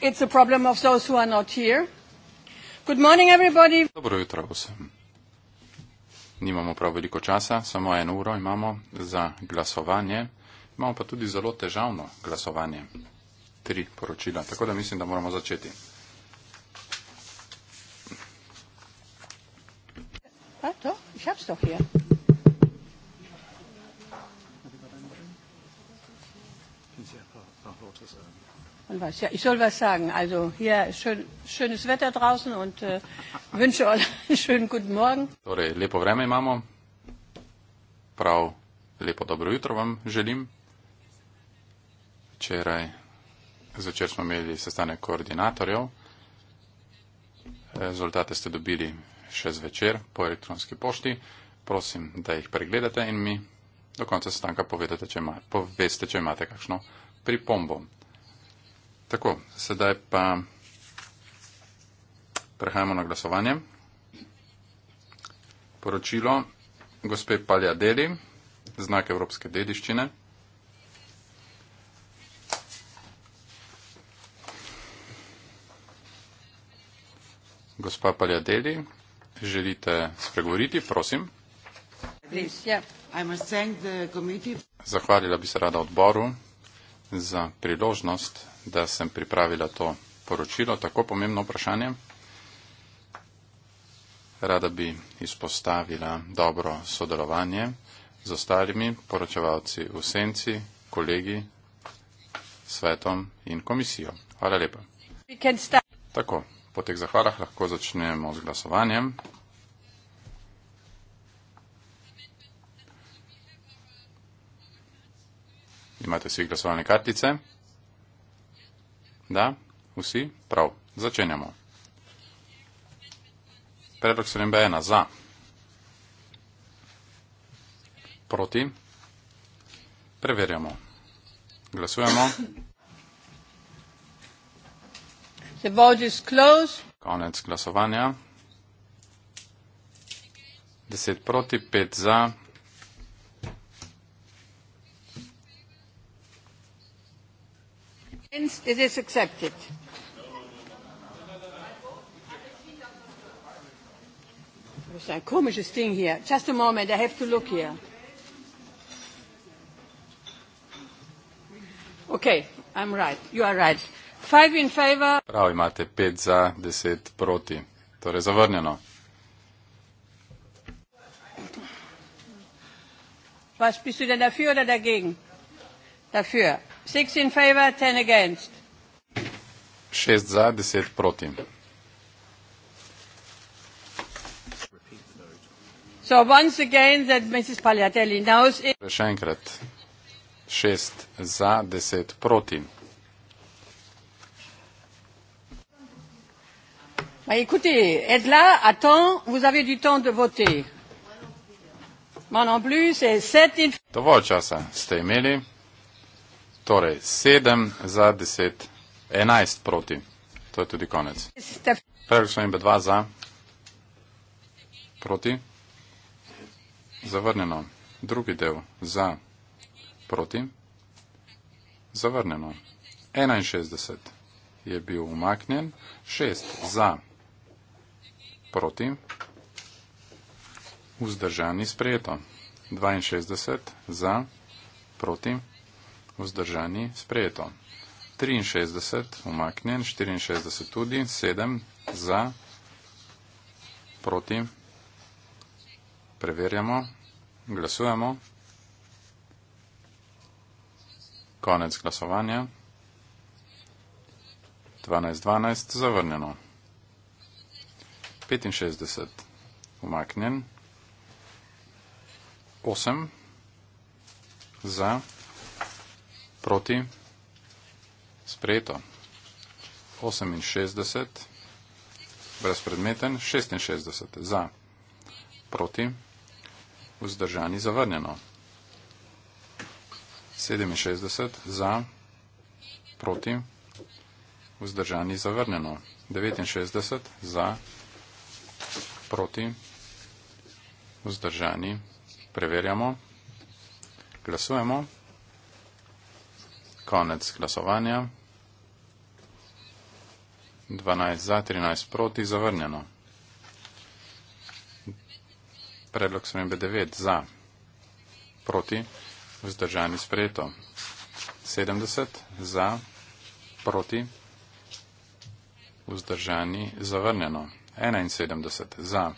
It's a problem of those who are not here. Good morning, everybody. Dobro jutro vsem. Nimamo prav veliko časa, samo eno uro imamo za glasovanje. Imamo pa tudi zelo težavno glasovanje. Tri poročila. Tako da mislim, da moramo začeti. Ja, ah, to, ich hab's doch hier. Und was, ja, ich soll was sagen. Also hier ja, schön, schönes Wetter draußen und äh, wünsche euch einen schönen guten Morgen. Torej, lepo vreme imamo. Prav lepo dobro jutro vam želim. Včeraj, zvečer smo imeli sestanek koordinatorjev. Rezultate ste dobili še zvečer po elektronski pošti. Prosim, da jih pregledate in mi do konca sestanka povedate, če ima, poveste, če imate kakšno pripombo. Tako, sedaj pa prehajamo na glasovanje. Poročilo gospe Palja Deli, znak Evropske dediščine. Gospa Palja Deli, želite spregovoriti, prosim. Zahvalila bi se rada odboru za priložnost, da sem pripravila to poročilo, tako pomembno vprašanje. Rada bi izpostavila dobro sodelovanje z ostalimi poročevalci v senci, kolegi, svetom in komisijo. Hvala lepa. Tako, po teh zahvalah lahko začnemo z glasovanjem. Imate vsi glasovalne kartice? Da? Vsi? Prav. Začenjamo. Predlog sprememba ena za. Proti. Preverjamo. Glasujemo. The vote is closed. Konec glasovanja. 10 proti, 5 za, Against, it is accepted. There's a strange thing here. Just a moment, I have to look here. Okay, I'm right. You are right. Five in favor. Prav imate pet za, deset proti. Torej, zavrnjeno. Was bist du denn dafür oder dagegen? Dafür. Six in favor, ten against. Šest za, deset proti. So once again that Mrs. Pagliatelli knows it. Še enkrat. Šest za, deset proti. Ma écoutez, Edla, attends, vous avez du temps de voter. Moi non plus, c'est sept in... Dovolj časa ste imeli. Torej, sedem za deset, enajst proti. To je tudi konec. Prvič so imbe dva za, proti, zavrnjeno. Drugi del za, proti, zavrnjeno. 61 je bil umaknjen, 6 za, proti, vzdržani sprejeto. 62 za, proti, vzdržani sprejeto vzdržani, sprejeto. 63, umaknjen, 64 tudi, 7 za, proti, preverjamo, glasujemo, konec glasovanja, 12, 12, zavrnjeno. 65, umaknjen, 8 za, proti, preverjamo, glasujemo, proti. Sprejeto. 68, brezpredmeten. 66, za. Proti. Vzdržani, zavrnjeno. 67, za. Proti. Vzdržani, zavrnjeno. 69, za. Proti. Vzdržani, preverjamo. Glasujemo konec glasovanja. 12 za, 13 proti, zavrnjeno. Predlog spremembe 9 za, proti, vzdržani sprejeto. 70 za, proti, vzdržani zavrnjeno. 71 za,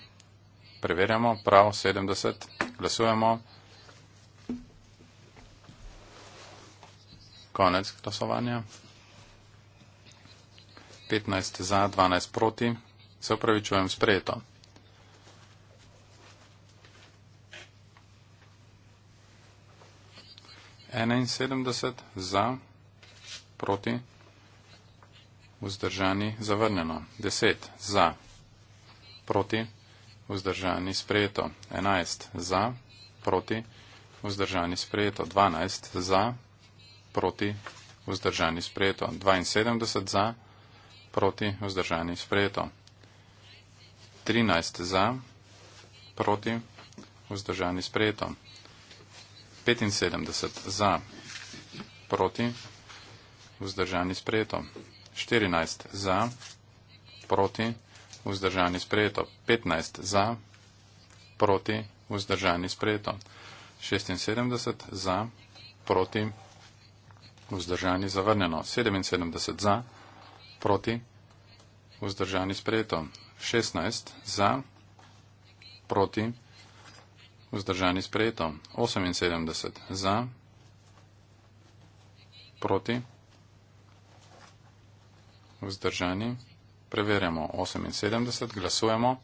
preverjamo, prav 70, glasujemo. konec glasovanja. 15 za, 12 proti. Se upravičujem sprejeto. enainsedemdeset za proti vzdržani zavrnjeno deset za proti vzdržani sprejeto enajst za proti vzdržani sprejeto dvanajst za proti, vzdržani sprejeto. 72 za, proti, vzdržani sprejeto. 13 za, proti, vzdržani sprejeto. 75 za, proti, vzdržani sprejeto. 14 za, proti, vzdržani sprejeto. 15 za, proti, vzdržani sprejeto. 76 za, proti, vzdržani sprejeto vzdržani zavrnjeno, 77 za, proti, vzdržani sprejeto, 16 za, proti, vzdržani sprejeto, 78 za, proti, vzdržani, preverjamo 78, glasujemo.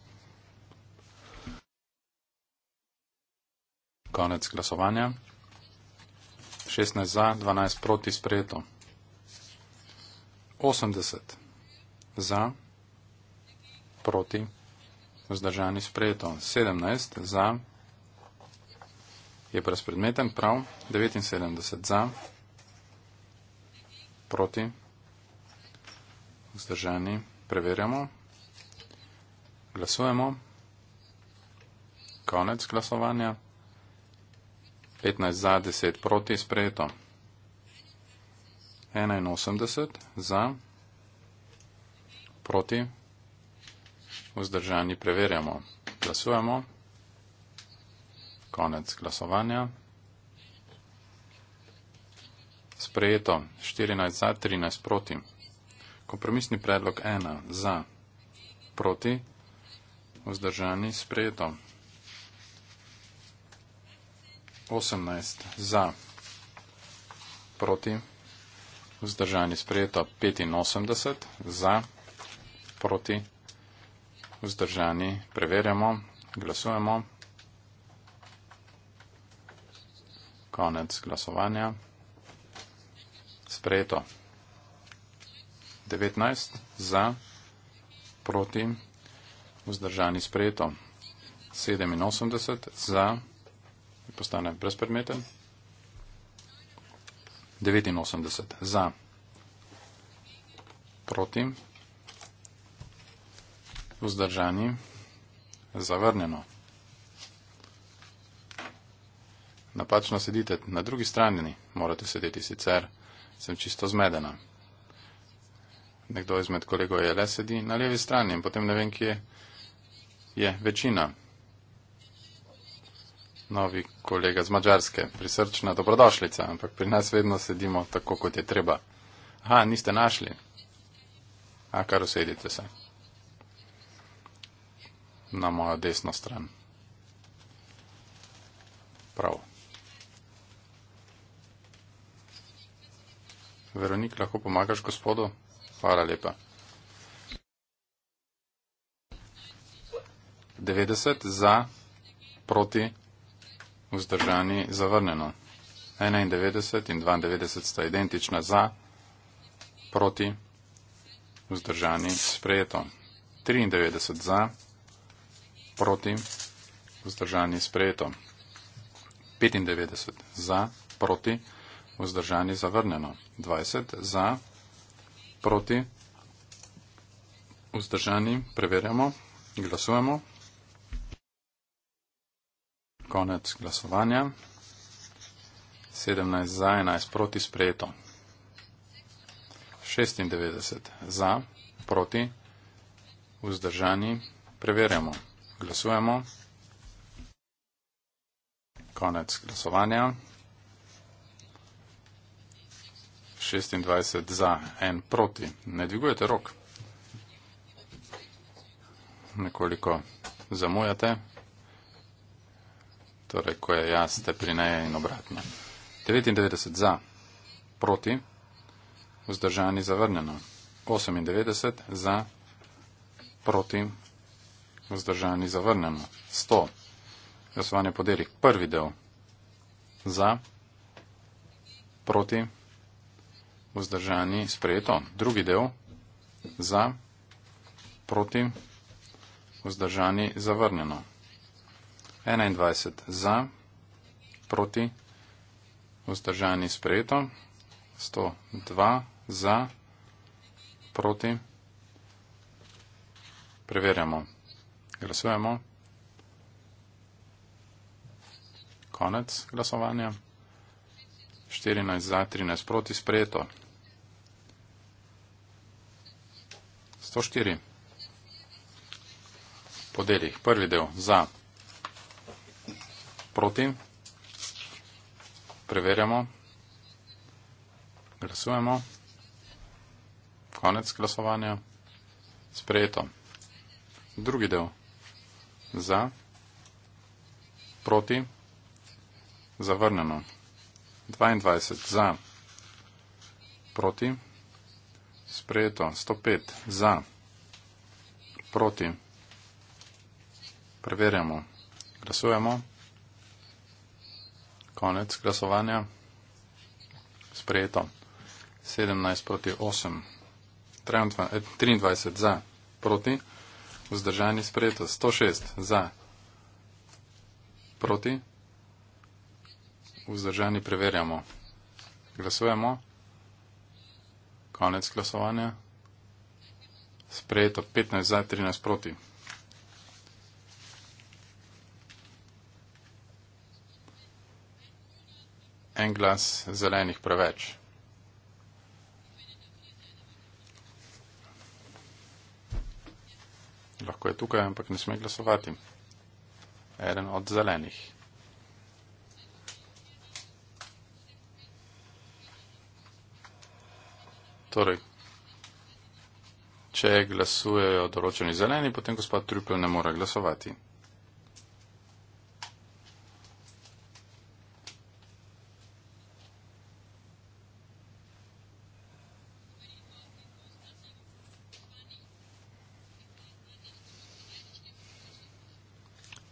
Konec glasovanja. 16 za, 12 proti sprejeto. 80 za, proti, vzdržani sprejeto. 17 za, je brezpredmeten prav, 79 za, proti, vzdržani, preverjamo, glasujemo, konec glasovanja. 15 za, 10 proti, sprejeto. 81 za, proti, vzdržani preverjamo. Glasujemo. Konec glasovanja. Sprejeto. 14 za, 13 proti. Kompromisni predlog 1 za, proti, vzdržani sprejeto. 18 za, proti, vzdržani sprejeto 85 za, proti, vzdržani preverjamo, glasujemo. Konec glasovanja. Sprejeto 19 za, proti, vzdržani sprejeto 87 za, proti, postane brezpredmeten. 89 za, proti, vzdržani, zavrnjeno. Napačno sedite na drugi strani, morate sedeti sicer, sem čisto zmedena. Nekdo izmed kolegov je le sedi na levi strani in potem ne vem, kje je večina novi kolega z Mačarske. Prisrčna dobrodošlica, ampak pri nas vedno sedimo tako, kot je treba. Aha, niste našli. A kar usedite se. Na mojo desno stran. Prav. Veronik, lahko pomagaš gospodu? Hvala lepa. 90 za, proti vzdržani zavrnjeno. 91 in 92 sta identična za, proti, vzdržani sprejeto. 93 za, proti, vzdržani sprejeto. 95 za, proti, vzdržani zavrnjeno. 20 za, proti, vzdržani, preverjamo, glasujemo konec glasovanja. 17 za, 11 proti sprejeto. 96 za, proti, vzdržani. Preverjamo. Glasujemo. Konec glasovanja. 26 za, 1 proti. Ne dvigujete rok. Nekoliko zamujate torej ko je jaz, ste pri neje in obratno. 99 za, proti, vzdržani zavrnjeno. 98 za, proti, vzdržani zavrnjeno. 100, glasovanje po delih, prvi del, za, proti, vzdržani sprejeto. Drugi del, za, proti, vzdržani zavrnjeno. 21 za, proti, vzdržani sprejeto, 102 za, proti. Preverjamo. Glasujemo. Konec glasovanja. 14 za, 13 proti, sprejeto. 104. Podelih. Prvi del za proti. Preverjamo. Glasujemo. Konec glasovanja. Sprejeto. Drugi del. Za. Proti. Zavrnjeno. 22. Za. Proti. Sprejeto. 105. Za. Proti. Preverjamo. Glasujemo. Konec glasovanja. Sprejeto. 17 proti 8. 23 eh, za. Proti. Vzdržani sprejeto. 106 za. Proti. Vzdržani preverjamo. Glasujemo. Konec glasovanja. Sprejeto 15 za 13 proti. en glas zelenih preveč. Lahko je tukaj, ampak ne sme glasovati. Eden od zelenih. Torej, če glasujejo določeni zeleni, potem gospod Trupel ne more glasovati.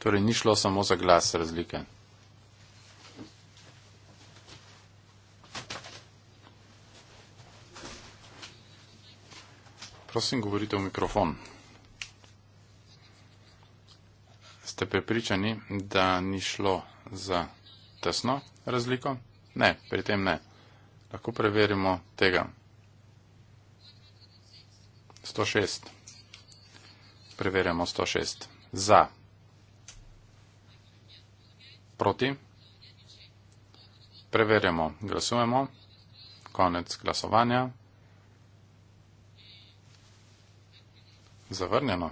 Torej ni šlo samo za glas razlike. Prosim, govorite v mikrofon. Ste prepričani, da ni šlo za tesno razliko? Ne, pri tem ne. Lahko preverimo tega. 106. Preverjamo 106. Za proti. Preverjamo, glasujemo. Konec glasovanja. Zavrnjeno.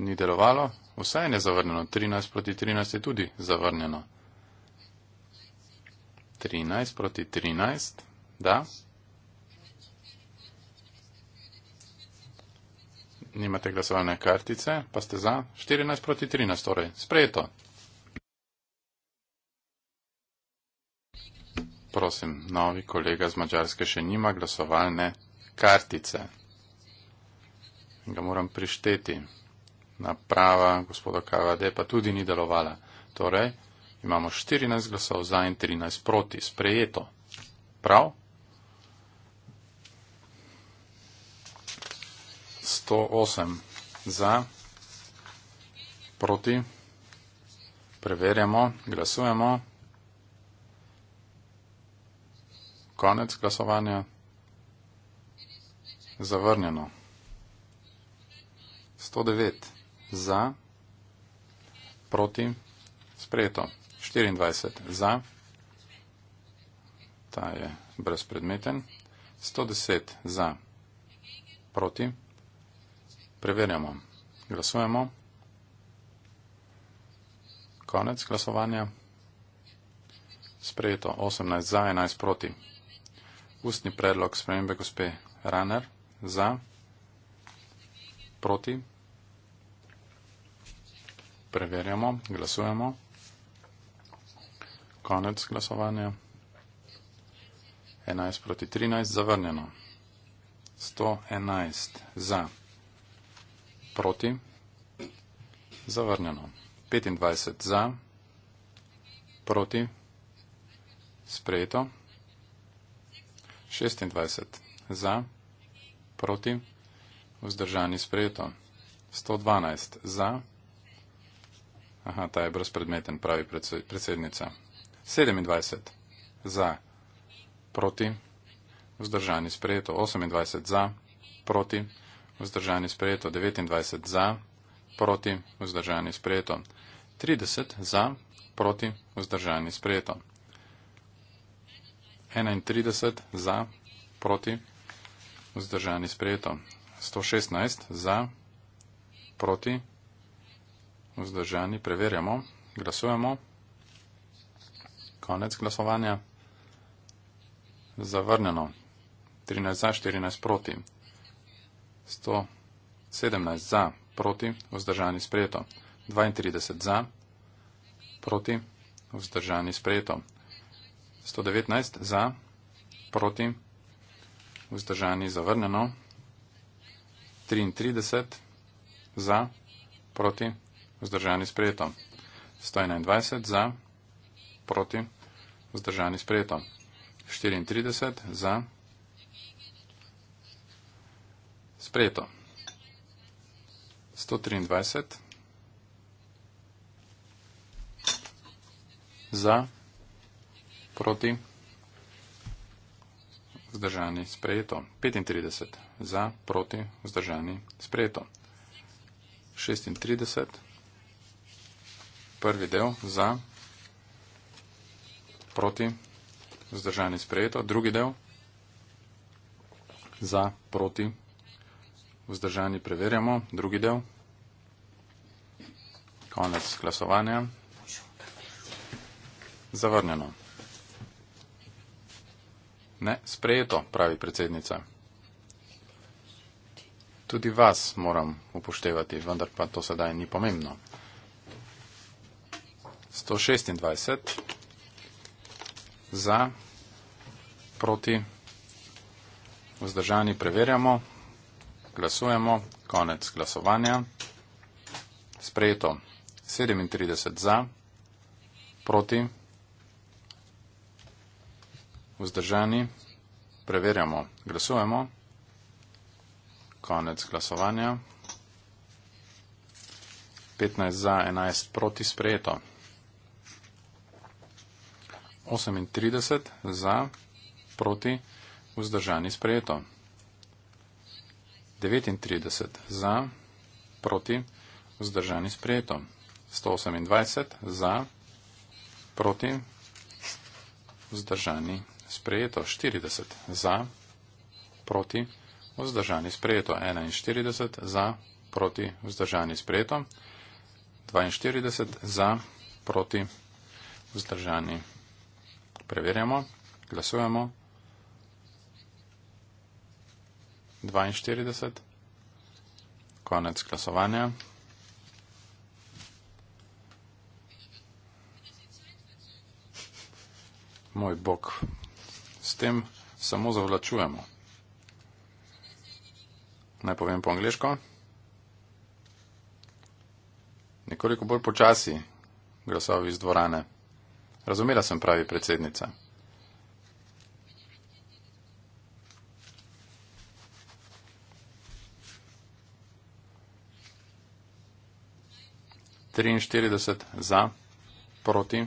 Ni delovalo. Vse je nezavrnjeno. 13 proti 13 je tudi zavrnjeno. 13 proti 13. Da. nimate glasovalne kartice, pa ste za 14 proti 13, torej sprejeto. Prosim, novi kolega z Mačarske še nima glasovalne kartice. Ga moram prišteti. Naprava gospoda KVD pa tudi ni delovala. Torej, imamo 14 glasov za in 13 proti. Sprejeto. Prav? 108 za, proti, preverjamo, glasujemo, konec glasovanja, zavrnjeno. 109 za, proti, sprejeto. 24 za, ta je brezpredmeten. 110 za, proti. Preverjamo. Glasujemo. Konec glasovanja. Sprejeto 18 za, 11 proti. Ustni predlog spremembe gospe Raner za, proti. Preverjamo, glasujemo. Konec glasovanja. 11 proti 13 zavrnjeno. 111 za proti, zavrnjeno. 25 za, proti, sprejeto. 26 za, proti, vzdržani sprejeto. 112 za, aha, ta je brezpredmeten, pravi predsednica. 27 za, proti, vzdržani sprejeto. 28 za, proti, vzdržani sprejeto vzdržani sprejeto, 29 za, proti, vzdržani sprejeto, 30 za, proti, vzdržani sprejeto, 31 za, proti, vzdržani sprejeto, 116 za, proti, vzdržani, preverjamo, glasujemo, konec glasovanja, zavrnjeno, 13 za, 14 proti. 117 za, proti, vzdržani sprejeto. 32 za, proti, vzdržani sprejeto. 119 za, proti, vzdržani zavrnjeno. 33 za, proti, vzdržani sprejeto. 121 za, proti, vzdržani sprejeto. 34 za, proti, vzdržani sprejeto. Sprejeto. 123. Za. Proti. Vzdržani. Sprejeto. 35. Za. Proti. Vzdržani. Sprejeto. 36. Prvi del. Za. Proti. Vzdržani. Sprejeto. Drugi del. Za. Proti. Vzdržani vzdržani preverjamo. Drugi del. Konec glasovanja. Zavrnjeno. Ne, sprejeto, pravi predsednica. Tudi vas moram upoštevati, vendar pa to sedaj ni pomembno. 126 za, proti, vzdržani preverjamo. Glasujemo. Konec glasovanja. Sprejeto. 37 za. Proti. Vzdržani. Preverjamo. Glasujemo. Konec glasovanja. 15 za, 11 proti sprejeto. 38 za, proti vzdržani sprejeto. 39 za, proti, vzdržani sprejeto. 128 za, proti, vzdržani sprejeto. 40 za, proti, vzdržani sprejeto. 41 za, proti, vzdržani sprejeto. 42 za, proti, vzdržani. Preverjamo, glasujemo. 42. Konec glasovanja. Moj bog, s tem samo zavlačujemo. Naj povem po angliško. Nekoliko bolj počasi glasovi iz dvorane. Razumela sem pravi predsednica. 43 za, proti.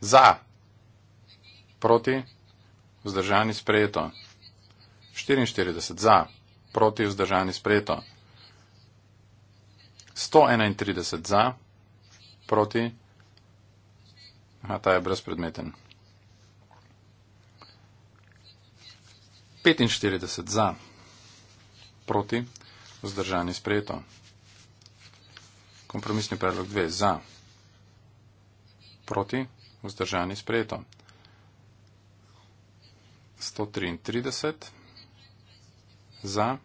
Za, proti, vzdržani sprejeto. 44 za, proti, vzdržani sprejeto. 131 za, proti. Aha, ta je brezpredmeten. 45 za, proti, Vzdržani sprejeto. Kompromisni predlog 2. Za. Proti. Vzdržani sprejeto. 133. Za.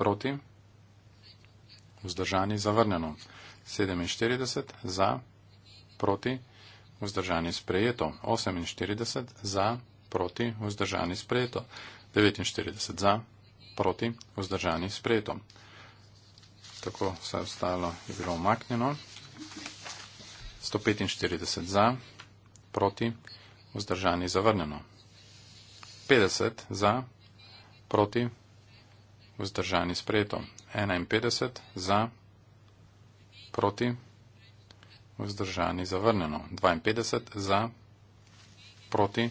Proti. Vzdržani zavrnjeno. 47. Za. Proti. Vzdržani sprejeto. 48. Za. Proti. Vzdržani sprejeto. 49. Za proti, vzdržani sprejeto. Tako vse ostalo je bilo omaknjeno. 145 za, proti, vzdržani zavrnjeno. 50 za, proti, vzdržani sprejeto. 51 za, proti, vzdržani zavrnjeno. 52 za, proti,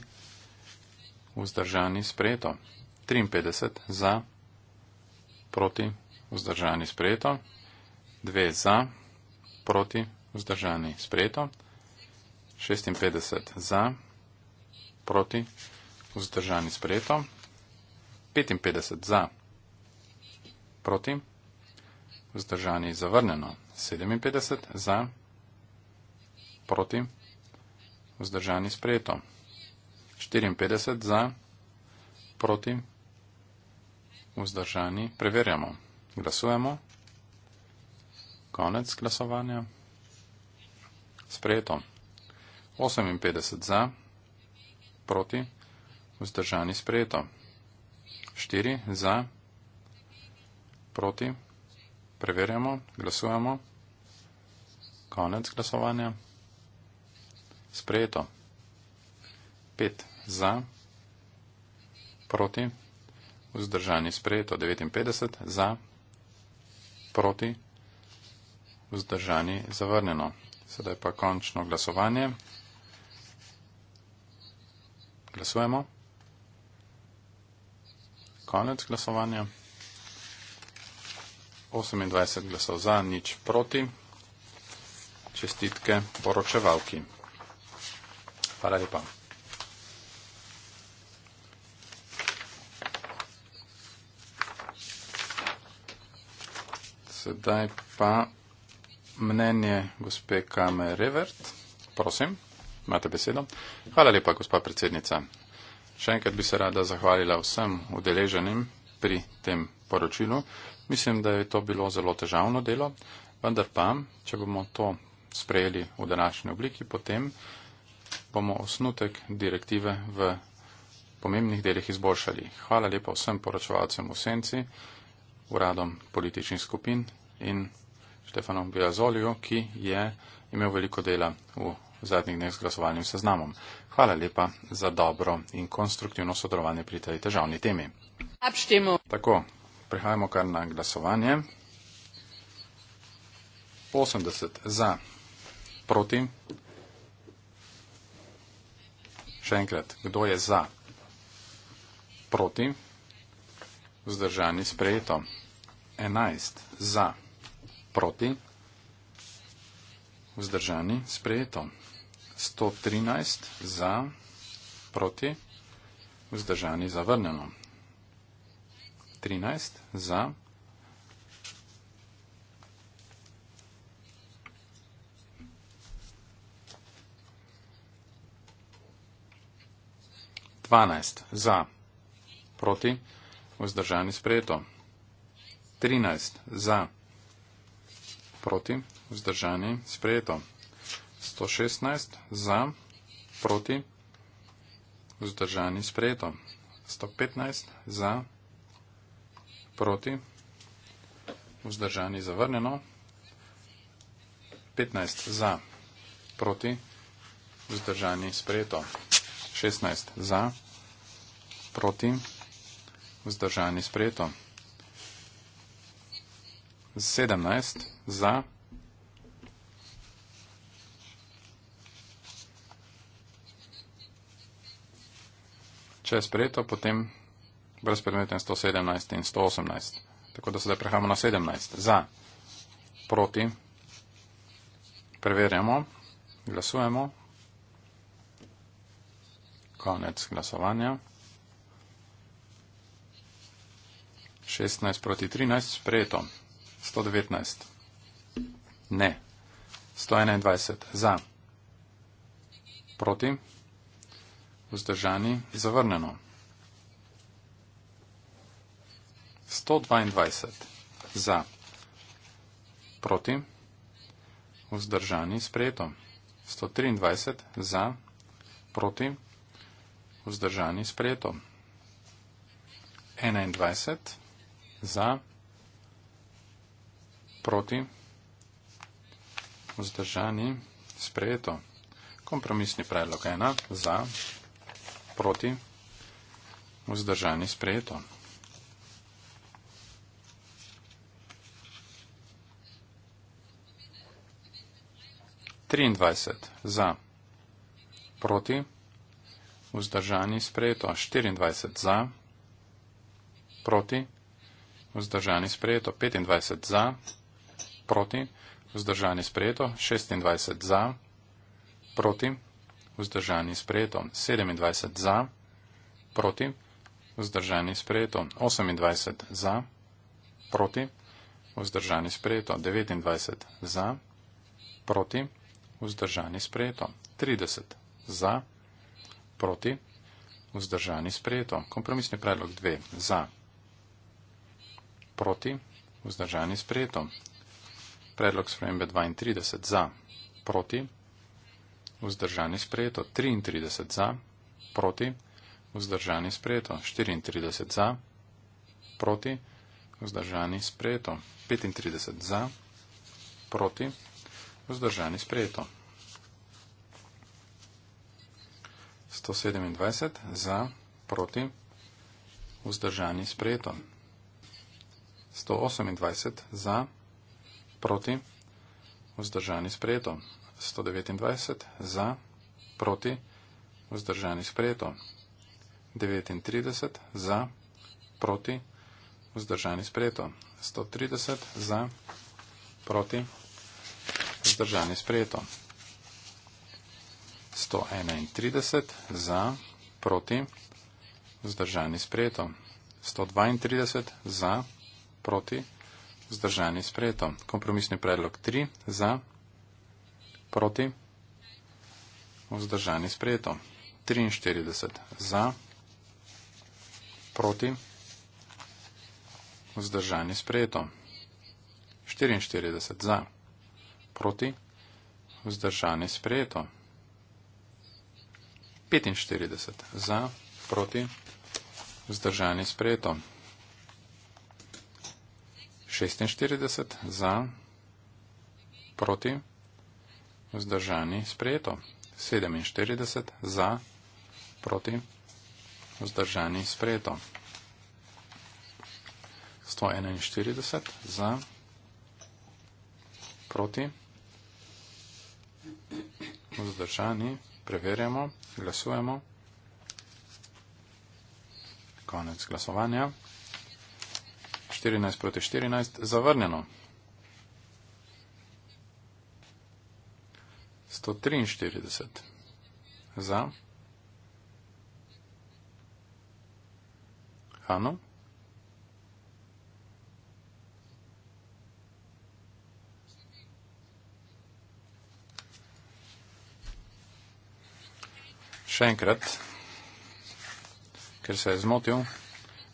vzdržani sprejeto. 53 za, proti proti, vzdržani, sprejeto. 2 za, proti, vzdržani, sprejeto. 56 za, proti, vzdržani, sprejeto. 55 za, proti, vzdržani, zavrnjeno. 57 za, proti, vzdržani, sprejeto. 54 za, proti, vzdržani, sprejeto vzdržani, preverjamo. Glasujemo. Konec glasovanja. Sprejeto. 58 za, proti, vzdržani sprejeto. 4 za, proti, preverjamo, glasujemo. Konec glasovanja. Sprejeto. 5 za, proti, vzdržani, sprejeto 59, za, proti, vzdržani, zavrnjeno. Sedaj pa končno glasovanje. Glasujemo. Konec glasovanja. 28 glasov za, nič proti. Čestitke poročevalki. Hvala lepa. Sedaj pa mnenje gospe Kamerevert. Prosim, imate besedo. Hvala lepa, gospa predsednica. Še enkrat bi se rada zahvalila vsem udeleženim pri tem poročilu. Mislim, da je to bilo zelo težavno delo, vendar pa, če bomo to sprejeli v današnji obliki, potem bomo osnutek direktive v pomembnih delih izboljšali. Hvala lepa vsem poročevalcem v senci uradom političnih skupin in Štefanom Biazoliju, ki je imel veliko dela v zadnjih dneh z glasovalnim seznamom. Hvala lepa za dobro in konstruktivno sodelovanje pri tej težavni temi. Abštimo. Tako, prehajamo kar na glasovanje. 80 za, proti. Še enkrat, kdo je za, proti. Vzdržani sprejeto. 11. Za. Proti. Vzdržani sprejeto. 113. Za. Proti. Vzdržani zavrnjeno. 13. Za. Dvanajst za, proti vzdržani sprejeto. 13 za, proti, vzdržani sprejeto. 116 za, proti, vzdržani sprejeto. 115 za, proti, vzdržani zavrnjeno. 15 za, proti, vzdržani sprejeto. 16 za, proti, vzdržani sprejeto vzdržani sprejeto. 17 za. Če je sprejeto, potem brez predmeta 117 in 118. Tako da sedaj prehajamo na 17. Za. Proti. Preverjamo. Glasujemo. Konec glasovanja. 16 proti 13, sprejeto. 119. Ne. 121. Za. Proti. Vzdržani. Zavrnjeno. 122. Za. Proti. Vzdržani. Sprejeto. 123. Za. Proti. Vzdržani. Sprejeto. 21 za, proti, vzdržani, sprejeto. Kompromisni predlog 1 za, proti, vzdržani, sprejeto. Triindvajset za, proti, vzdržani, sprejeto. Štiriindvajset za, proti, vzdržani, sprejeto vzdržani sprejeto 25 za, proti, vzdržani sprejeto 26 za, proti, vzdržani sprejeto 27 za, proti, vzdržani sprejeto 28 za, proti, vzdržani sprejeto 29 za, proti, vzdržani sprejeto 30 za, proti, vzdržani sprejeto. Kompromisni predlog 2 za proti, vzdržani sprejeto. Predlog spremembe 32 za, proti, vzdržani sprejeto. 33 za, proti, vzdržani sprejeto. 34 za, proti, vzdržani sprejeto. 35 za, proti, vzdržani sprejeto. 127 za, proti, vzdržani sprejeto. 128 za, proti, vzdržani sprejeto. 129 za, proti, vzdržani sprejeto. 39 za, proti, vzdržani sprejeto. 130 za, proti, vzdržani sprejeto. 131 za, proti, vzdržani sprejeto. 132 za, proti, vzdržani sprejeto proti, vzdržani sprejeto. Kompromisni predlog 3 za, proti, vzdržani sprejeto. 43 za, proti, vzdržani sprejeto. 44 za, proti, vzdržani sprejeto. 45 za, proti, vzdržani sprejeto. 46 za, proti, vzdržani, sprejeto. 47 za, proti, vzdržani, sprejeto. 141 za, proti, vzdržani, preverjamo, glasujemo. Konec glasovanja. 14 proti 14 zavrnjeno. 143 za Hanu. 141. Še enkrat, ker se je zmotil,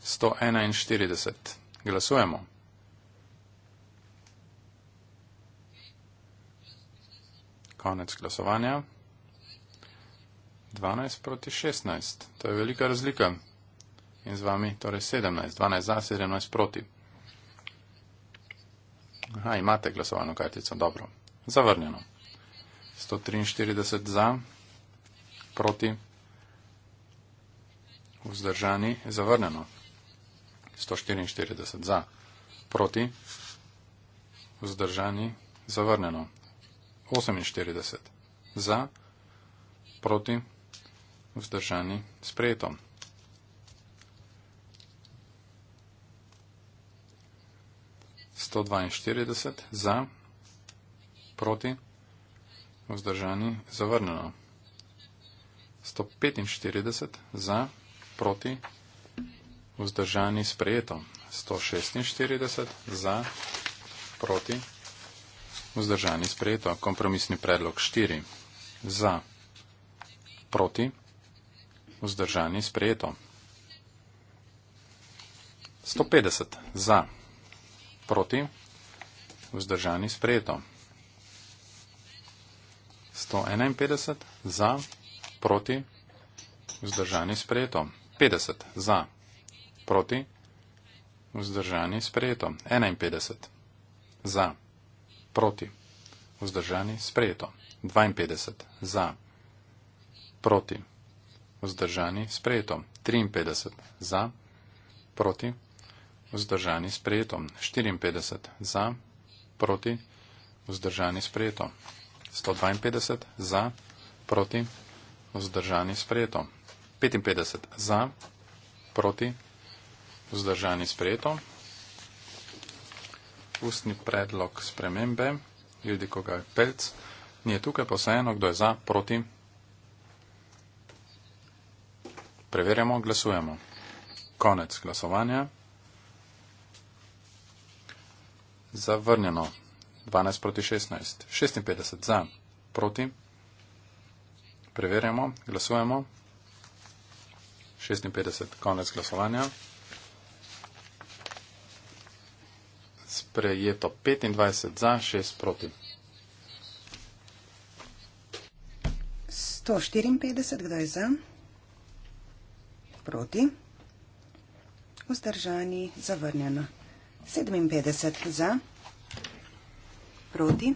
141. Glasujemo. Konec glasovanja. 12 proti 16. To je velika razlika. In z vami torej 17. 12 za, 17 proti. Aha, imate glasovalno kartico. Dobro. Zavrnjeno. 143 za, proti, vzdržani, zavrnjeno. 144 za, proti, vzdržani, zavrnjeno, 48 za, proti, vzdržani, sprejeto. sto dvainštirideset za proti vzdržani zavrnjeno sto petinštirideset za proti vzdržani sprejeto 146 za proti vzdržani sprejeto kompromisni predlog 4 za proti vzdržani sprejeto 150 za proti vzdržani sprejeto 151 za proti vzdržani sprejeto 50 za proti Proti? Vzdržani sprejeto. 51. Za. Proti. Vzdržani sprejeto. 52. Za. Proti. Vzdržani sprejeto. 53. Za. Proti. Vzdržani sprejeto. 54. Za. Proti. Vzdržani sprejeto. 152. Za. Proti. Vzdržani sprejeto. 55. Za. Proti. Vzdržani sprejeto. Ustni predlog spremembe. Ljudi, ko ga je pelc. Nije tukaj posajeno, kdo je za, proti. Preverjamo, glasujemo. Konec glasovanja. Zavrnjeno. 12 proti 16. 56 za, proti. Preverjamo, glasujemo. 56. Konec glasovanja. sprejeto 25 za, 6 proti. 154, kdo je za? Proti. Vzdržani, zavrnjeno. 57 za. Proti.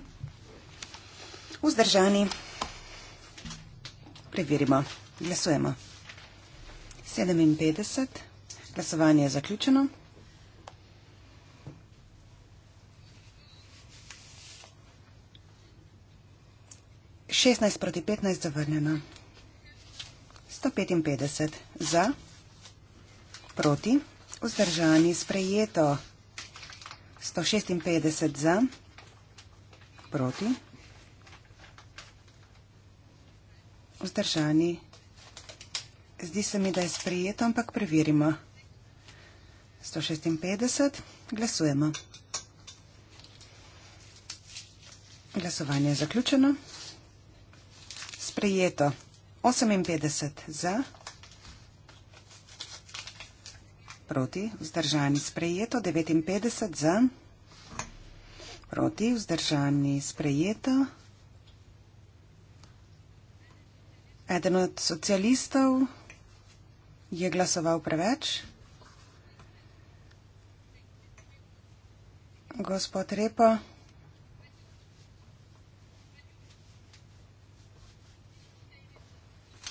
Vzdržani. Preverimo. Glasujemo. 57. Glasovanje je zaključeno. 16 proti 15 zavrnjeno. 155 za, proti, vzdržani, sprejeto. 156 za, proti, vzdržani. Zdi se mi, da je sprejeto, ampak preverimo. 156, glasujemo. Glasovanje je zaključeno sprejeto. 58 za, proti, vzdržani sprejeto. 59 za, proti, vzdržani sprejeto. Eden od socialistov je glasoval preveč. Gospod Repo.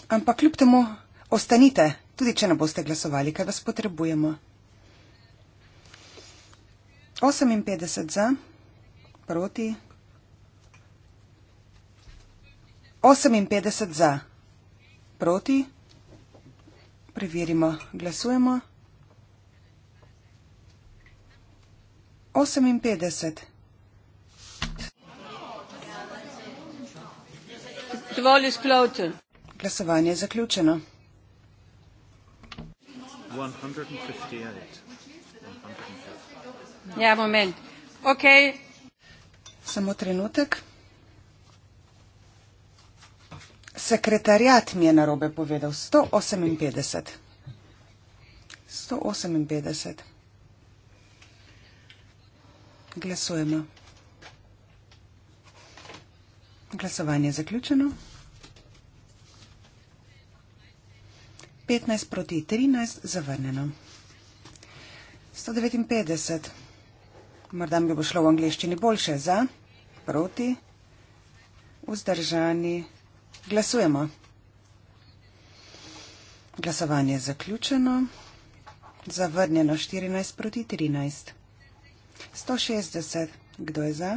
ampak kljub temu ostanite, tudi če ne boste glasovali, kaj vas potrebujemo. 58 za, proti. 58 za, proti. Preverimo, glasujemo. 58. Dovolj izklovčen. Glasovanje je zaključeno. 158. 158. Ja, okay. Samo trenutek. Sekretarjat mi je narobe povedal. 158. 158. Glasujemo. Glasovanje je zaključeno. 15 proti 13 zavrnjeno. 159. Morda mi bo šlo v angliščini boljše. Za, proti, vzdržani. Glasujemo. Glasovanje je zaključeno. Zavrnjeno 14 proti 13. 160. Kdo je za?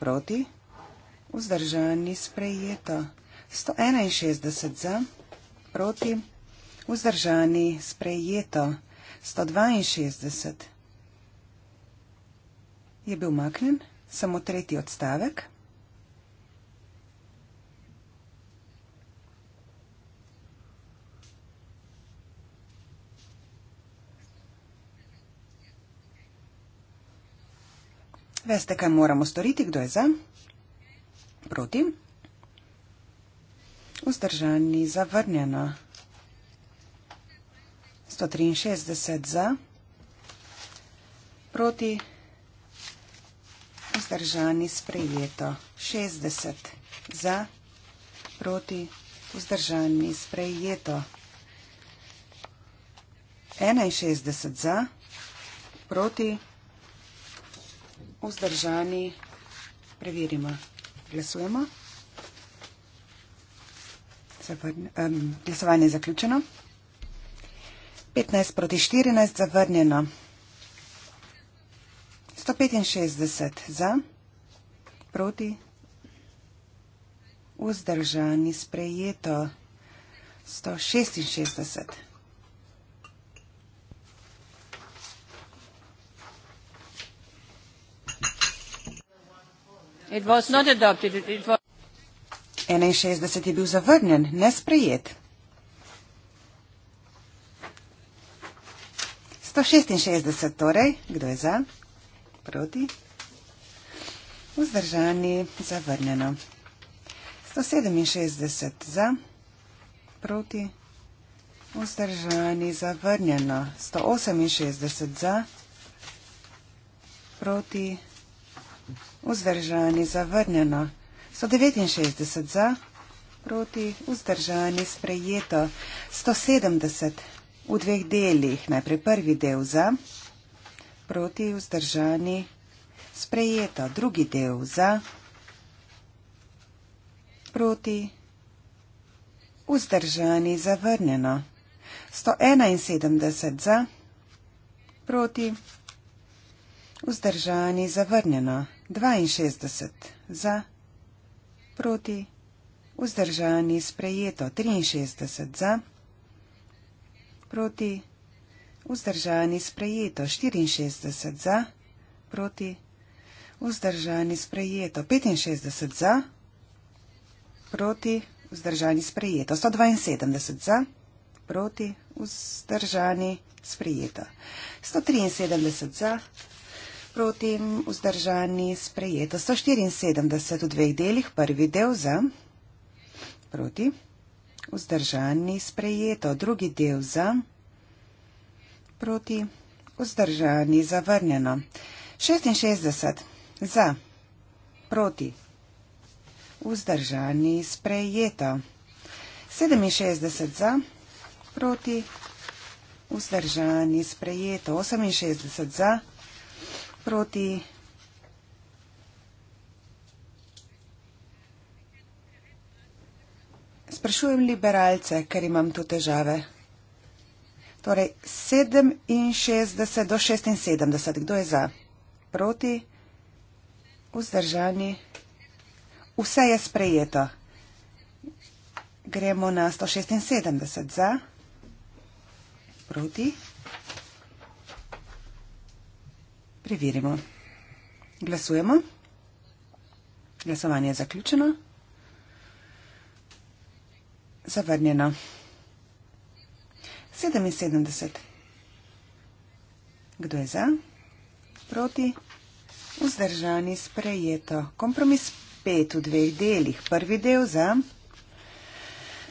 Proti. Vzdržani sprejeto. 161 za. Proti vzdržani sprejeto 162. Je bil maknen samo tretji odstavek? Veste, kaj moramo storiti, kdo je za? Proti? Vzdržani, zavrnjeno. 163 za, proti vzdržani sprejeto. 60 za, proti vzdržani sprejeto. 61 za, proti vzdržani preverimo. Glasujemo. Glasovanje je zaključeno. 15 proti 14 zavrnjeno. 165 za, proti, vzdržani, sprejeto, 166. Adopted, was... 61 je bil zavrnjen, ne sprejet. 166, torej, kdo je za, proti, vzdržani, zavrnjeno. 167 za, proti, vzdržani, zavrnjeno. 168 za, proti, vzdržani, zavrnjeno. 169 za, proti, vzdržani, sprejeto. 170 za v dveh delih. Najprej prvi del za proti vzdržani sprejeta, drugi del za proti vzdržani zavrnjeno. 171 za proti vzdržani zavrnjeno. 62 za proti vzdržani sprejeto. 63 za proti proti, vzdržani sprejeto 64 za, proti, vzdržani sprejeto 65 za, proti, vzdržani sprejeto 172 za, proti, vzdržani sprejeto 173 za, proti, vzdržani sprejeto 174 v dveh delih, prvi del za, proti vzdržani sprejeto, drugi del za, proti vzdržani zavrnjeno. 66 za, proti vzdržani sprejeto. 67 za, proti vzdržani sprejeto. 68 za, proti vzdržani sprejeto. sprašujem liberalce, ker imam tu težave. Torej, 67 do 76, kdo je za? Proti? Vzdržani? Vse je sprejeto. Gremo na 176 za. Proti? Preverimo. Glasujemo. Glasovanje je zaključeno zavrnjeno. 77. Kdo je za? Proti? Vzdržani sprejeto. Kompromis 5 v dveh delih. Prvi del za?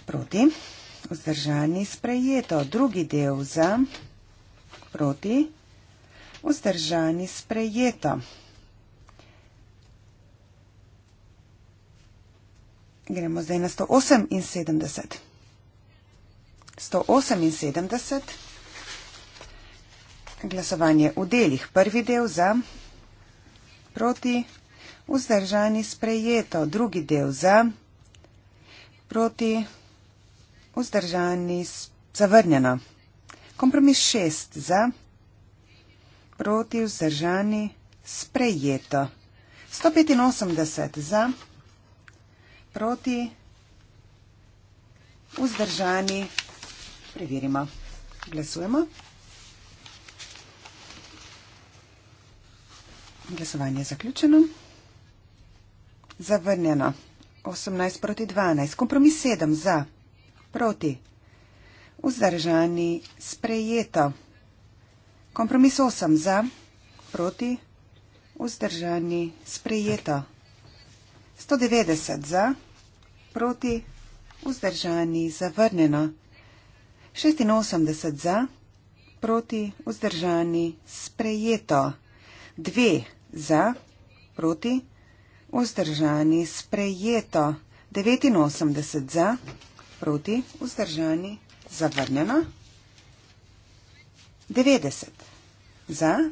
Proti? Vzdržani sprejeto. Drugi del za? Proti? Vzdržani sprejeto. gremo zdaj na 178. 178, glasovanje v delih, prvi del za, proti, vzdržani, sprejeto, drugi del za, proti, vzdržani, zavrnjeno. Kompromis 6 za, proti, vzdržani, sprejeto. 185 za proti, vzdržani. Preverimo. Glasujemo. Glasovanje je zaključeno. Zavrnjeno. 18 proti 12. Kompromis 7 za. Proti. Vzdržani. Sprejeto. Kompromis 8 za. Proti. Vzdržani. Sprejeto. 190 za proti, vzdržani, zavrnjeno. 86 za, proti, vzdržani, sprejeto. 2 za, proti, vzdržani, sprejeto. 89 za, proti, vzdržani, zavrnjeno. 90 za,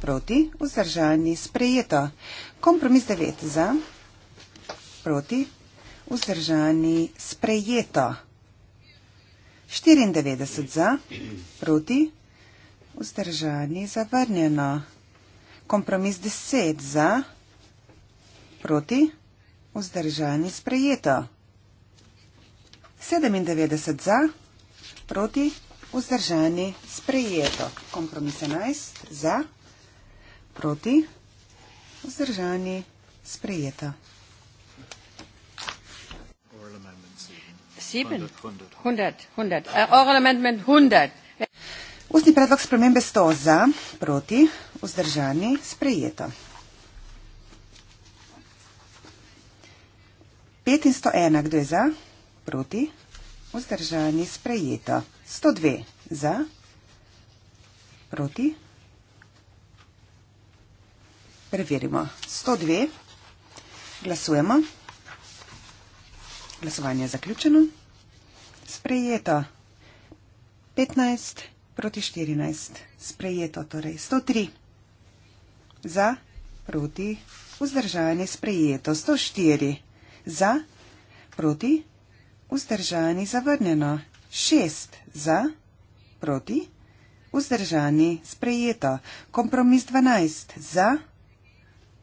proti, vzdržani, sprejeto. Kompromis 9 za, proti, vzdržani, sprejeto. 94 za, proti, vzdržani, zavrnjeno. Kompromis 10 za, proti, vzdržani, sprejeto. 97 za, proti, vzdržani, sprejeto. Kompromis 11 za, proti, vzdržani, sprejeto. 107. 100. 100. 100. Oral amendment 100. Ustni predlog spremembe 100 za, proti, vzdržani, sprejeto. 501, kdo je za, proti, vzdržani, sprejeto. 102 za, proti. Preverimo. 102. Glasujemo. Glasovanje je zaključeno sprejeto. 15 proti 14, sprejeto torej 103. Za, proti, vzdržani, sprejeto 104. Za, proti, vzdržani, zavrnjeno 6. Za, proti, vzdržani, sprejeto. Kompromis 12. Za,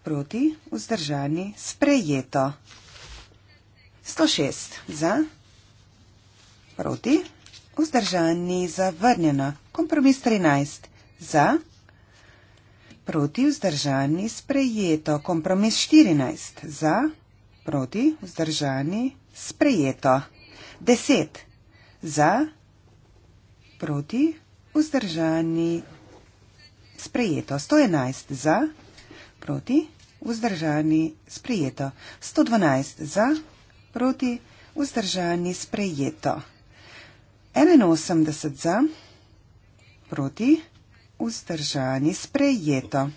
proti, vzdržani, sprejeto. 106. Za. Proti? Vzdržani, zavrnjeno. Kompromis 13. Za? Proti, vzdržani, sprejeto. Kompromis 14. Za? Proti, vzdržani, sprejeto. 10. Za? Proti, vzdržani, sprejeto. 111. Za? Proti, vzdržani, sprejeto. 112. Za? Proti, vzdržani, sprejeto. 81 za, proti, vzdržani, sprejeto.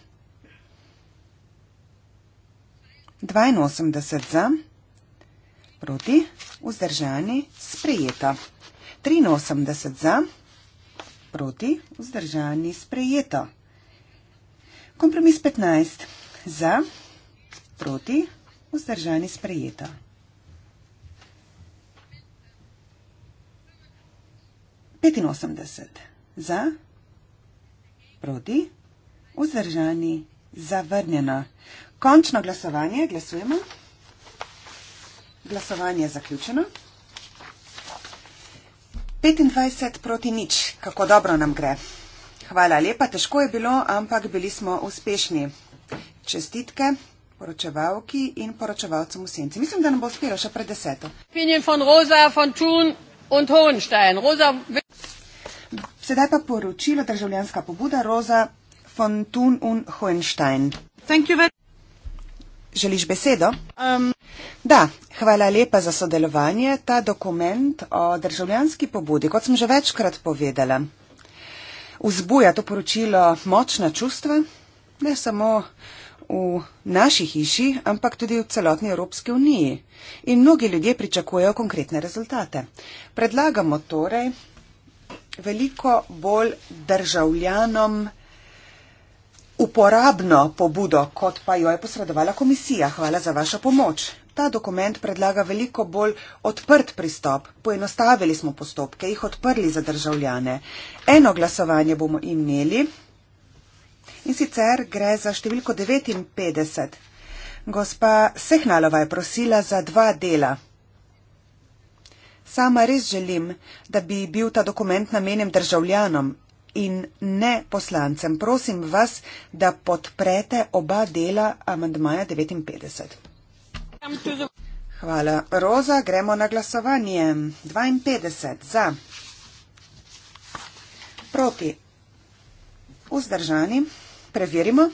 82 za, proti, vzdržani, sprejeto. 83 za, proti, vzdržani, sprejeto. Kompromis 15 za, proti, vzdržani, sprejeto. 85 za, proti, vzdržani, zavrnjeno. Končno glasovanje, glasujemo. Glasovanje je zaključeno. 25 proti nič, kako dobro nam gre. Hvala lepa, težko je bilo, ampak bili smo uspešni. Čestitke poročevalki in poročevalcem v senci. Mislim, da nam bo uspelo še pred deseto. Pinjen von Rosa, von Thun und Hohenstein. Rosa Sedaj pa poročilo državljanska pobuda Rosa von Thun und Hohenstein. Želiš besedo? Um. Da, hvala lepa za sodelovanje. Ta dokument o državljanski pobudi, kot sem že večkrat povedala, vzbuja to poročilo močna čustva, ne samo v naši hiši, ampak tudi v celotni Evropski uniji. In mnogi ljudje pričakujejo konkretne rezultate. Predlagamo torej veliko bolj državljanom uporabno pobudo, kot pa jo je posredovala komisija. Hvala za vašo pomoč. Ta dokument predlaga veliko bolj odprt pristop. Poenostavili smo postopke, jih odprli za državljane. Eno glasovanje bomo imeli in sicer gre za številko 59. Gospa Sehnalova je prosila za dva dela. Sama res želim, da bi bil ta dokument namenjen državljanom in ne poslancem. Prosim vas, da podprete oba dela amandmaja 59. Hvala. Roza, gremo na glasovanje. 52 za. Proti. Vzdržani. Preverimo.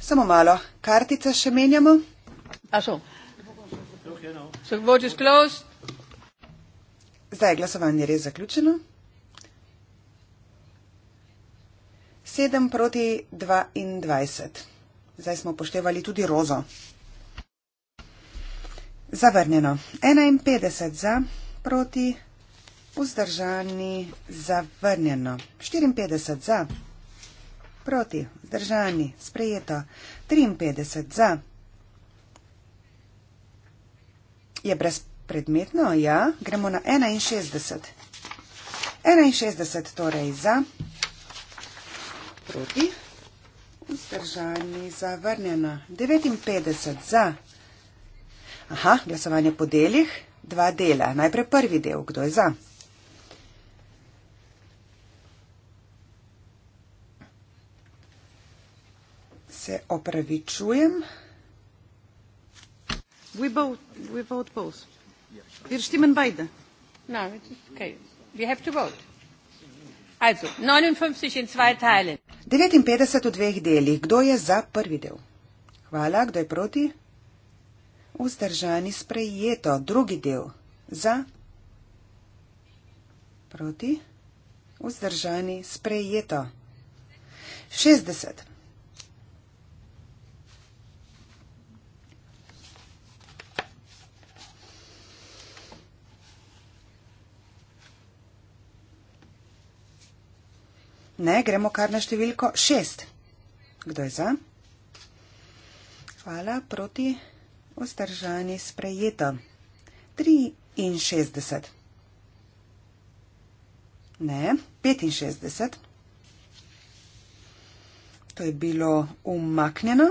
Samo malo. Kartice še menjamo. Zdaj je glasovanje res zaključeno. Sedem proti dvaindvajset. Zdaj smo poštevali tudi rozo. Zavrnjeno. 51 za, proti, vzdržani, zavrnjeno. 54 za proti, vzdržani, sprejeto, 53 za. Je brezpredmetno? Ja, gremo na 61. 61 torej za, proti, vzdržani, zavrnjeno, 59 za. Aha, glasovanje po delih, dva dela. Najprej prvi del, kdo je za? se opravičujem. We both, we both both. Wir stimmen beide. No, okay. We have to vote. Also, 59 in zwei Teilen. 59 v dveh delih. Kdo je za prvi del? Hvala, kdo je proti? Vzdržani sprejeto. Drugi del. Za? Proti? Vzdržani sprejeto. 60. Ne, gremo kar na številko šest. Kdo je za? Hvala, proti, ostržani, sprejeto. 63. Ne, 65. To je bilo umaknjeno.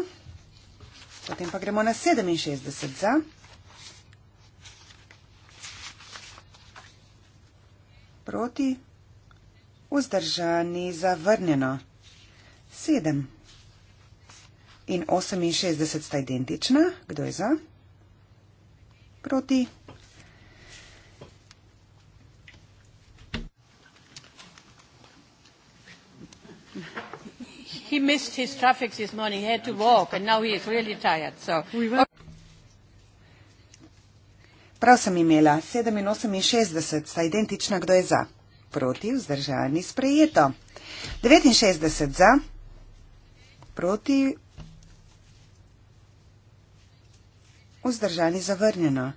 Potem pa gremo na 67 za. Proti, vzdržani zavrnjeno. 7 in 68 sta identična. Kdo je za? Proti. He missed his traffic this morning. He had to walk and now he is really tired. So. Prav sem imela 67 in 68 sta identična, kdo je za proti, vzdržani, sprejeto. 69 za, proti, vzdržani, zavrnjeno.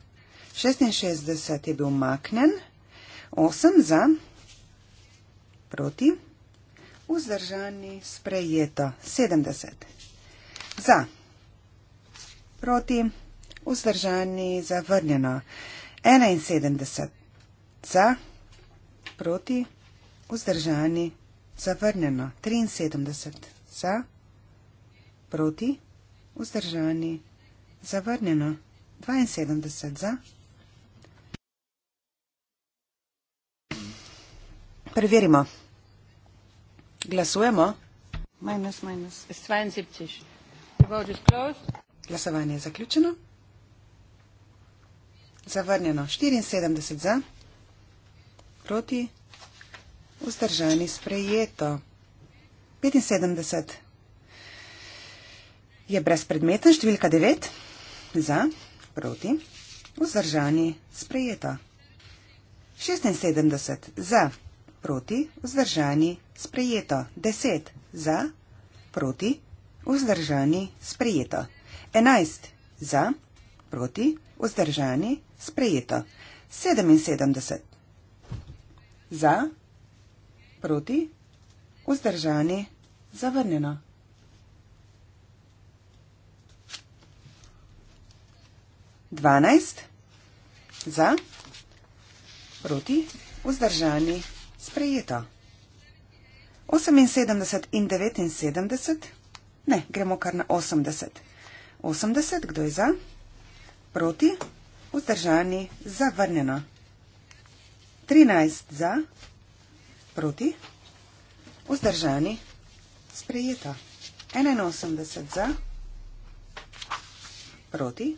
66 je bil maknen, 8 za, proti, vzdržani, sprejeto. 70 za, proti, vzdržani, zavrnjeno. 71 za, proti, vzdržani, zavrnjeno proti, vzdržani, zavrnjeno 73 za, proti, vzdržani, zavrnjeno 72 za. Preverimo. Glasujemo. Minus, minus. 72. Vote is closed. Glasovanje je zaključeno. Zavrnjeno 74 za proti, vzdržani sprejeto. 75 je brezpredmeten, številka 9 za, proti, vzdržani sprejeto. 76 za, proti, vzdržani sprejeto. 10 za, proti, vzdržani sprejeto. 11 za, proti, vzdržani sprejeto. 77 Za, proti, vzdržani, zavrnjeno. Dvanajst, za, proti, vzdržani, sprejeto. Oseminsedemdeset in devetinsedemdeset, ne, gremo kar na osemdeset. Osemdeset, kdo je za? Proti, vzdržani, zavrnjeno. 13 za, proti, vzdržani, sprejeta. 81 za, proti.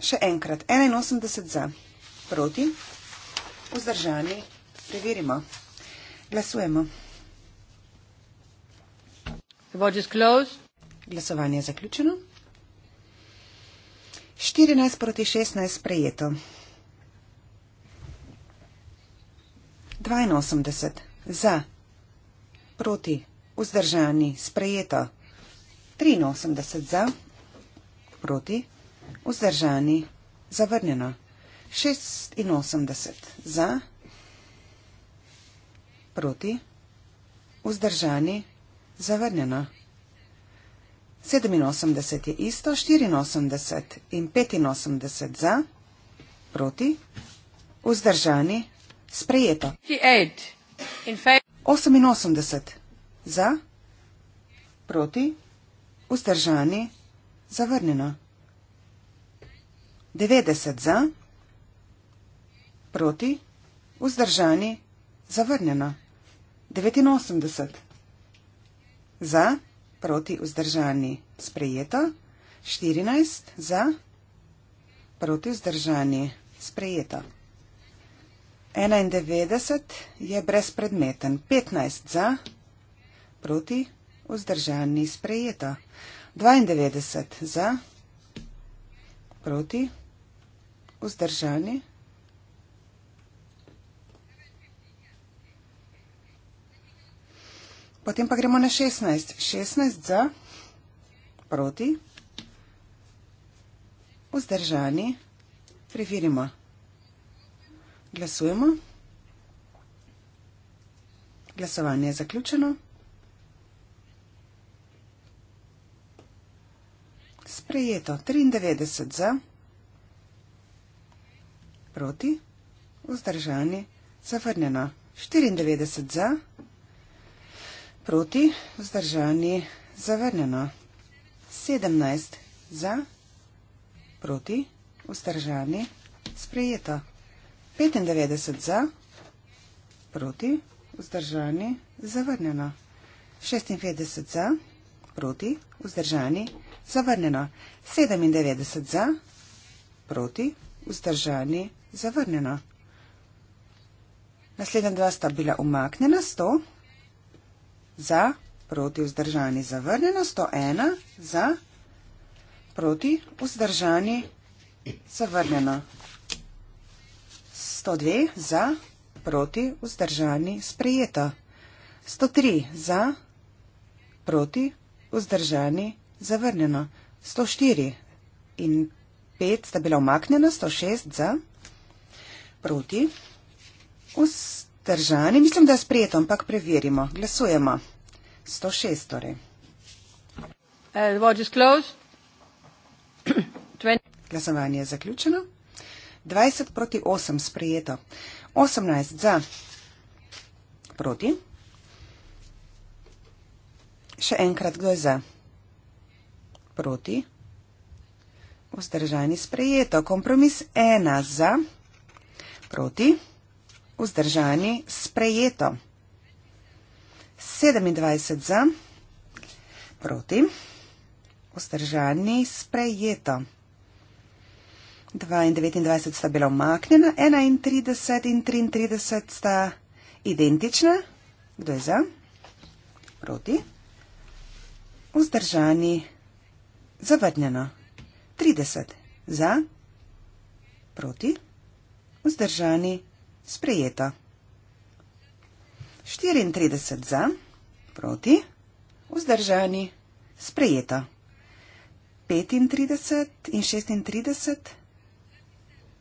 Še enkrat, 81 za, proti, vzdržani, preverimo. Glasujemo. The vote is closed. Glasovanje je zaključeno. 14 proti 16 sprejeto. 82 za, proti, vzdržani, sprejeto. 83 za, proti, vzdržani, zavrnjeno. 86 za, proti, vzdržani, zavrnjeno. 87 je isto, 84 in 85 za, proti, vzdržani, sprejeto. 88 za, proti, vzdržani, zavrnjeno. 90 za, proti, vzdržani, zavrnjeno. 89 za, proti, vzdržani, zavrnjeno proti vzdržani. Sprejeto. 14 za proti vzdržani. Sprejeto. 91 je brezpredmeten. 15 za proti vzdržani. Sprejeto. 92 za proti vzdržani. Sprejeto. Potem pa gremo na 16. 16 za proti. Vzdržani. Preverimo. Glasujemo. Glasovanje je zaključeno. Sprejeto. 93 za proti. Vzdržani. Zavrnjeno. 94 za proti proti, vzdržani, zavrnjeno. 17 za, proti, vzdržani, sprejeto. 95 za, proti, vzdržani, zavrnjeno. 56 za, proti, vzdržani, zavrnjeno. 97 za, proti, vzdržani, zavrnjeno. Naslednja dva sta bila umaknjena, 100, za, proti vzdržani zavrnjeno, 101 za, proti vzdržani zavrnjeno, 102 za, proti vzdržani sprejeto, 103 za, proti vzdržani zavrnjeno, 104 in 5 sta bila omaknjena, 106 za, proti vzdržani zavrnjeno. Držani, mislim, da je sprejeto, ampak preverimo. Glasujemo. 106 torej. Uh, Glasovanje je zaključeno. 20 proti 8 sprejeto. 18 za. Proti. Še enkrat, kdo je za? Proti. Vzdržani sprejeto. Kompromis 1 za. Proti vzdržani, sprejeto. 27 za, proti, vzdržani, sprejeto. 29 sta bila omaknjena, 31 in 33 sta identična. Kdo je za? Proti. Vzdržani, zavrnjeno. 30 za, proti, vzdržani, zavrnjeno. Sprejeto. 34 za, proti, vzdržani, sprejeto. 35 in 36.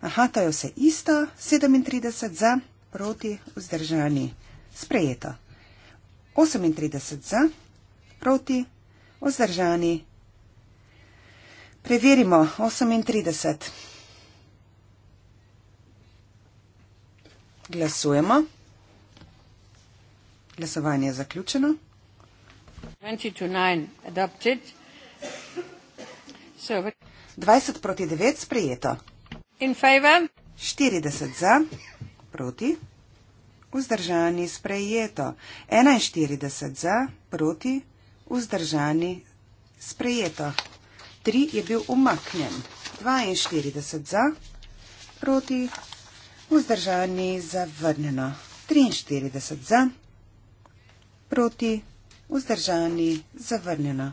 Aha, to je vse isto. 37 za, proti, vzdržani, sprejeto. 38 za, proti, vzdržani. Preverimo 38. Glasujemo. Glasovanje je zaključeno. 20 proti 9 sprejeto. 40 za, proti, vzdržani sprejeto. 41 za, proti, vzdržani sprejeto. 3 je bil umaknjen. 42 za, proti, Vzdržani zavrnjeno 43 za, proti vzdržani zavrnjeno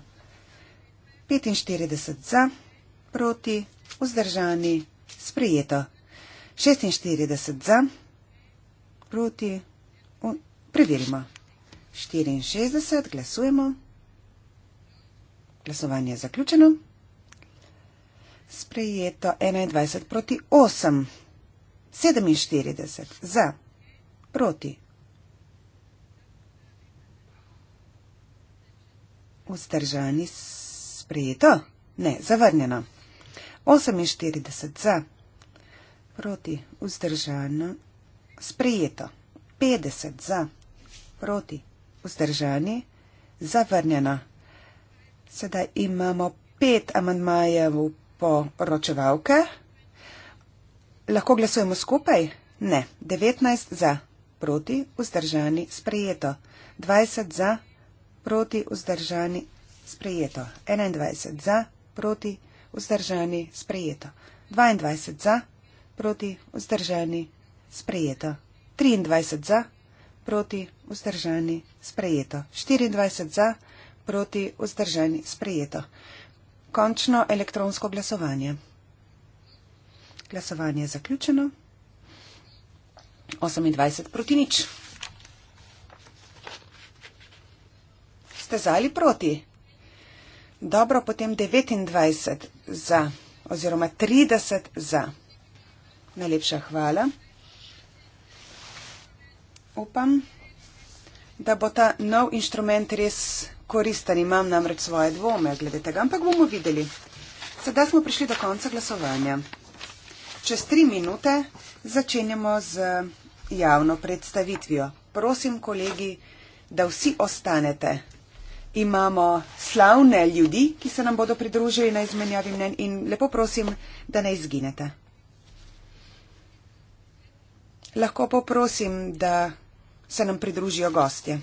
45 za, proti vzdržani sprejeto 46 za, proti v, preverimo 64, glasujemo. Glasovanje je zaključeno. Sprejeto 21 proti 8. 47 za, proti. Vzdržani sprejeto? Ne, zavrnjeno. 48 za, proti, vzdržano, sprejeto. 50 za, proti, vzdržani, zavrnjeno. Sedaj imamo pet amandmajev po ročevalkah. Lahko glasujemo skupaj? Ne. 19 za, proti, vzdržani, sprejeto. 20 za, proti, vzdržani, sprejeto. 21 za, proti, vzdržani, sprejeto. 22 za, proti, vzdržani, sprejeto. 23 za, proti, vzdržani, sprejeto. 24 za, proti, vzdržani, sprejeto. Končno elektronsko glasovanje. Glasovanje je zaključeno. 28 proti nič. Ste za ali proti? Dobro, potem 29 za oziroma 30 za. Najlepša hvala. Upam, da bo ta nov inštrument res koristen. Imam namreč svoje dvome glede tega, ampak bomo videli. Sedaj smo prišli do konca glasovanja. Čez tri minute začenjamo z javno predstavitvijo. Prosim, kolegi, da vsi ostanete. Imamo slavne ljudi, ki se nam bodo pridružili na izmenjavi mnen in lepo prosim, da ne izginete. Lahko poprosim, da se nam pridružijo gostje.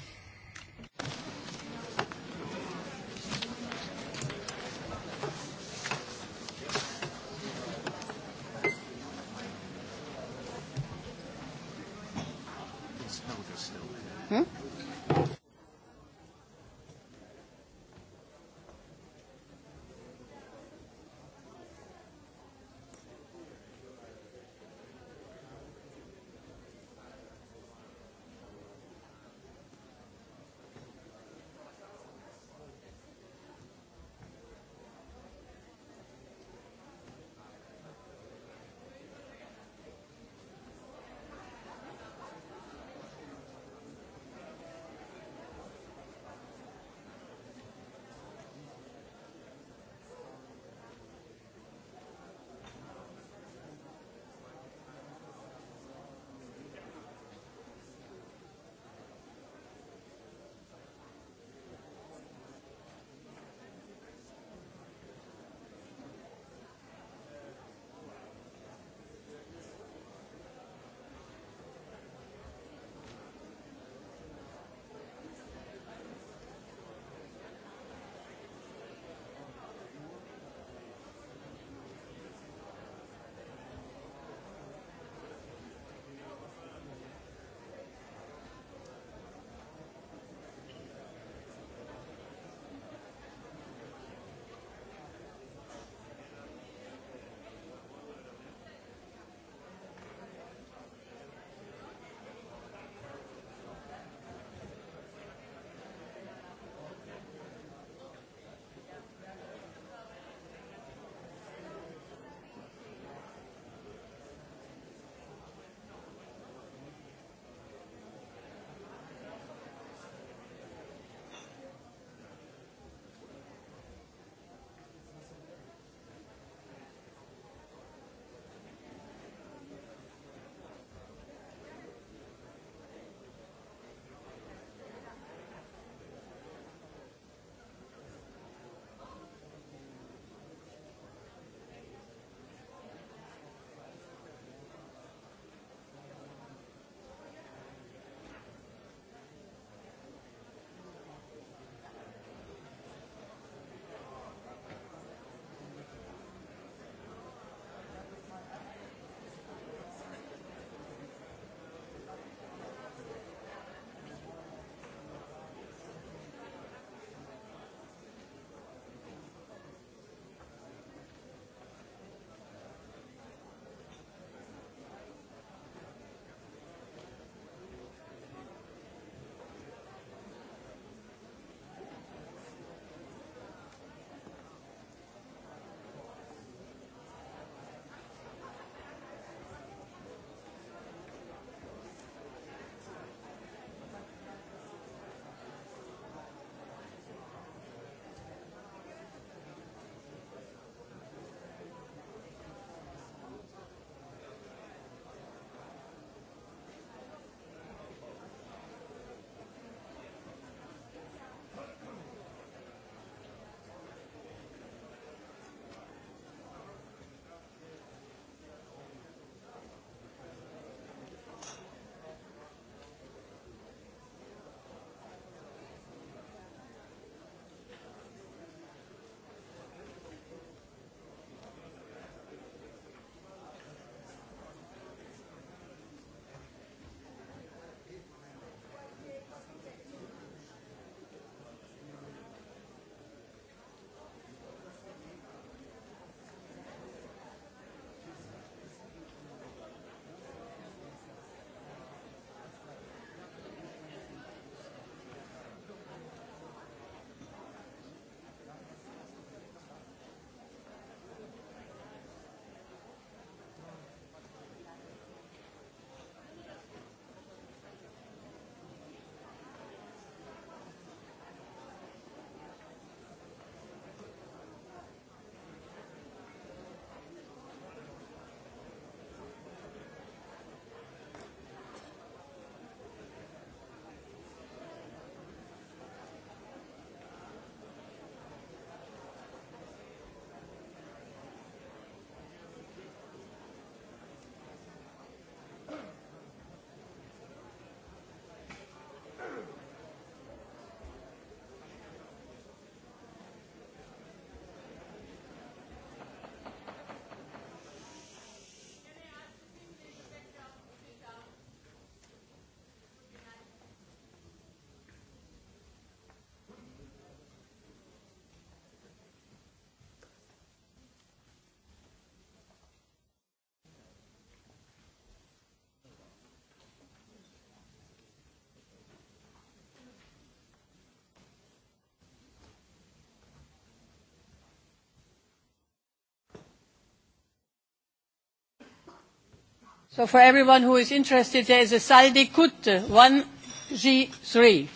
so for everyone who is interested there is a salle des coutes 1g3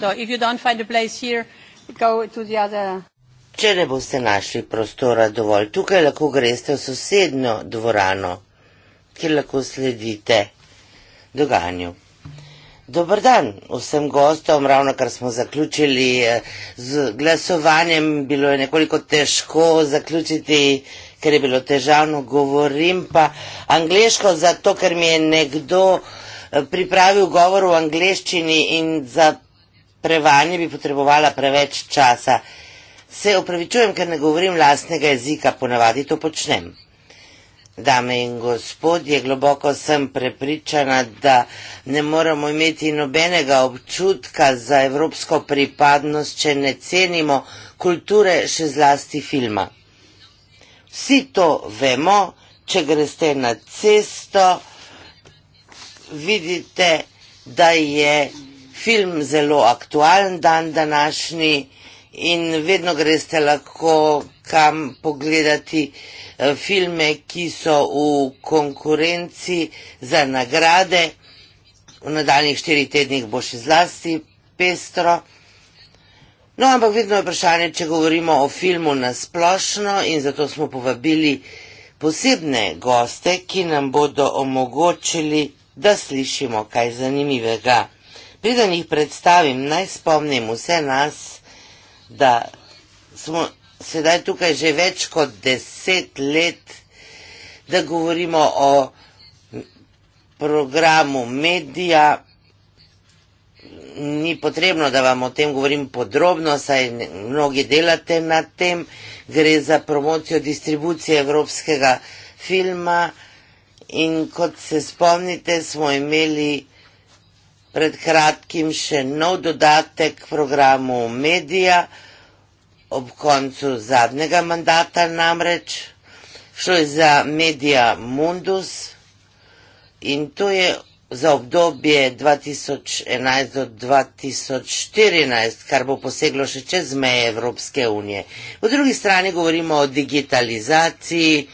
so if you don't find a place here go to the other Če ne boste našli prostora dovolj, tukaj lahko greste v sosednjo dvorano, kjer lahko sledite dogajanju. Dobar dan vsem gostom, ravno kar smo zaključili eh, z glasovanjem, bilo je nekoliko težko zaključiti ker je bilo težavno, govorim pa angliško, zato ker mi je nekdo eh, pripravil govor v angliščini in za prevanje bi potrebovala preveč časa. Se upravičujem, ker ne govorim lastnega jezika, ponavadi to počnem. Dame in gospodje, globoko sem prepričana, da ne moramo imeti nobenega občutka za evropsko pripadnost, če ne cenimo kulture, še zlasti filma. Vsi to vemo, če greste na cesto, vidite, da je film zelo aktualen dan današnji in vedno greste lahko kam pogledati eh, filme, ki so v konkurenci za nagrade. V nadaljnih štirih tednih bo še zlasti pestro. No, ampak vedno je vprašanje, če govorimo o filmu na splošno in zato smo povabili posebne goste, ki nam bodo omogočili, da slišimo kaj zanimivega. Preden jih predstavim, naj spomnim vse nas, da smo sedaj tukaj že več kot deset let, da govorimo o programu medija, ni potrebno, da vam o tem govorim podrobno, saj mnogi delate na tem. Gre za promocijo distribucije evropskega filma in kot se spomnite, smo imeli pred kratkim še nov dodatek programu Medija ob koncu zadnjega mandata namreč. Šlo je za Media Mundus in to je za obdobje 2011 do 2014, kar bo poseglo še čez meje Evropske unije. Po drugi strani govorimo o digitalizaciji.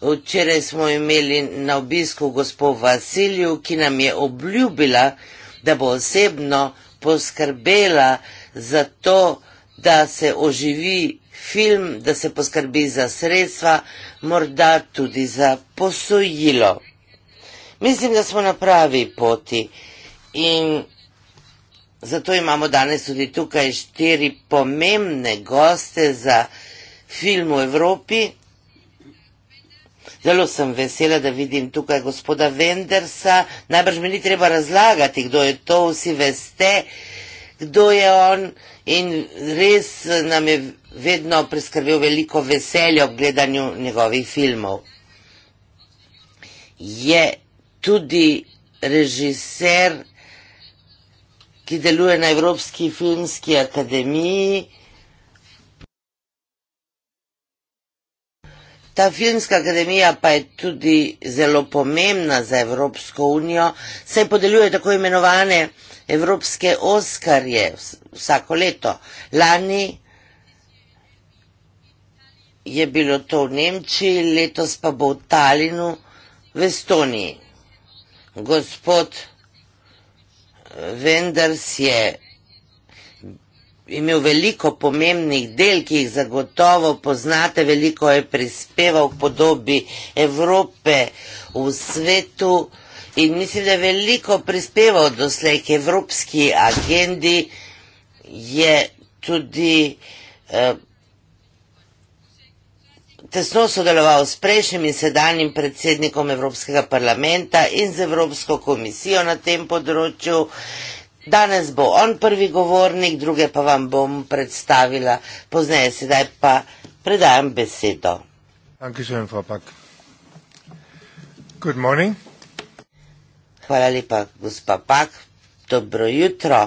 Včeraj smo imeli na obisku gospod Vasilju, ki nam je obljubila, da bo osebno poskrbela za to, da se oživi film, da se poskrbi za sredstva, morda tudi za posojilo. Mislim da smo na pravi poti in zato imamo danes tudi tukaj štiri pomembne goste za film v Evropi. Zelo sem vesela, da vidim tukaj gospoda Vendersa. Najbrž mi ni treba razlagati, kdo je to, vsi veste, kdo je on. In res nam je vedno preskrbel veliko veselje ob gledanju njegovih filmov. Je tudi režiser, ki deluje na Evropski filmski akademiji. Ta filmska akademija pa je tudi zelo pomembna za Evropsko unijo, saj podeljuje tako imenovane Evropske oskarje vsako leto. Lani je bilo to v Nemčiji, letos pa bo v Talinu v Estoniji gospod Venders je imel veliko pomembnih del, ki jih zagotovo poznate, veliko je prispeval v podobi Evrope v svetu in mislim, da je veliko prispeval doslej k evropski agendi, je tudi eh, tesno sodeloval s prejšnjim in sedanjim predsednikom Evropskega parlamenta in z Evropsko komisijo na tem področju. Danes bo on prvi govornik, druge pa vam bom predstavila pozneje, sedaj pa predajam besedo. Hvala lepa, gospa Pak. Dobro jutro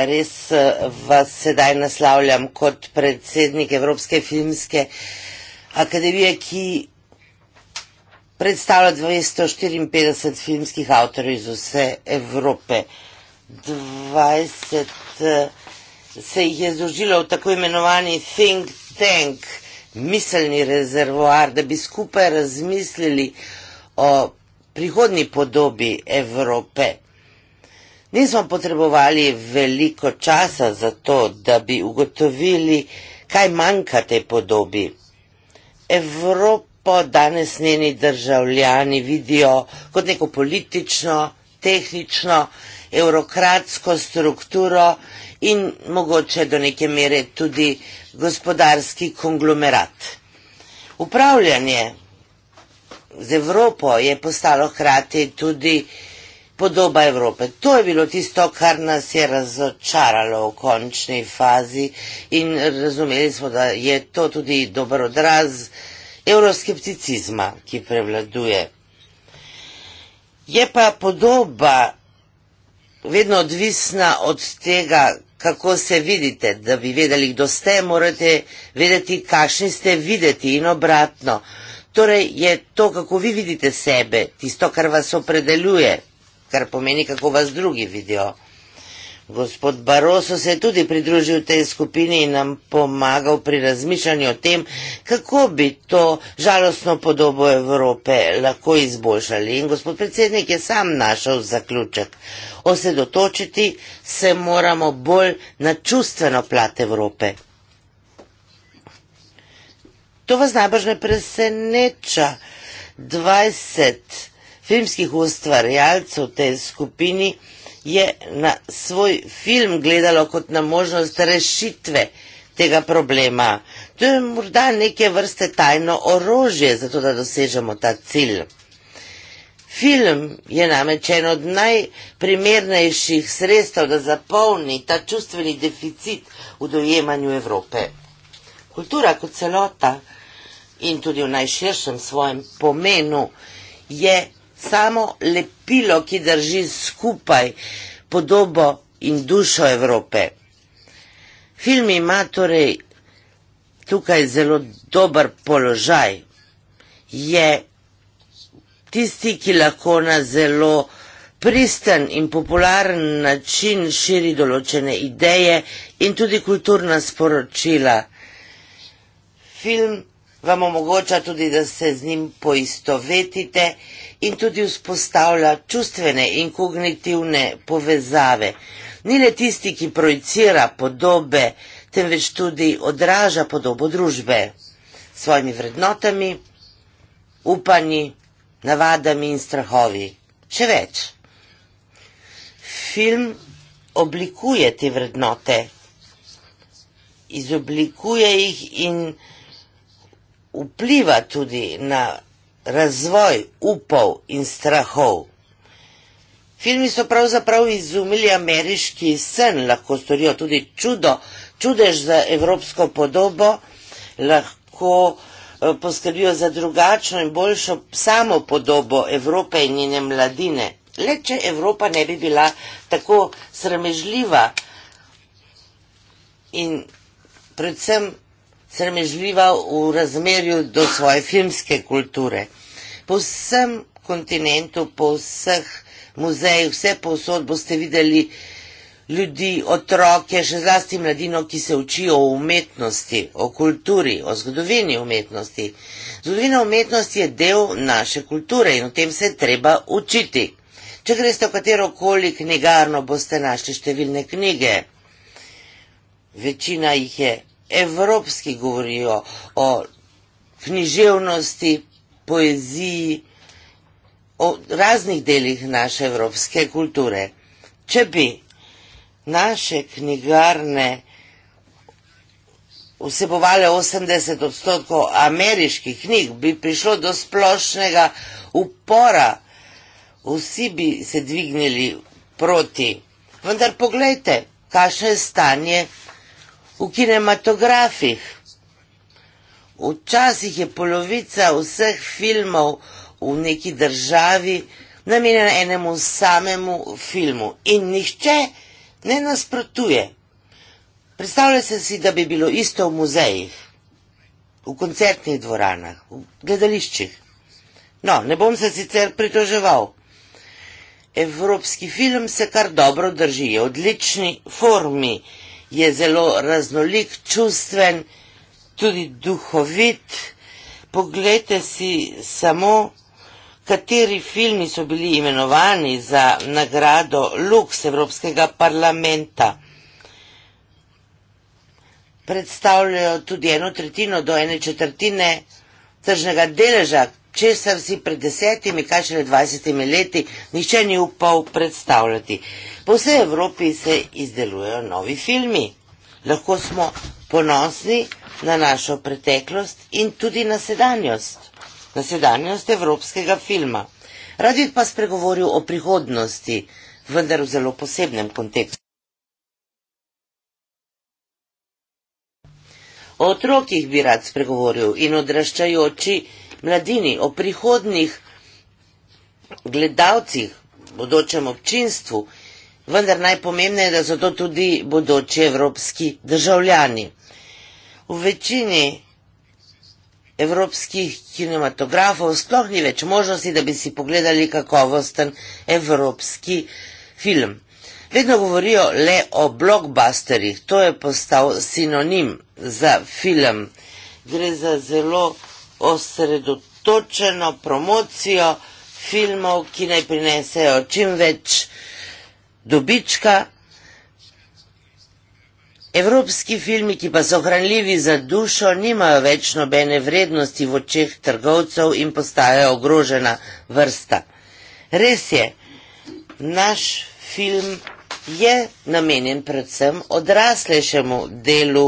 res eh, vas sedaj naslavljam kot predsednik Evropske filmske akademije, ki predstavlja 254 filmskih avtorjev iz vse Evrope. 20 eh, se jih je združilo v tako imenovani think tank, miselni rezervoar, da bi skupaj razmislili o prihodni podobi Evrope. Nismo potrebovali veliko časa za to, da bi ugotovili, kaj manjka tej podobi. Evropo danes njeni državljani vidijo kot neko politično, tehnično, evrokratsko strukturo in mogoče do neke mere tudi gospodarski konglomerat. Upravljanje z Evropo je postalo hkrati tudi podoba Evrope. To je bilo tisto, kar nas je razočaralo v končni fazi in razumeli smo, da je to tudi dober odraz euroskepticizma, ki prevladuje. Je pa podoba vedno odvisna od tega, kako se vidite, da bi vedeli, kdo ste, morate vedeti, kakšni ste videti in obratno. Torej je to, kako vi vidite sebe, tisto, kar vas opredeljuje kar pomeni, kako vas drugi vidijo. Gospod Baroso se je tudi pridružil tej skupini in nam pomagal pri razmišljanju o tem, kako bi to žalostno podobo Evrope lahko izboljšali. In gospod predsednik je sam našel zaključek. Osedotočiti se moramo bolj na čustveno plat Evrope. To vas najbrž ne preseneča. 20 filmskih ustvarjalcev te skupini je na svoj film gledalo kot na možnost rešitve tega problema. To je morda neke vrste tajno orožje, zato da dosežemo ta cilj. Film je namreč en od najprimernejših sredstev, da zapolni ta čustveni deficit v dojemanju Evrope. Kultura kot celota in tudi v najširšem svojem pomenu je samo lepilo, ki drži skupaj podobo in dušo Evrope. Film ima torej tukaj zelo dober položaj. Je tisti, ki lahko na zelo pristen in popularen način širi določene ideje in tudi kulturna sporočila. Film vam omogoča tudi, da se z njim poistovetite in tudi vzpostavlja čustvene in kognitivne povezave. Ni le tisti, ki projicira podobe, temveč tudi odraža podobo družbe s svojimi vrednotami, upanji, navadami in strahovi. Še več. Film oblikuje te vrednote, izoblikuje jih in vpliva tudi na razvoj upov in strahov. Filmi so pravzaprav izumili ameriški sen, lahko storijo tudi čudo, čudež za evropsko podobo, lahko eh, poskrbijo za drugačno in boljšo samo podobo Evrope in njene mladine. Le če Evropa ne bi bila tako sramežljiva in predvsem srmežljiva v razmerju do svoje filmske kulture. Po vsem kontinentu, po vseh muzejih, vse posod boste videli ljudi, otroke, še zlasti mladino, ki se učijo o umetnosti, o kulturi, o zgodovini umetnosti. Zgodovina umetnosti je del naše kulture in o tem se treba učiti. Če greste v katero koli knjigarno, boste našli številne knjige. Večina jih je evropski govorijo o književnosti, poeziji, o raznih delih naše evropske kulture. Če bi naše knjigarne vsebovale 80 odstotkov ameriških knjig, bi prišlo do splošnega upora. Vsi bi se dvignili proti. Vendar poglejte, kakšno je stanje v kinematografih. Včasih je polovica vseh filmov v neki državi namenjena enemu samemu filmu in nihče ne nasprotuje. Predstavljajte si, da bi bilo isto v muzejih, v koncertnih dvoranah, v gledališčih. No, ne bom se sicer pritoževal. Evropski film se kar dobro drži, je odlični formi je zelo raznolik, čustven, tudi duhovit. Poglejte si samo, kateri filmi so bili imenovani za nagrado Lux Evropskega parlamenta. Predstavljajo tudi eno tretjino do ene četrtine tržnega deleža, česar si pred desetimi, kaj šele dvajsetimi leti, nišče ni upal predstavljati. Po vsej Evropi se izdelujejo novi filmi. Lahko smo ponosni na našo preteklost in tudi na sedanjost, na sedanjost evropskega filma. Rad bi pa spregovoril o prihodnosti, vendar v zelo posebnem kontekstu. O otrokih bi rad spregovoril in odraščajoči, mladini, o prihodnih gledalcih, bodočem občinstvu, vendar najpomembneje, da so to tudi bodoči evropski državljani. V večini evropskih kinematografov sploh ni več možnosti, da bi si pogledali kakovosten evropski film. Vedno govorijo le o blockbusterjih, to je postal sinonim za film. Gre za zelo osredotočeno promocijo filmov, ki naj prinesejo čim več dobička. Evropski filmi, ki pa so hranljivi za dušo, nimajo več nobene vrednosti v očeh trgovcev in postajajo ogrožena vrsta. Res je, naš film je namenjen predvsem odraslejšemu delu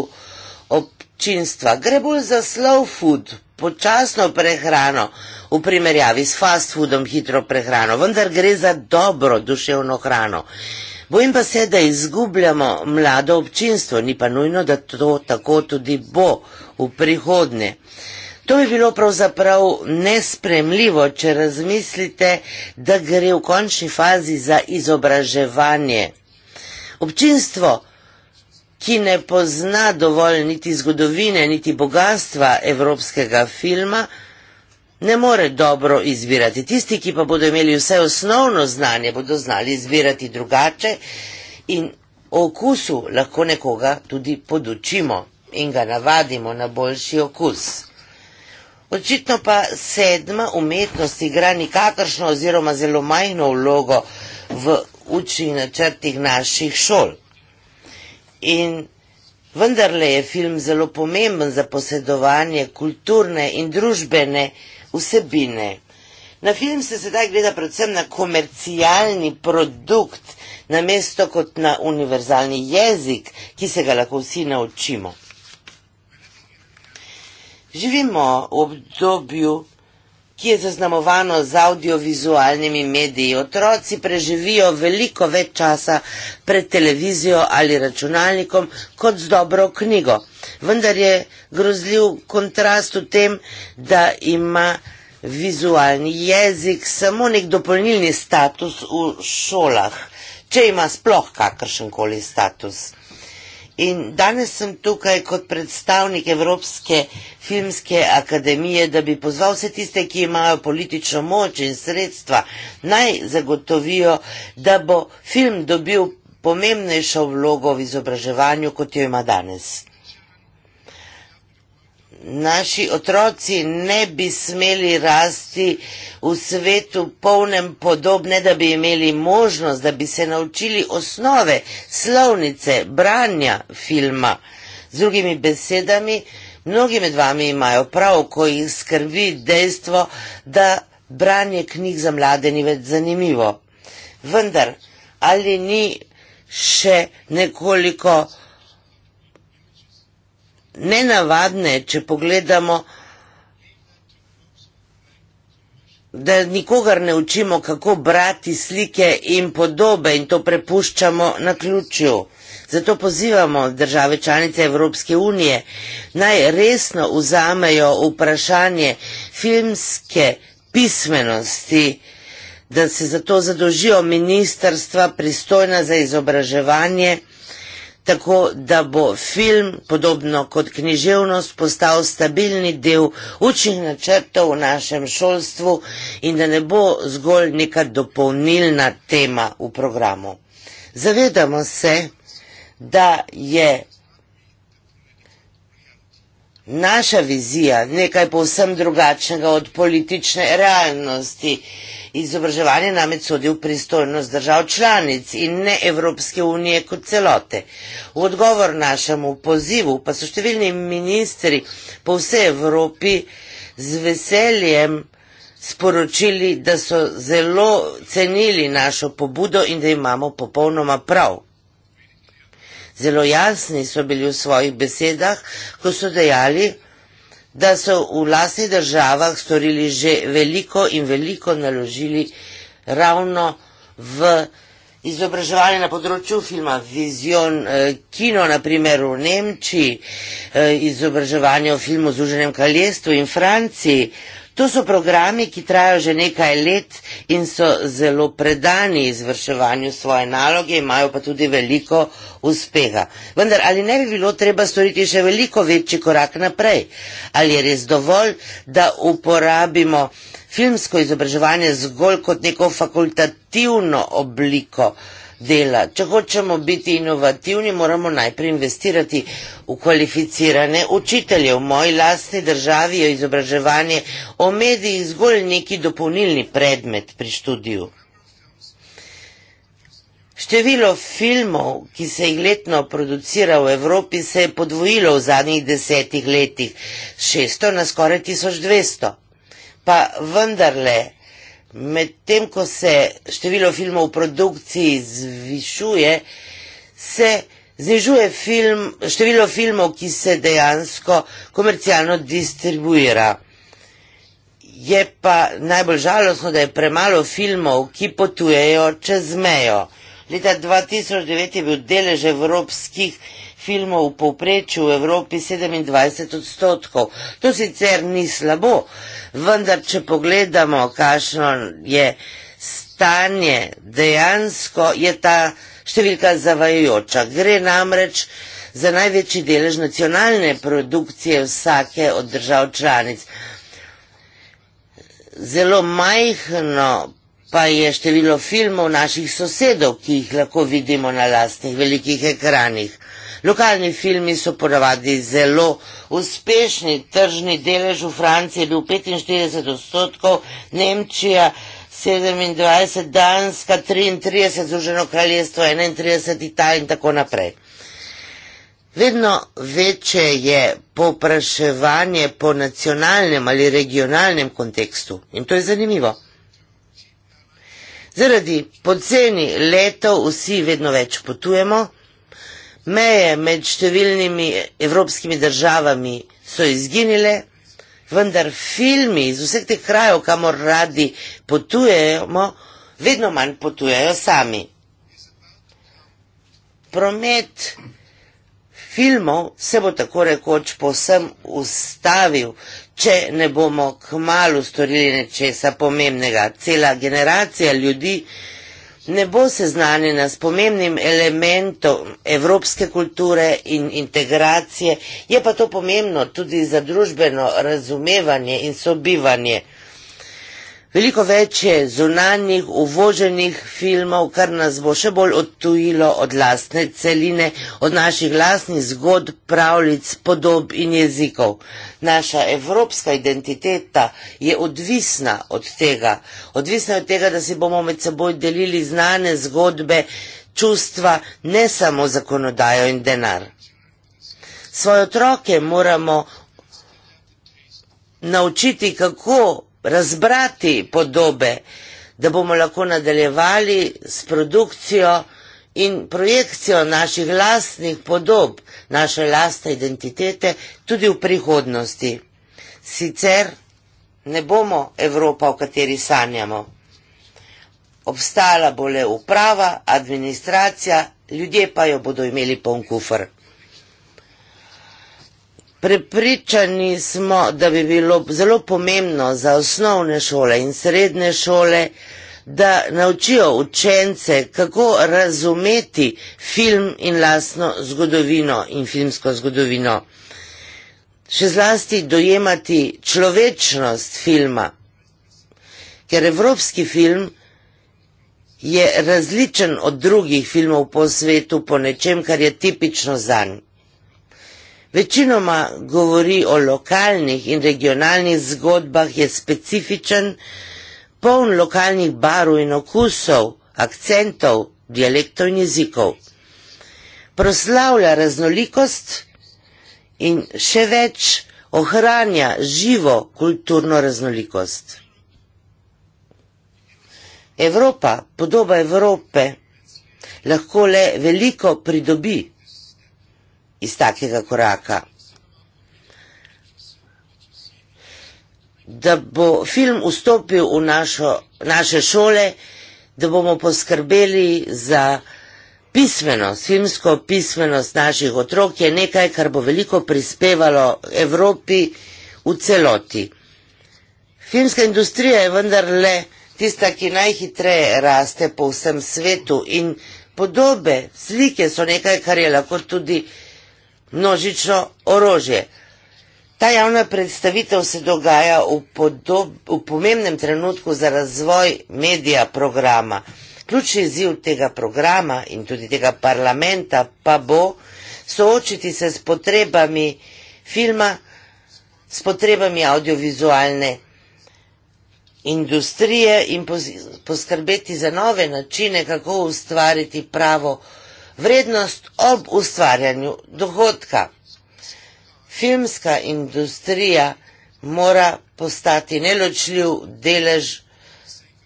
občinstva. Gre bolj za slow food, počasno prehrano v primerjavi s fast foodom, hitro prehrano, vendar gre za dobro duševno hrano. Bojim pa se, da izgubljamo mlado občinstvo, ni pa nujno, da to tako tudi bo v prihodnje. To bi bilo pravzaprav nespremljivo, če razmislite, da gre v končni fazi za izobraževanje. Občinstvo, ki ne pozna dovolj niti zgodovine, niti bogatstva evropskega filma, ne more dobro izbirati. Tisti, ki pa bodo imeli vse osnovno znanje, bodo znali izbirati drugače in o okusu lahko nekoga tudi podučimo in ga navadimo na boljši okus. Očitno pa sedma umetnost igra nikakršno oziroma zelo majhno vlogo v učnih načrtih naših šol in vendarle je film zelo pomemben za posedovanje kulturne in družbene vsebine. Na film se sedaj gleda predvsem na komercialni produkt, namesto kot na univerzalni jezik, ki se ga lahko vsi naučimo. Živimo v obdobju ki je zaznamovano z audiovizualnimi mediji. Otroci preživijo veliko več časa pred televizijo ali računalnikom kot z dobro knjigo. Vendar je grozljiv kontrast v tem, da ima vizualni jezik samo nek dopolnilni status v šolah, če ima sploh kakršen koli status. In danes sem tukaj kot predstavnik Evropske filmske akademije, da bi pozval vse tiste, ki imajo politično moč in sredstva, naj zagotovijo, da bo film dobil pomembnejšo vlogo v izobraževanju, kot jo ima danes naši otroci ne bi smeli rasti v svetu polnem podobne, da bi imeli možnost, da bi se naučili osnove, slovnice, branja filma. Z drugimi besedami, mnogi med vami imajo prav, ko jih skrbi dejstvo, da branje knjig za mlade ni več zanimivo. Vendar, ali ni še nekoliko nenavadne, če pogledamo, da nikogar ne učimo, kako brati slike in podobe in to prepuščamo na ključju. Zato pozivamo države članice Evropske unije naj resno vzamejo vprašanje filmske pismenosti, da se zato zadožijo ministarstva pristojna za izobraževanje tako da bo film, podobno kot književnost, postal stabilni del učnih načrtov v našem šolstvu in da ne bo zgolj neka dopolnilna tema v programu. Zavedamo se, da je naša vizija nekaj povsem drugačnega od politične realnosti. Izobraževanje namreč sodi v pristojnost držav članic in ne Evropske unije kot celote. V odgovor našemu pozivu pa so številni ministri po vsej Evropi z veseljem sporočili, da so zelo cenili našo pobudo in da imamo popolnoma prav. Zelo jasni so bili v svojih besedah, ko so dejali, da so v vlastnih državah storili že veliko in veliko naložili ravno v izobraževanje na področju filma Vizion eh, Kino, naprimer v Nemčiji, eh, izobraževanje o filmu Združenem kraljestvu in Franciji, To so programi, ki trajajo že nekaj let in so zelo predani izvrševanju svoje naloge, imajo pa tudi veliko uspeha. Vendar ali ne bi bilo treba storiti še veliko večji korak naprej? Ali je res dovolj, da uporabimo filmsko izobraževanje zgolj kot neko fakultativno obliko? dela. Če hočemo biti inovativni, moramo najprej investirati v kvalificirane učitelje. V moji lastni državi je izobraževanje o mediji zgolj neki dopolnilni predmet pri študiju. Število filmov, ki se jih letno producira v Evropi, se je podvojilo v zadnjih desetih letih, 600 na skoraj 1200. Pa vendarle, Medtem ko se število filmov v produkciji zvišuje, se znižuje film, število filmov, ki se dejansko komercialno distribuira. Je pa najbolj žalostno, da je premalo filmov, ki potujejo čez mejo. Leta 2009 je bil delež evropskih filmov v povprečju v Evropi 27 odstotkov. To sicer ni slabo, vendar če pogledamo, kakšno je stanje dejansko, je ta številka zavajajoča. Gre namreč za največji delež nacionalne produkcije vsake od držav članic. Zelo majhno pa je število filmov naših sosedov, ki jih lahko vidimo na lastnih velikih ekranih. Lokalni filmi so poravadi zelo uspešni, tržni delež v Franciji je bil 45 odstotkov, Nemčija 27, Danska 33, Združeno kraljestvo 31, Italija in tako naprej. Vedno večje je popraševanje po nacionalnem ali regionalnem kontekstu in to je zanimivo. Zaradi poceni letov vsi vedno več potujemo, Meje med številnimi evropskimi državami so izginile, vendar filmi iz vseh teh krajev, kamor radi potujemo, vedno manj potujejo sami. Promet filmov se bo tako rekoč posem ustavil, če ne bomo k malu storili nečesa pomembnega. Cela generacija ljudi, ki ne bo seznanjena s pomembnim elementom evropske kulture in integracije, je pa to pomembno tudi za družbeno razumevanje in sobivanje. Veliko več je zunanjih, uvoženih filmov, kar nas bo še bolj odtujilo od lastne celine, od naših lastnih zgodb, pravljic, podob in jezikov. Naša evropska identiteta je odvisna od tega. Odvisna je od tega, da si bomo med seboj delili znane zgodbe, čustva, ne samo zakonodajo in denar. Svoje otroke moramo naučiti, kako razbrati podobe, da bomo lahko nadaljevali s produkcijo in projekcijo naših lastnih podob, naše lastne identitete tudi v prihodnosti. Sicer ne bomo Evropa, o kateri sanjamo. Obstala bo le uprava, administracija, ljudje pa jo bodo imeli poln kufr. Prepričani smo, da bi bilo zelo pomembno za osnovne šole in srednje šole, da naučijo učence, kako razumeti film in lastno zgodovino in filmsko zgodovino. Še zlasti dojemati človečnost filma, ker evropski film je različen od drugih filmov po svetu po nečem, kar je tipično zanj. Večinoma govori o lokalnih in regionalnih zgodbah, je specifičen, poln lokalnih barov in okusov, akcentov, dialektov in jezikov. Proslavlja raznolikost in še več ohranja živo kulturno raznolikost. Evropa, podoba Evrope, lahko le veliko pridobi iz takega koraka. Da bo film vstopil v našo, naše šole, da bomo poskrbeli za pismenost, filmsko pismenost naših otrok, je nekaj, kar bo veliko prispevalo Evropi v celoti. Filmska industrija je vendarle tista, ki najhitreje raste po vsem svetu in podobe, slike so nekaj, kar je lahko tudi množično orožje. Ta javna predstavitev se dogaja v, podob, v pomembnem trenutku za razvoj medija programa. Ključni izziv tega programa in tudi tega parlamenta pa bo soočiti se s potrebami filma, s potrebami audiovizualne industrije in poskrbeti za nove načine, kako ustvariti pravo vrednost ob ustvarjanju dohodka. Filmska industrija mora postati neločljiv delež,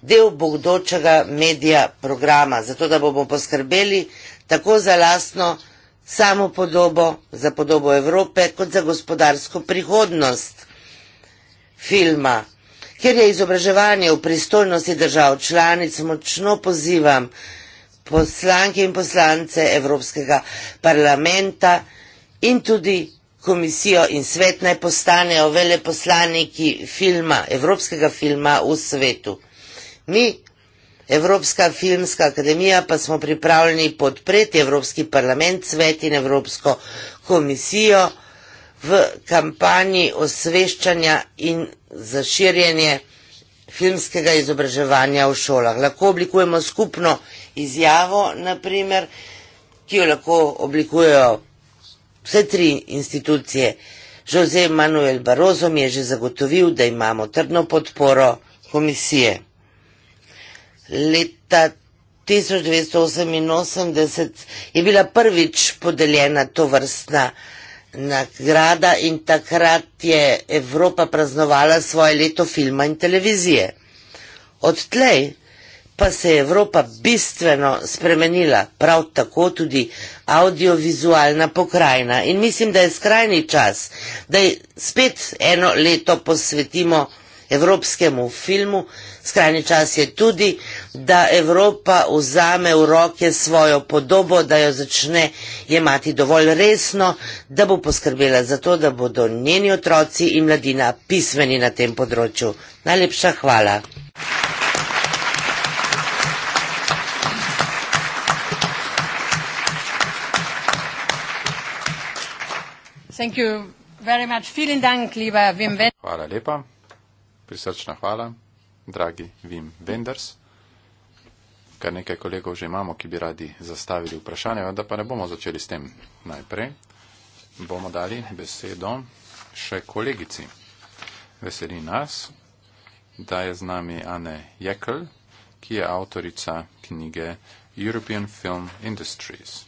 del bogdočega medija programa, zato da bomo poskrbeli tako za lastno samo podobo, za podobo Evrope, kot za gospodarsko prihodnost filma. Ker je izobraževanje v pristojnosti držav članic, močno pozivam, da poslanke in poslance Evropskega parlamenta in tudi komisijo in svet naj postanejo veleposlaniki filma, evropskega filma v svetu. Mi, Evropska filmska akademija, pa smo pripravljeni podpreti Evropski parlament, svet in Evropsko komisijo v kampanji osveščanja in zaširjenje filmskega izobraževanja v šolah. Lahko oblikujemo skupno izjavo, naprimer, ki jo lahko oblikujejo vse tri institucije. Jose Manuel Barozo mi je že zagotovil, da imamo trdno podporo komisije. Leta 1988 je bila prvič podeljena to vrstna nagrada in takrat je Evropa praznovala svoje leto filma in televizije. Od tlej pa se je Evropa bistveno spremenila, prav tako tudi audiovizualna pokrajina. In mislim, da je skrajni čas, da spet eno leto posvetimo evropskemu filmu. Skrajni čas je tudi, da Evropa vzame v roke svojo podobo, da jo začne jemati dovolj resno, da bo poskrbela za to, da bodo njeni otroci in mladina pismeni na tem področju. Najlepša hvala. Thank you. Hvala lepa, prisrčna hvala, dragi Vim Wenders. Kar nekaj kolegov že imamo, ki bi radi zastavili vprašanje, vendar pa ne bomo začeli s tem najprej. Bomo dali besedo še kolegici. Veseli nas, da je z nami Anne Jekl, ki je avtorica knjige European Film Industries.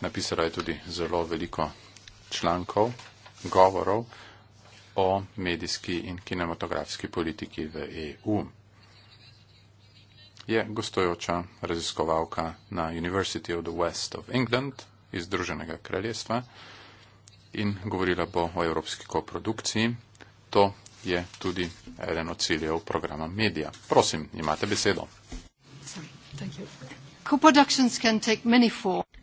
Napisala je tudi zelo veliko člankov, govorov o medijski in kinematografski politiki v EU. Je gostojoča raziskovalka na University of the West of England iz Združenega kraljestva in govorila bo o evropski koprodukciji. To je tudi eden od ciljev programa Media. Prosim, imate besedo.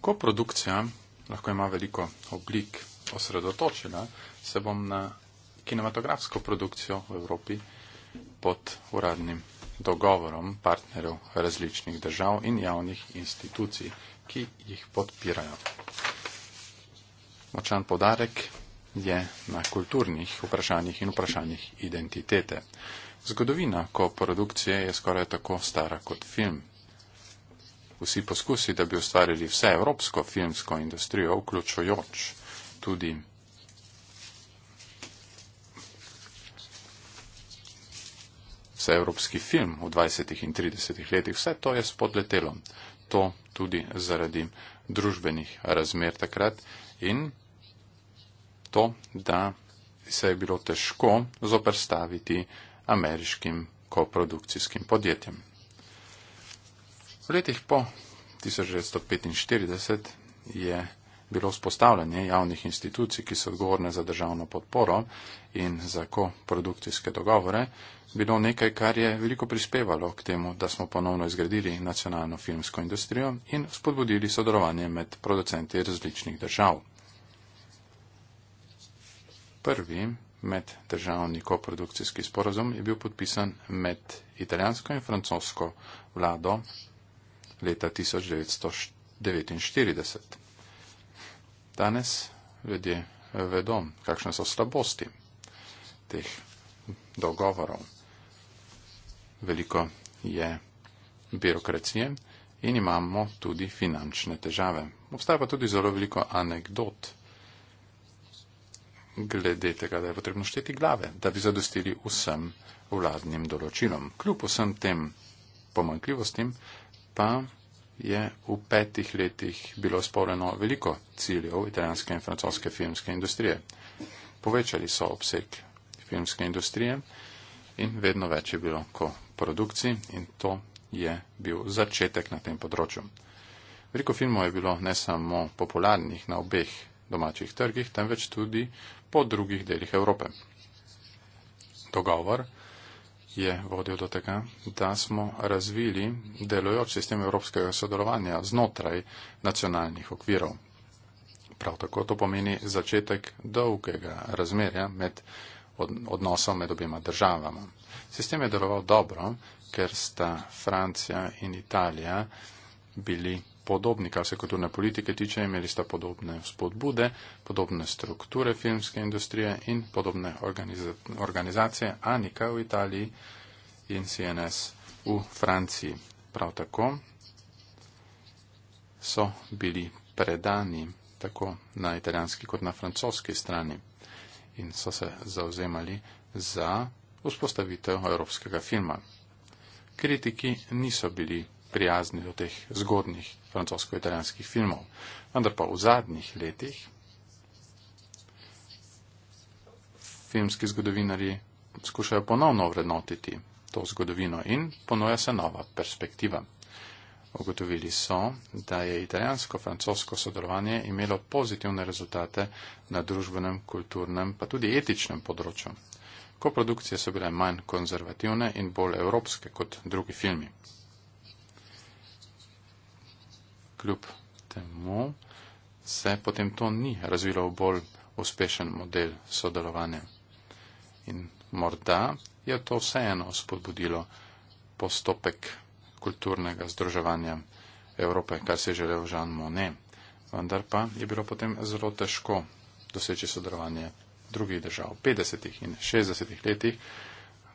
Koprodukcija lahko ima veliko oblik osredotočil, ne? se bom na kinematografsko produkcijo v Evropi pod uradnim dogovorom partnerjev različnih držav in javnih institucij, ki jih podpirajo. Močan podarek je na kulturnih vprašanjih in vprašanjih identitete. Zgodovina koprodukcije je skoraj tako stara kot film. Vsi poskusi, da bi ustvarili vse evropsko filmsko industrijo, vključujoč tudi vse evropski film v 20. in 30. letih. Vse to je spodletelo. To tudi zaradi družbenih razmer takrat in to, da se je bilo težko zoprstaviti ameriškim koprodukcijskim podjetjem. V letih po 1945 je bilo spostavljanje javnih institucij, ki so odgovorne za državno podporo in za koprodukcijske dogovore, bilo nekaj, kar je veliko prispevalo k temu, da smo ponovno izgradili nacionalno filmsko industrijo in spodbudili sodelovanje med producenti različnih držav. Prvi meddržavni koprodukcijski sporozum je bil podpisan med italijansko in francosko vlado leta 1949 danes ljudje vedo, kakšne so slabosti teh dogovorov. Veliko je birokracije in imamo tudi finančne težave. Obstaja pa tudi zelo veliko anegdot glede tega, da je potrebno šteti glave, da bi zadostili vsem vladnim določilom. Kljub vsem tem pomankljivostim pa je v petih letih bilo spoljeno veliko ciljev italijanske in francoske filmske industrije. Povečali so obseg filmske industrije in vedno več je bilo ko produkciji in to je bil začetek na tem področju. Veliko filmov je bilo ne samo popularnih na obeh domačih trgih, temveč tudi po drugih delih Evrope. Dogovor je vodil do tega, da smo razvili delojoč sistem evropskega sodelovanja znotraj nacionalnih okvirov. Prav tako to pomeni začetek dolgega razmerja med odnosom med obima državama. Sistem je deloval dobro, ker sta Francija in Italija bili podobni, kar se kulturne politike tiče, imeli sta podobne spodbude, podobne strukture filmske industrije in podobne organiza organizacije Anika v Italiji in CNS v Franciji. Prav tako so bili predani tako na italijanski kot na francoski strani in so se zauzemali za vzpostavitev evropskega filma. Kritiki niso bili prijazni do teh zgodnih francosko-italijanskih filmov. Vendar pa v zadnjih letih filmski zgodovinari skušajo ponovno vrednotiti to zgodovino in ponuja se nova perspektiva. Ogotovili so, da je italijansko-francosko sodelovanje imelo pozitivne rezultate na družbenem, kulturnem pa tudi etičnem področju. Koprodukcije so bile manj konzervativne in bolj evropske kot drugi filmi kljub temu se potem to ni razvilo v bolj uspešen model sodelovanja. In morda je to vseeno spodbudilo postopek kulturnega združevanja Evrope, kar si je želel Žan Mone, vendar pa je bilo potem zelo težko doseči sodelovanje drugih držav. V 50. in 60. letih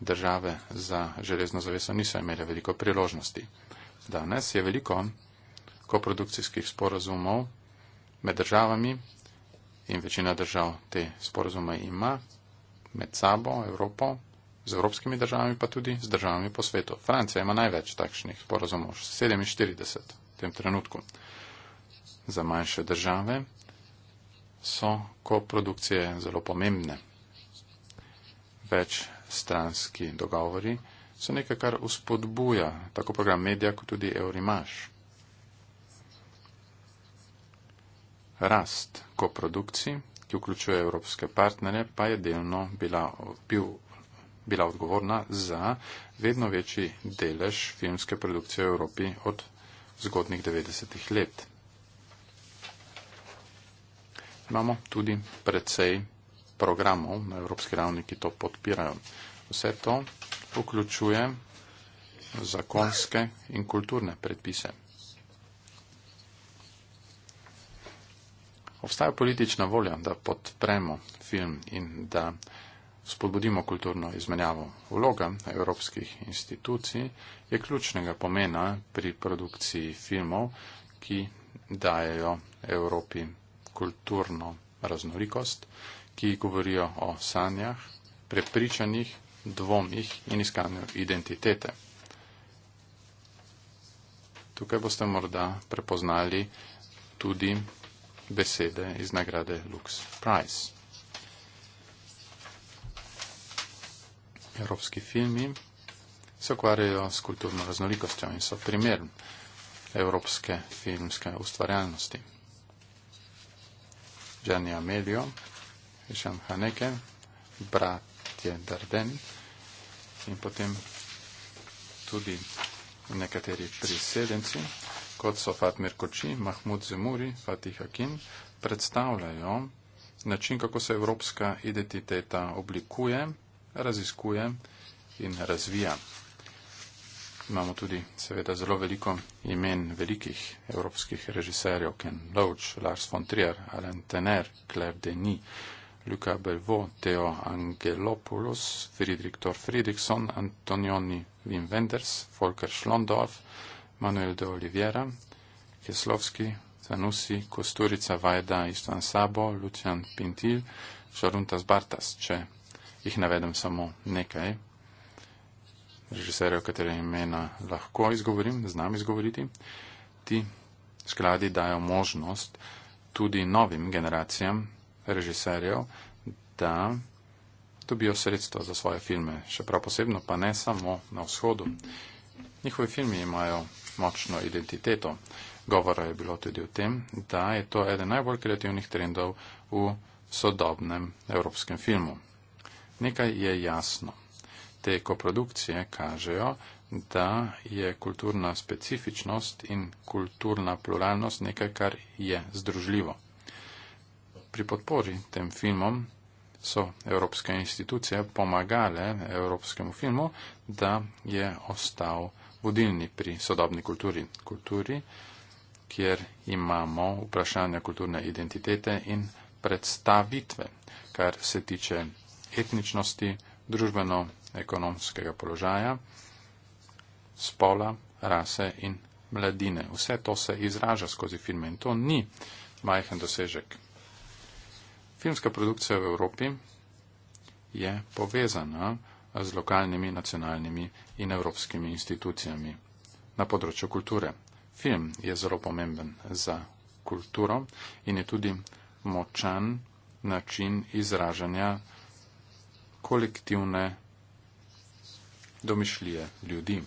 države za železno zaveso niso imele veliko priložnosti. Danes je veliko koprodukcijskih sporazumov med državami in večina držav te sporazume ima med sabo, Evropo, z evropskimi državami, pa tudi z državami po svetu. Francija ima največ takšnih sporazumov, 47 v tem trenutku. Za manjše države so koprodukcije zelo pomembne. Večstranski dogovori so nekaj, kar uspodbuja tako program Media, kot tudi Eurimaš. Rast koprodukcij, ki vključuje evropske partnerje, pa je delno bila, bil, bila odgovorna za vedno večji delež filmske produkcije v Evropi od zgodnih 90-ih let. Imamo tudi precej programov na evropski ravni, ki to podpirajo. Vse to vključuje zakonske in kulturne predpise. obstaja politična volja, da podpremo film in da spodbudimo kulturno izmenjavo. Vloga evropskih institucij je ključnega pomena pri produkciji filmov, ki dajo Evropi kulturno raznolikost, ki govorijo o sanjah, prepričanjih, dvomih in iskanju identitete. Tukaj boste morda prepoznali tudi besede iz nagrade Lux Prize. Evropski filmi se ukvarjajo s kulturno raznolikostjo in so primer evropske filmske ustvarjalnosti. Gianni Amelio, Jean Haneke, Bratje Darden in potem tudi nekateri prisedenci kot so Fatmir Koči, Mahmud Zemuri, Fatih Akin, predstavljajo način, kako se evropska identiteta oblikuje, raziskuje in razvija. Imamo tudi seveda zelo veliko imen velikih evropskih režiserjev, Ken Loach, Lars von Trier, Alain Tener, Claire Denis, Luca Bervo, Theo Angelopoulos, Friedrich Thor Friedrichson, Antonioni Wim Wenders, Volker Schlondorf, Manuel de Oliveira, Kieslowski, Zanussi, Kosturica, Vajda, Istvan Sabo, Lucian Pintil, Šaruntas Bartas, če jih navedem samo nekaj režiserjev, katere imena lahko izgovorim, znam izgovoriti. Ti skladi dajo možnost tudi novim generacijam režiserjev, da dobijo sredstva za svoje filme, še prav posebno pa ne samo na vzhodu. Njihovi filmi imajo močno identiteto. Govora je bilo tudi o tem, da je to eden najbolj kreativnih trendov v sodobnem evropskem filmu. Nekaj je jasno. Te koprodukcije kažejo, da je kulturna specifičnost in kulturna pluralnost nekaj, kar je združljivo. Pri podpori tem filmom so evropske institucije pomagale evropskemu filmu, da je ostal vodilni pri sodobni kulturi. Kulturi, kjer imamo vprašanja kulturne identitete in predstavitve, kar se tiče etničnosti, družbeno-ekonomskega položaja, spola, rase in mladine. Vse to se izraža skozi filme in to ni majhen dosežek. Filmska produkcija v Evropi je povezana z lokalnimi, nacionalnimi in evropskimi institucijami na področju kulture. Film je zelo pomemben za kulturo in je tudi močan način izražanja kolektivne domišljije ljudi.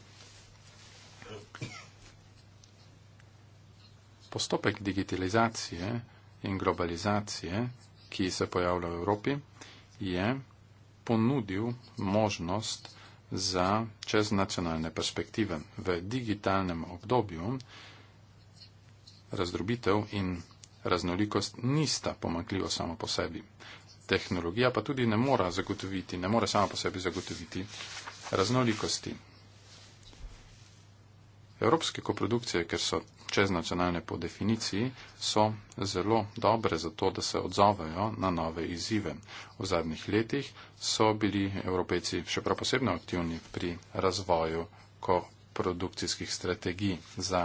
Postopek digitalizacije in globalizacije, ki se pojavlja v Evropi, je ponudil možnost za čeznacionalne perspektive v digitalnem obdobju razdrobitev in raznolikost nista pomakljivo samo po sebi. Tehnologija pa tudi ne mora zagotoviti, ne mora samo po sebi zagotoviti raznolikosti. Evropske koprodukcije, ker so čeznacionalne po definiciji, so zelo dobre za to, da se odzovejo na nove izzive. V zadnjih letih so bili evropejci še prav posebno aktivni pri razvoju koprodukcijskih strategij za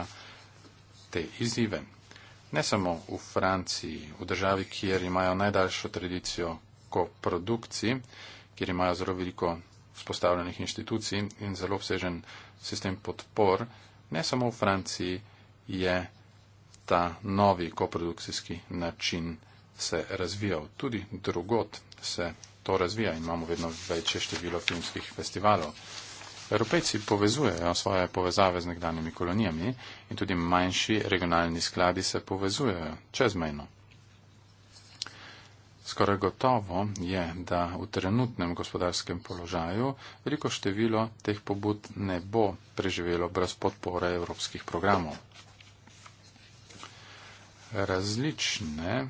te izzive. Ne samo v Franciji, v državi, kjer imajo najdaljšo tradicijo koprodukcij, kjer imajo zelo veliko vzpostavljenih inštitucij in zelo obsežen sistem podpor, ne samo v Franciji, je ta novi koprodukcijski način se razvijal. Tudi drugot se to razvija in imamo vedno večje število filmskih festivalov. Evropejci povezujejo svoje povezave z nekdanjimi kolonijami in tudi manjši regionalni skladi se povezujejo čezmejno. Skoraj gotovo je, da v trenutnem gospodarskem položaju veliko število teh pobud ne bo preživelo brez podpore evropskih programov različne,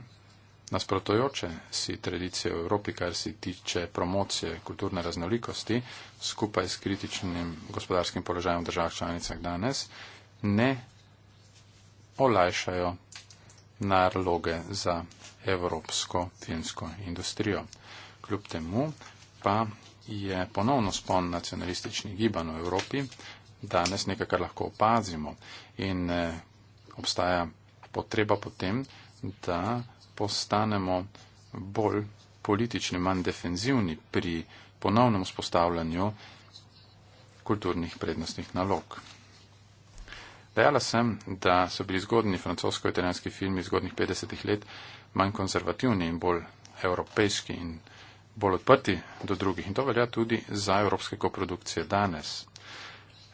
nasprotojoče si tradicije v Evropi, kar se tiče promocije kulturne raznolikosti, skupaj s kritičnim gospodarskim položajem v državah članicah danes, ne olajšajo naloge za evropsko filmsko industrijo. Kljub temu pa je ponovno spon nacionalistični giban v Evropi danes nekaj, kar lahko opazimo in eh, obstaja potreba potem, da postanemo bolj politični, manj defenzivni pri ponovnem vzpostavljanju kulturnih prednostnih nalog. Dejala sem, da so bili zgodni francosko-italijanski filmi zgodnih 50-ih let manj konzervativni in bolj evropejski in bolj odprti do drugih. In to velja tudi za evropske koprodukcije danes.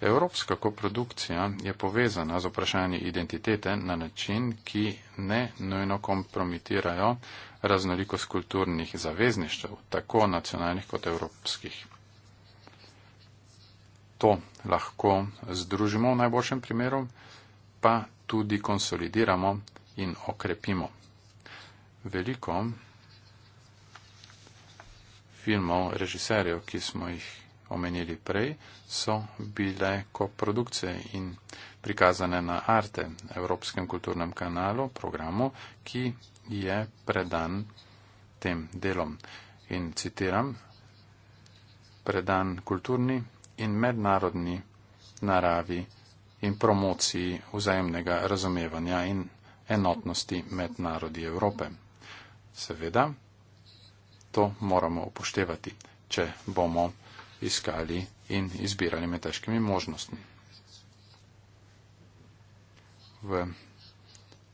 Evropska koprodukcija je povezana z vprašanji identitete na način, ki ne nujno kompromitirajo raznolikost kulturnih zavezništev, tako nacionalnih kot evropskih. To lahko združimo v najboljšem primeru, pa tudi konsolidiramo in okrepimo. Veliko filmov, režiserjev, ki smo jih omenili prej, so bile koprodukcije in prikazane na Arte, Evropskem kulturnem kanalu, programu, ki je predan tem delom. In citiram, predan kulturni in mednarodni naravi in promociji vzajemnega razumevanja in enotnosti med narodi Evrope. Seveda, to moramo upoštevati, če bomo iskali in izbirali med težkimi možnostmi. V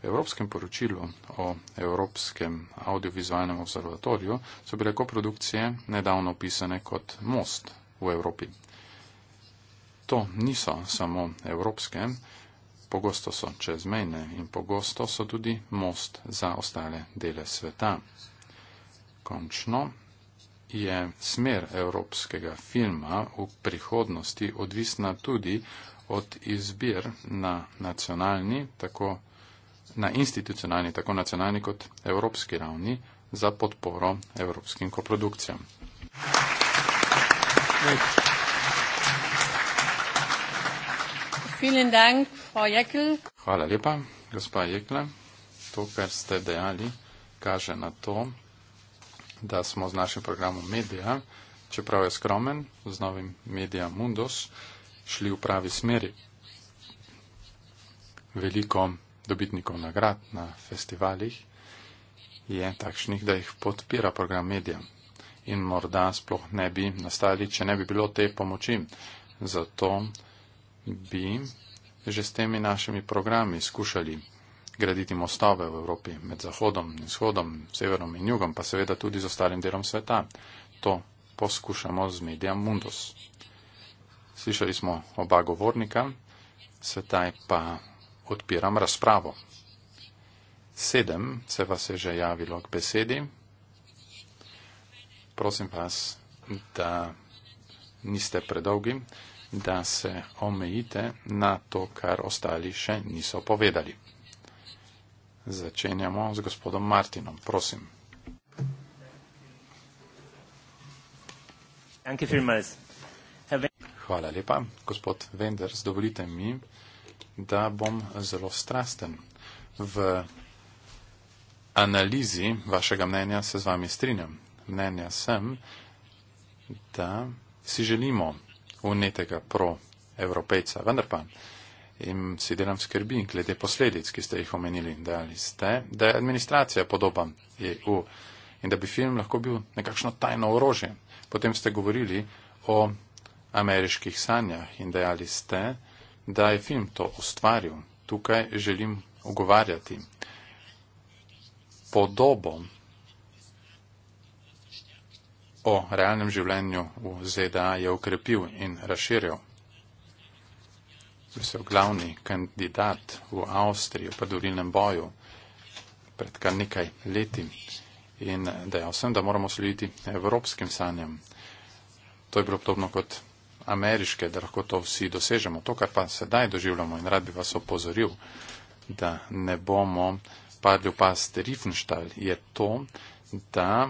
evropskem poročilu o Evropskem audiovizualnem observatoriju so bile koprodukcije nedavno opisane kot most v Evropi. To niso samo evropske, pogosto so čezmejne in pogosto so tudi most za ostale dele sveta. Končno je smer evropskega filma v prihodnosti odvisna tudi od izbir na nacionalni, tako na institucionalni, tako nacionalni kot evropski ravni za podporo evropskim koprodukcijam. Hvala lepa, gospa Jekle. To, kar ste dejali, kaže na to, da smo z našim programom Media, čeprav je skromen, z novim Media Mundus, šli v pravi smeri. Veliko dobitnikov nagrad na festivalih je takšnih, da jih podpira program Media. In morda sploh ne bi nastali, če ne bi bilo te pomoči. Zato bi že s temi našimi programi skušali graditi mostove v Evropi med Zahodom in Shodom, Severom in Jugom, pa seveda tudi z ostalim delom sveta. To poskušamo z medijem Mundus. Slišali smo oba govornika, sedaj pa odpiram razpravo. Sedem se vas je že javilo k besedi. Prosim vas, da niste predolgi, da se omejite na to, kar ostali še niso povedali. Začenjamo z gospodom Martinom, prosim. Hvala lepa, gospod Wenders. Dovolite mi, da bom zelo strasten. V analizi vašega mnenja se z vami strinjam. Mnenja sem, da si želimo unetega pro-evropejca. Vendar pa, in si delam skrbi glede posledic, ki ste jih omenili, da, ste, da je administracija podoba EU in da bi film lahko bil nekakšno tajno orožje. Potem ste govorili o ameriških sanjah in dejali ste, da je film to ustvaril. Tukaj želim ogovarjati podobo o realnem življenju v ZDA je ukrepil in razširil so glavni kandidat v Avstriji v padurilnem boju pred kar nekaj leti in dejal sem, da moramo slediti evropskim sanjam. To je bilo podobno kot ameriške, da lahko to vsi dosežemo. To, kar pa sedaj doživljamo in rad bi vas opozoril, da ne bomo padli v past Riefenstahl, je to, da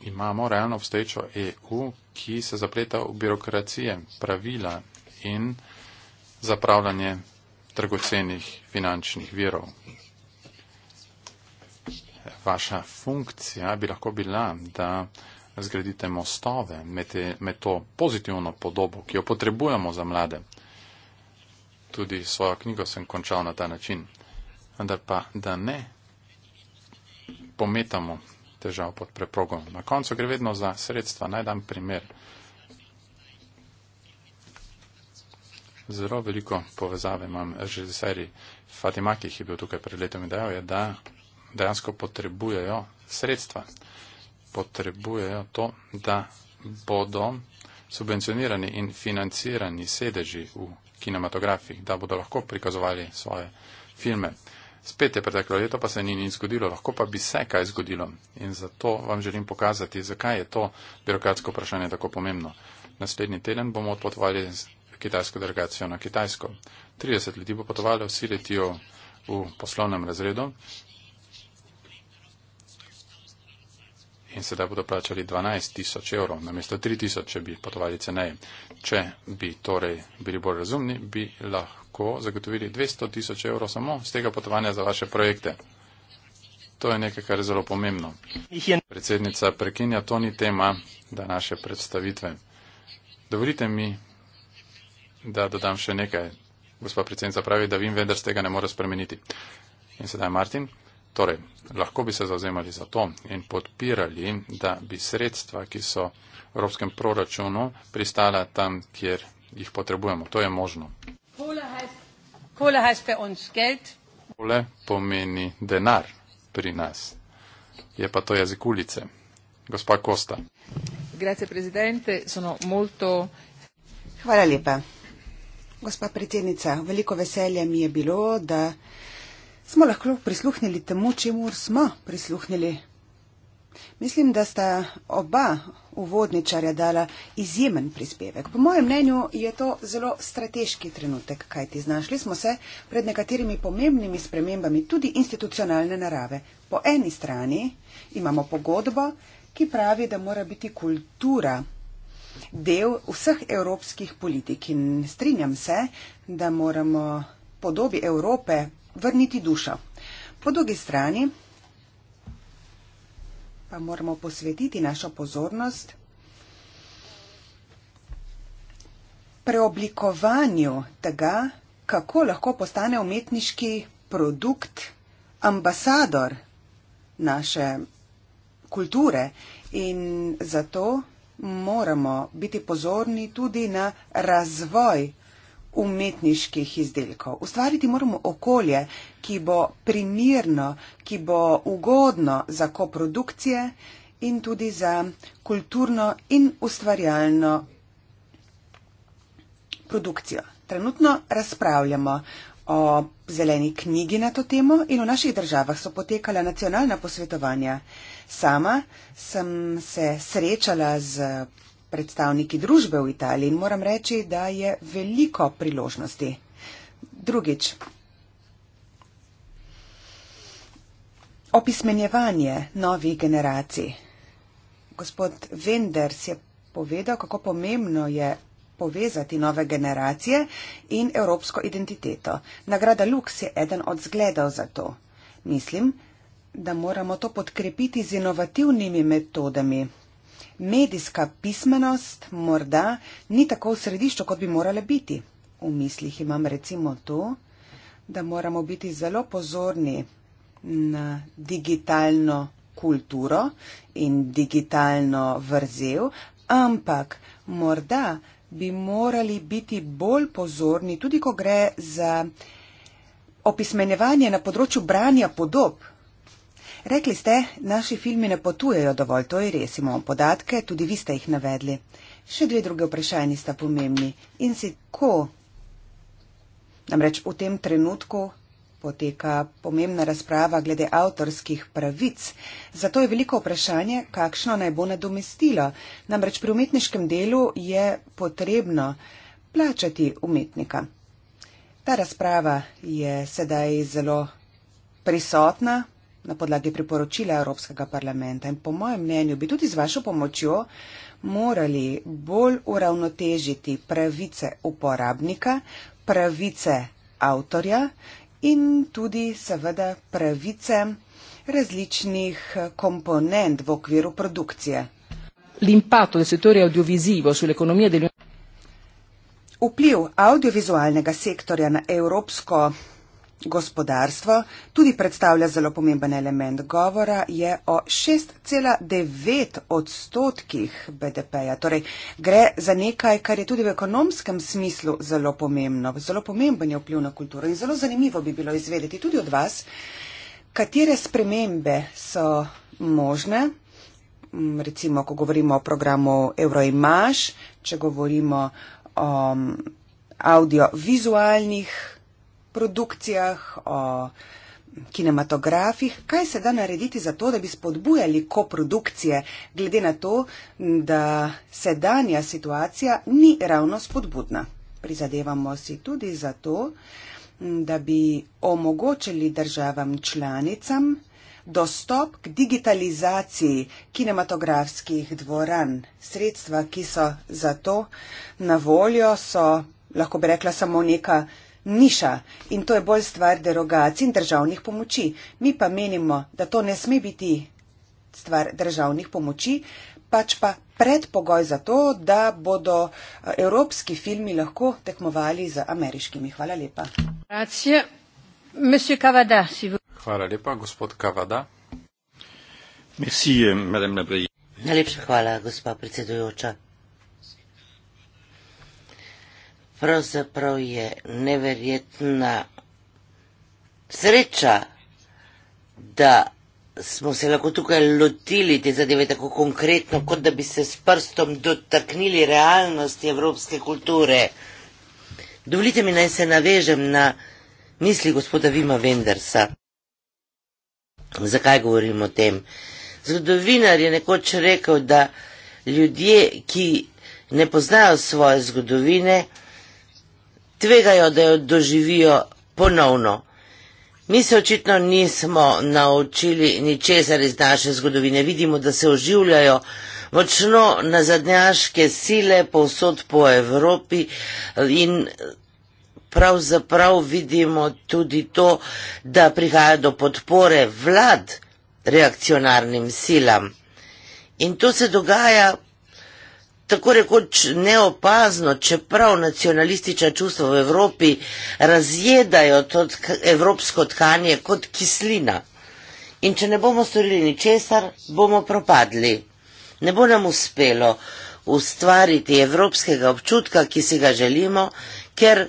imamo realno obstoječo EU, ki se zapleta v birokracije, pravila in zapravljanje dragocenih finančnih virov. Vaša funkcija bi lahko bila, da zgradite mostove med, te, med to pozitivno podobo, ki jo potrebujemo za mlade. Tudi svojo knjigo sem končal na ta način. Vendar pa, da ne pometamo težav pod preprogom. Na koncu gre vedno za sredstva. Najdam primer. zelo veliko povezave imam. Režiserji Fatima, ki je bil tukaj pred letom, dejal je, da dejansko potrebujejo sredstva. Potrebujejo to, da bodo subvencionirani in financirani sedeži v kinematografiji, da bodo lahko prikazovali svoje filme. Spet je preteklo leto, pa se ni nič zgodilo, lahko pa bi se kaj zgodilo. In zato vam želim pokazati, zakaj je to birokratsko vprašanje tako pomembno. Naslednji teden bomo odpotovali kitajsko delegacijo na Kitajsko. 30 ljudi bo potovalo, vsi letijo v poslovnem razredu in sedaj bodo plačali 12 tisoč evrov, namesto 3 tisoč, če bi potovali ceneje. Če bi torej bili bolj razumni, bi lahko zagotovili 200 tisoč evrov samo z tega potovanja za vaše projekte. To je nekaj, kar je zelo pomembno. Predsednica prekinja, to ni tema današnje predstavitve. Dovolite mi, da dodam še nekaj. Gospa predsednica pravi, da vim, vendar se tega ne more spremeniti. In sedaj Martin. Torej, lahko bi se zauzemali za to in podpirali, da bi sredstva, ki so v evropskem proračunu, pristala tam, kjer jih potrebujemo. To je možno. Kohle Kohle pomeni denar pri nas. Je pa to jezik ulice. Gospa Kosta. Grazie, Hvala lepa. Gospa predsednica, veliko veselja mi je bilo, da smo lahko prisluhnili temu, čemu smo prisluhnili. Mislim, da sta oba uvodničarja dala izjemen prispevek. Po mojem mnenju je to zelo strateški trenutek, kaj ti znašli smo se pred nekaterimi pomembnimi spremembami tudi institucionalne narave. Po eni strani imamo pogodbo, ki pravi, da mora biti kultura del vseh evropskih politik in strinjam se, da moramo podobi Evrope vrniti dušo. Po drugi strani pa moramo posvetiti našo pozornost preoblikovanju tega, kako lahko postane umetniški produkt ambasador naše kulture in zato moramo biti pozorni tudi na razvoj umetniških izdelkov. Ustvariti moramo okolje, ki bo primirno, ki bo ugodno za koprodukcije in tudi za kulturno in ustvarjalno produkcijo. Trenutno razpravljamo o zeleni knjigi na to temo in v naših državah so potekala nacionalna posvetovanja. Sama sem se srečala z predstavniki družbe v Italiji in moram reči, da je veliko priložnosti. Drugič, opismenjevanje novih generacij. Gospod Venders je povedal, kako pomembno je povezati nove generacije in evropsko identiteto. Nagrada Lux je eden od zgledov za to. Mislim, da moramo to podkrepiti z inovativnimi metodami. Medijska pismenost morda ni tako v središču, kot bi morala biti. V mislih imam recimo to, da moramo biti zelo pozorni na digitalno kulturo in digitalno vrzel, ampak morda bi morali biti bolj pozorni, tudi ko gre za opismenjevanje na področju branja podob. Rekli ste, naši filmi ne potujejo dovolj, to je res, imamo podatke, tudi vi ste jih navedli. Še dve druge vprašanje sta pomembni in si ko, namreč v tem trenutku, poteka pomembna razprava glede avtorskih pravic. Zato je veliko vprašanje, kakšno naj bo nadomestilo. Namreč pri umetniškem delu je potrebno plačati umetnika. Ta razprava je sedaj zelo prisotna na podlagi priporočila Evropskega parlamenta in po mojem mnenju bi tudi z vašo pomočjo morali bolj uravnotežiti pravice uporabnika, pravice avtorja in tudi seveda pravice različnih komponent v okviru produkcije. Vpliv audiovizualnega sektorja na evropsko gospodarstvo tudi predstavlja zelo pomemben element govora, je o 6,9 odstotkih BDP-ja. Torej, gre za nekaj, kar je tudi v ekonomskem smislu zelo pomembno. Zelo pomemben je vpliv na kulturo in zelo zanimivo bi bilo izvedeti tudi od vas, katere spremembe so možne, mm, recimo, ko govorimo o programu Euroimaš, če govorimo o mm, audiovizualnih produkcijah, o kinematografih. Kaj se da narediti za to, da bi spodbujali koprodukcije, glede na to, da sedanja situacija ni ravno spodbudna? Prizadevamo si tudi za to, da bi omogočili državam članicam dostop k digitalizaciji kinematografskih dvoran. Sredstva, ki so za to na voljo, so lahko bi rekla samo neka niša in to je bolj stvar derogacij in državnih pomoči. Mi pa menimo, da to ne sme biti stvar državnih pomoči, pač pa predpogoj za to, da bodo eh, evropski filmi lahko tekmovali z ameriškimi. Hvala lepa. Hvala lepa, gospod Kavada. Eh, Najlepša hvala, gospa predsedujoča. pravzaprav je neverjetna sreča, da smo se lahko tukaj lotili te zadeve tako konkretno, kot da bi se s prstom dotaknili realnosti evropske kulture. Dovolite mi naj se navežem na misli gospoda Vima Vendersa. Zakaj govorim o tem? Zgodovinar je nekoč rekel, da ljudje, ki ne poznajo svoje zgodovine, tvegajo, da jo doživijo ponovno. Mi se očitno nismo naučili ničesar iz naše zgodovine. Vidimo, da se oživljajo močno nazadnjaške sile povsod po Evropi in pravzaprav vidimo tudi to, da prihaja do podpore vlad reakcionarnim silam. In to se dogaja tako rekoč neopazno, čeprav nacionalistična čustva v Evropi razjedajo to evropsko tkanje kot kislina. In če ne bomo storili ničesar, bomo propadli. Ne bo nam uspelo ustvariti evropskega občutka, ki si ga želimo, ker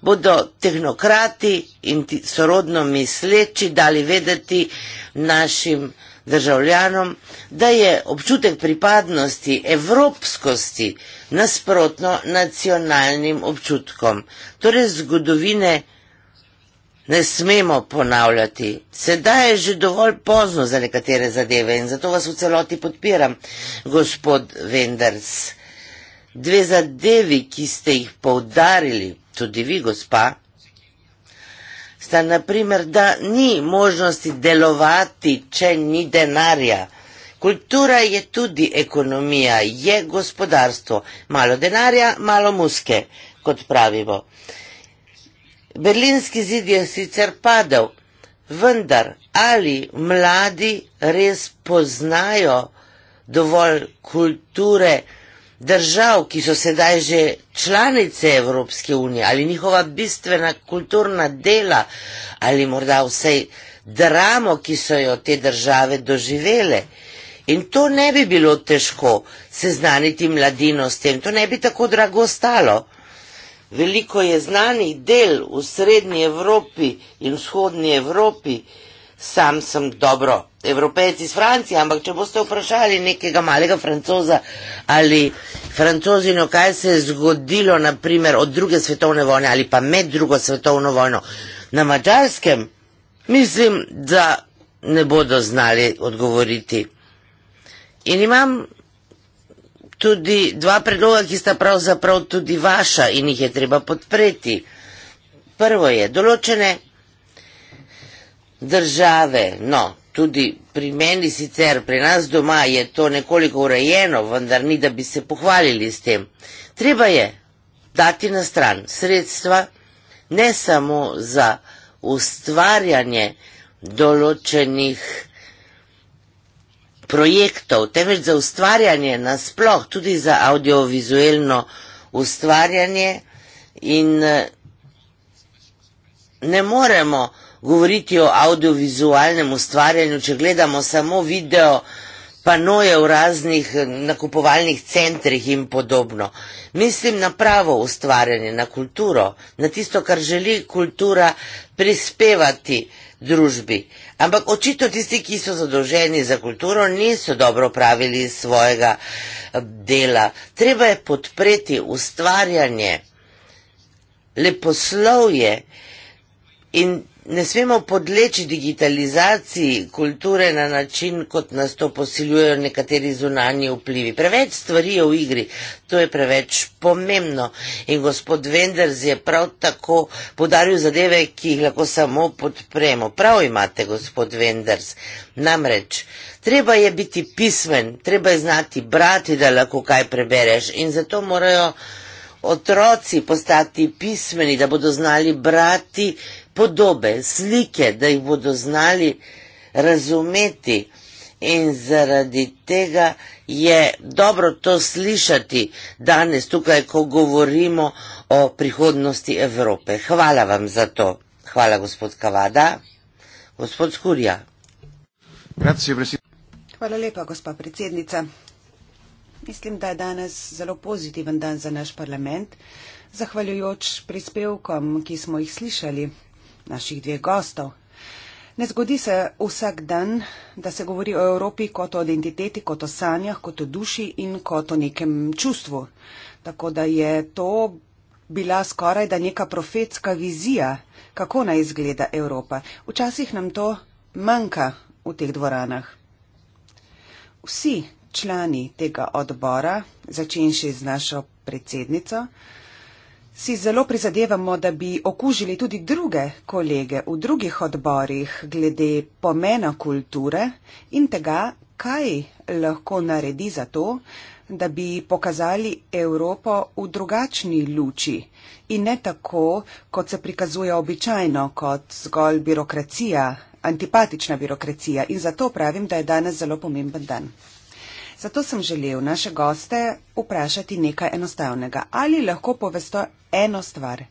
bodo tehnokrati in sorodno misleči dali vedeti našim državljanom, da je občutek pripadnosti evropskosti nasprotno nacionalnim občutkom. Torej zgodovine ne smemo ponavljati. Sedaj je že dovolj pozno za nekatere zadeve in zato vas v celoti podpiram, gospod Venders. Dve zadevi, ki ste jih poudarili, tudi vi, gospa, sta na primer, da ni možnosti delovati, če ni denarja. Kultura je tudi ekonomija, je gospodarstvo. Malo denarja, malo muske, kot pravimo. Berlinski zid je sicer padel, vendar ali mladi res poznajo dovolj kulture, držav, ki so sedaj že članice Evropske unije, ali njihova bistvena kulturna dela, ali morda vse dramo, ki so jo te države doživele. In to ne bi bilo težko seznaniti mladino s tem, to ne bi tako drago stalo. Veliko je znanih del v srednji Evropi in vzhodni Evropi, sam sem dobro evropejci iz Francije, ampak če boste vprašali nekega malega francoza ali francozino, kaj se je zgodilo naprimer od druge svetovne vojne ali pa med drugo svetovno vojno na mačarskem, mislim, da ne bodo znali odgovoriti. In imam tudi dva predloga, ki sta pravzaprav tudi vaša in jih je treba podpreti. Prvo je, določene države, no, tudi pri meni sicer, pri nas doma je to nekoliko urejeno, vendar ni, da bi se pohvalili s tem. Treba je dati na stran sredstva, ne samo za ustvarjanje določenih projektov, temveč za ustvarjanje nasploh, tudi za audiovizualno ustvarjanje in eh, ne moremo govoriti o audiovizualnem ustvarjanju, če gledamo samo video, pa noje v raznih eh, nakupovalnih centrih in podobno. Mislim na pravo ustvarjanje, na kulturo, na tisto, kar želi kultura prispevati družbi. Ampak očitno tisti, ki so zadolženi za kulturo, niso dobro pravili svojega eh, dela. Treba je podpreti ustvarjanje, leposlovje in Ne smemo podleči digitalizaciji kulture na način, kot nas to posiljujejo nekateri zunanji vplivi. Preveč stvari je v igri, to je preveč pomembno. In gospod Venders je prav tako podaril zadeve, ki jih lahko samo podpremo. Prav imate, gospod Venders. Namreč, treba je biti pismen, treba je znati brati, da lahko kaj prebereš. In zato morajo. Otroci postati pismeni, da bodo znali brati, podobe, slike, da jih bodo znali razumeti. In zaradi tega je dobro to slišati danes tukaj, ko govorimo o prihodnosti Evrope. Hvala vam za to. Hvala, gospod Kavada. Gospod Skurja. Hvala lepa, gospa predsednica. Mislim, da je danes zelo pozitiven dan za naš parlament, zahvaljujoč prispevkom, ki smo jih slišali naših dveh gostov. Ne zgodi se vsak dan, da se govori o Evropi kot o identiteti, kot o sanjah, kot o duši in kot o nekem čustvu. Tako da je to bila skoraj da neka profetska vizija, kako naj izgleda Evropa. Včasih nam to manjka v teh dvoranah. Vsi člani tega odbora, začenši z našo predsednico, si zelo prizadevamo, da bi okužili tudi druge kolege v drugih odborih glede pomena kulture in tega, kaj lahko naredi za to, da bi pokazali Evropo v drugačni luči in ne tako, kot se prikazuje običajno, kot zgolj birokracija, antipatična birokracija. In zato pravim, da je danes zelo pomemben dan. Zato sem želel naše goste vprašati nekaj enostavnega. Ali lahko povesto eno stvar?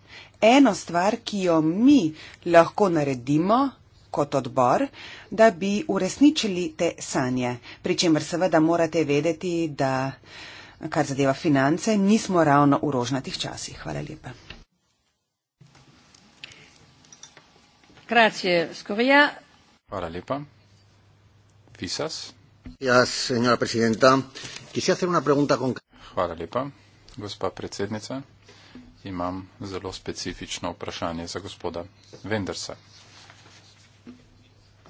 Eno stvar, ki jo mi lahko naredimo kot odbor, da bi uresničili te sanje. Pričemer seveda morate vedeti, da kar zadeva finance, nismo ravno v rožnatih časih. Hvala lepa. Grazie, Scovia. Hvala lepa. Fisas. Ja, senjora predsednica, ki si hacer una pregunta con... Hvala lepa, gospa predsednica. Imam zelo specifično vprašanje za gospoda Vendersa.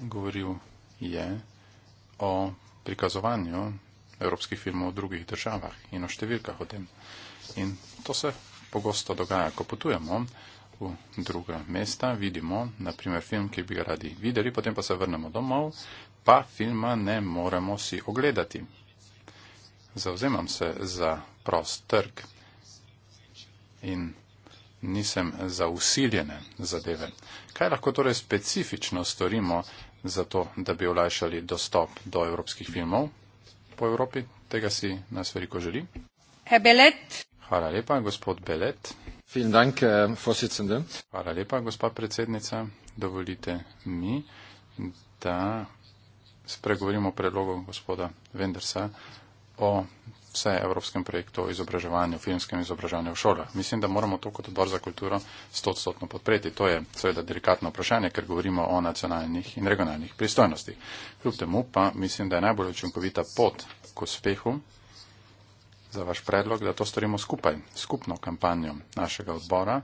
Govoril je o prikazovanju evropskih filmov v drugih državah in o številkah o tem. In to se pogosto dogaja, ko potujemo v druga mesta, vidimo, naprimer, film, ki bi ga radi videli, potem pa se vrnemo domov, pa filma ne moremo si ogledati. Zauzemam se za prost trg in nisem za usiljene zadeve. Kaj lahko torej specifično storimo za to, da bi olajšali dostop do evropskih filmov po Evropi? Tega si nas veliko želi. Hvala lepa, gospod Belet. Dank, eh, Hvala lepa, gospod predsednica. Dovolite mi, da spregovorimo o predlogu gospoda Vendersa o vse evropskem projektu o izobraževanju, filmskem izobraževanju v šolah. Mislim, da moramo to kot odbor za kulturo stotstotno podpreti. To je seveda delikatno vprašanje, ker govorimo o nacionalnih in regionalnih pristojnostih. Kljub temu pa mislim, da je najbolj učinkovita pot k uspehu za vaš predlog, da to storimo skupaj, skupno kampanjo našega odbora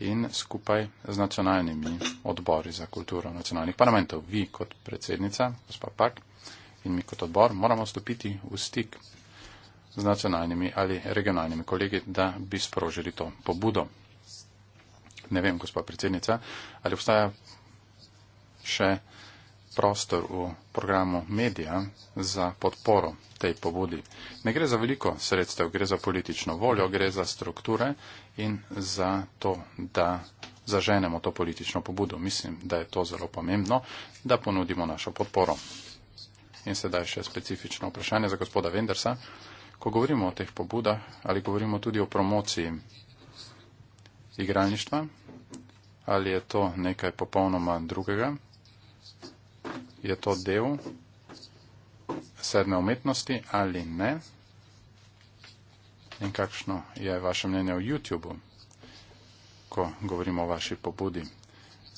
in skupaj z nacionalnimi odbori za kulturo nacionalnih parlamentov. Vi kot predsednica, gospa Park, in mi kot odbor moramo stopiti v stik z nacionalnimi ali regionalnimi kolegi, da bi sprožili to pobudo. Ne vem, gospa predsednica, ali obstaja še prostor v programu medija za podporo tej pobudi. Ne gre za veliko sredstev, gre za politično voljo, gre za strukture in za to, da zaženemo to politično pobudo. Mislim, da je to zelo pomembno, da ponudimo našo podporo. In sedaj še specifično vprašanje za gospoda Vendersa. Ko govorimo o teh pobudah, ali govorimo tudi o promociji igralništva, ali je to nekaj popolnoma drugega? Je to del srne umetnosti ali ne? In kakšno je vaše mnenje o YouTubeu, ko govorimo o vaši pobudi?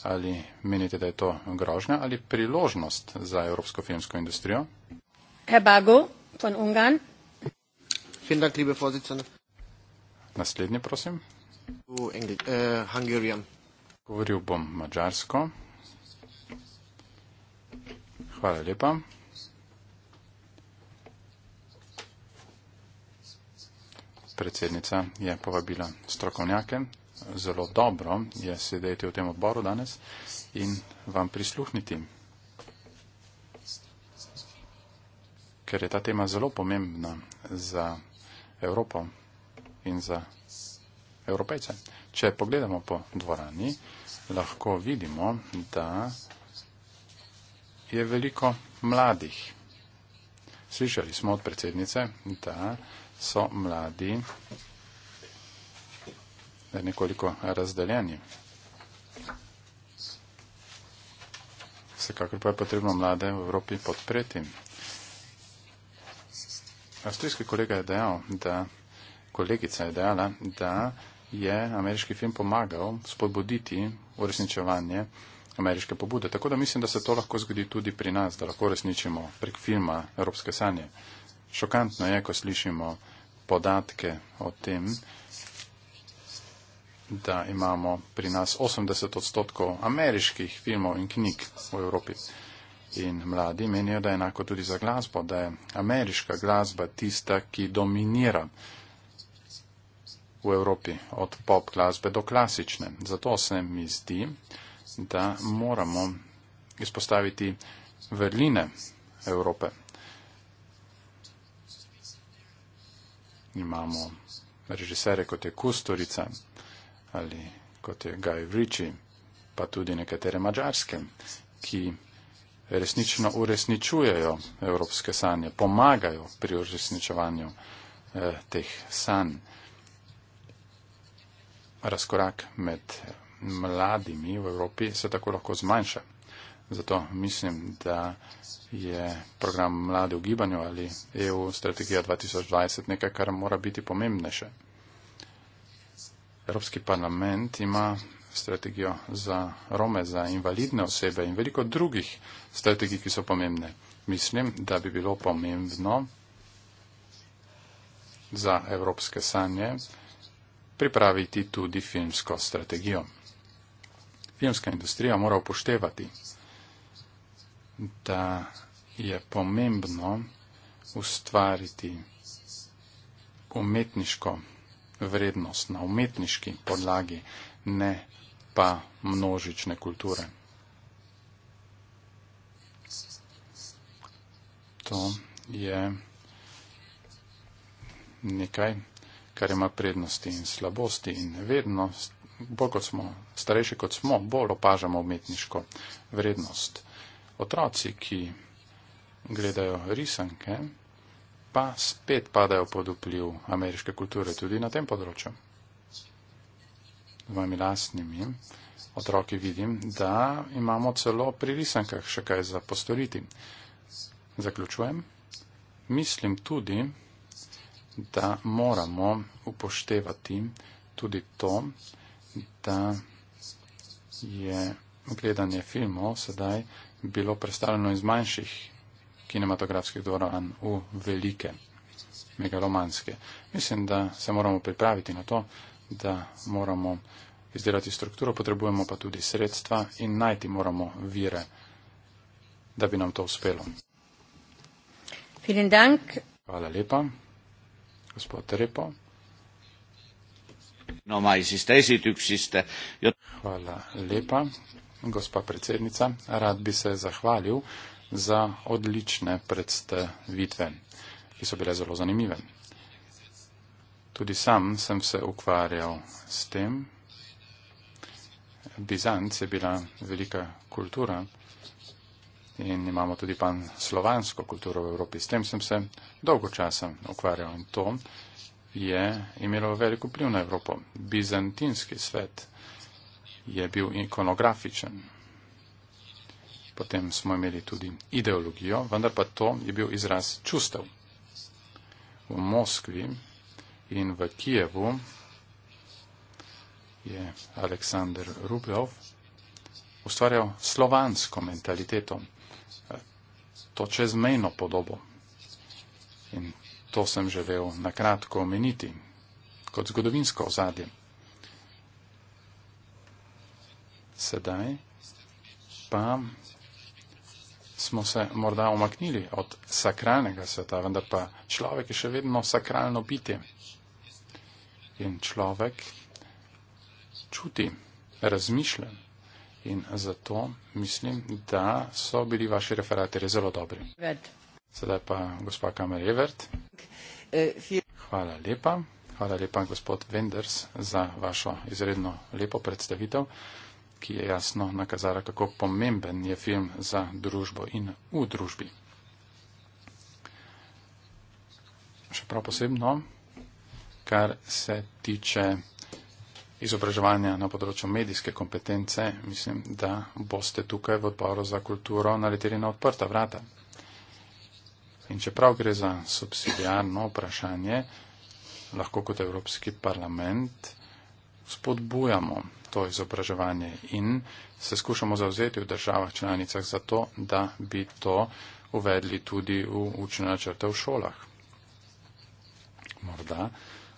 Ali menite, da je to grožnja ali priložnost za evropsko filmsko industrijo? Herr Bago von Ungarn. Vielen Dank, liebe Vorsitzende. Naslednji, prosim. Uh, Govoril bom mađarsko. Hvala lepa. predsednica je povabila strokovnjake. Zelo dobro je sedeti v tem odboru danes in vam prisluhniti, ker je ta tema zelo pomembna za Evropo in za evropejce. Če pogledamo po dvorani, lahko vidimo, da je veliko mladih. Slišali smo od predsednice, da so mladi nekoliko razdeljeni. Vsekakor pa je potrebno mlade v Evropi podpreti. Avstrijski kolega je dejal, da kolegica je dejala, da je ameriški film pomagal spodbuditi uresničevanje ameriške pobude. Tako da mislim, da se to lahko zgodi tudi pri nas, da lahko uresničimo prek filma Evropske sanje. Šokantno je, ko slišimo podatke o tem, da imamo pri nas 80 odstotkov ameriških filmov in knjig v Evropi. In mladi menijo, da je enako tudi za glasbo, da je ameriška glasba tista, ki dominira v Evropi od pop glasbe do klasične. Zato se mi zdi, da moramo izpostaviti vrline Evrope. imamo režiserje kot je Kustorica ali kot je Guy Ritchie, pa tudi nekatere mađarske, ki resnično uresničujejo evropske sanje, pomagajo pri uresničevanju eh, teh sanj. Razkorak med mladimi v Evropi se tako lahko zmanjša. Zato mislim, da je program Mlade v gibanju ali EU strategija 2020 nekaj, kar mora biti pomembnejše. Evropski parlament ima strategijo za Rome, za invalidne osebe in veliko drugih strategij, ki so pomembne. Mislim, da bi bilo pomembno za evropske sanje pripraviti tudi filmsko strategijo. Filmska industrija mora upoštevati da je pomembno ustvariti umetniško vrednost na umetniški podlagi, ne pa množične kulture. To je nekaj, kar ima prednosti in slabosti in vednost, bolj kot smo starejši kot smo, bolj opažamo umetniško vrednost otroci, ki gledajo risanke, pa spet padajo pod vpliv ameriške kulture tudi na tem področju. Z mojimi lastnimi otroki vidim, da imamo celo pri risankah še kaj za postoriti. Zaključujem. Mislim tudi, da moramo upoštevati tudi to, da je gledanje filmov sedaj bilo predstavljeno iz manjših kinematografskih dvoran v velike, megalomanske. Mislim, da se moramo pripraviti na to, da moramo izdelati strukturo, potrebujemo pa tudi sredstva in najti moramo vire, da bi nam to uspelo. Hvala lepa, gospod Repo. Hvala lepa, gospa predsednica, rad bi se zahvalil za odlične predstavitve, ki so bile zelo zanimive. Tudi sam sem se ukvarjal s tem. Bizanc je bila velika kultura in imamo tudi pan slovansko kulturo v Evropi. S tem sem se dolgo časa ukvarjal in to je imelo veliko pliv na Evropo. Bizantinski svet je bil ikonografičen. Potem smo imeli tudi ideologijo, vendar pa to je bil izraz čustev. V Moskvi in v Kijevu je Aleksandr Rublev ustvarjal slovansko mentaliteto, to čezmejno podobo. In to sem želel nakratko omeniti kot zgodovinsko ozadje. sedaj pa smo se morda omaknili od sakralnega sveta, vendar pa človek je še vedno sakralno biti. In človek čuti, razmišlja. In zato mislim, da so bili vaši referatere zelo dobri. Sedaj pa gospa Kamer Evert. Hvala lepa. Hvala lepa, gospod Wenders, za vašo izredno lepo predstavitev ki je jasno nakazala, kako pomemben je film za družbo in v družbi. Še prav posebno, kar se tiče izobraževanja na področju medijske kompetence, mislim, da boste tukaj v odboru za kulturo naleteli na odprta vrata. In čeprav gre za subsidijarno vprašanje, lahko kot Evropski parlament spodbujamo to izobraževanje in se skušamo zavzeti v državah članicah za to, da bi to uvedli tudi v učne načrte v šolah. Morda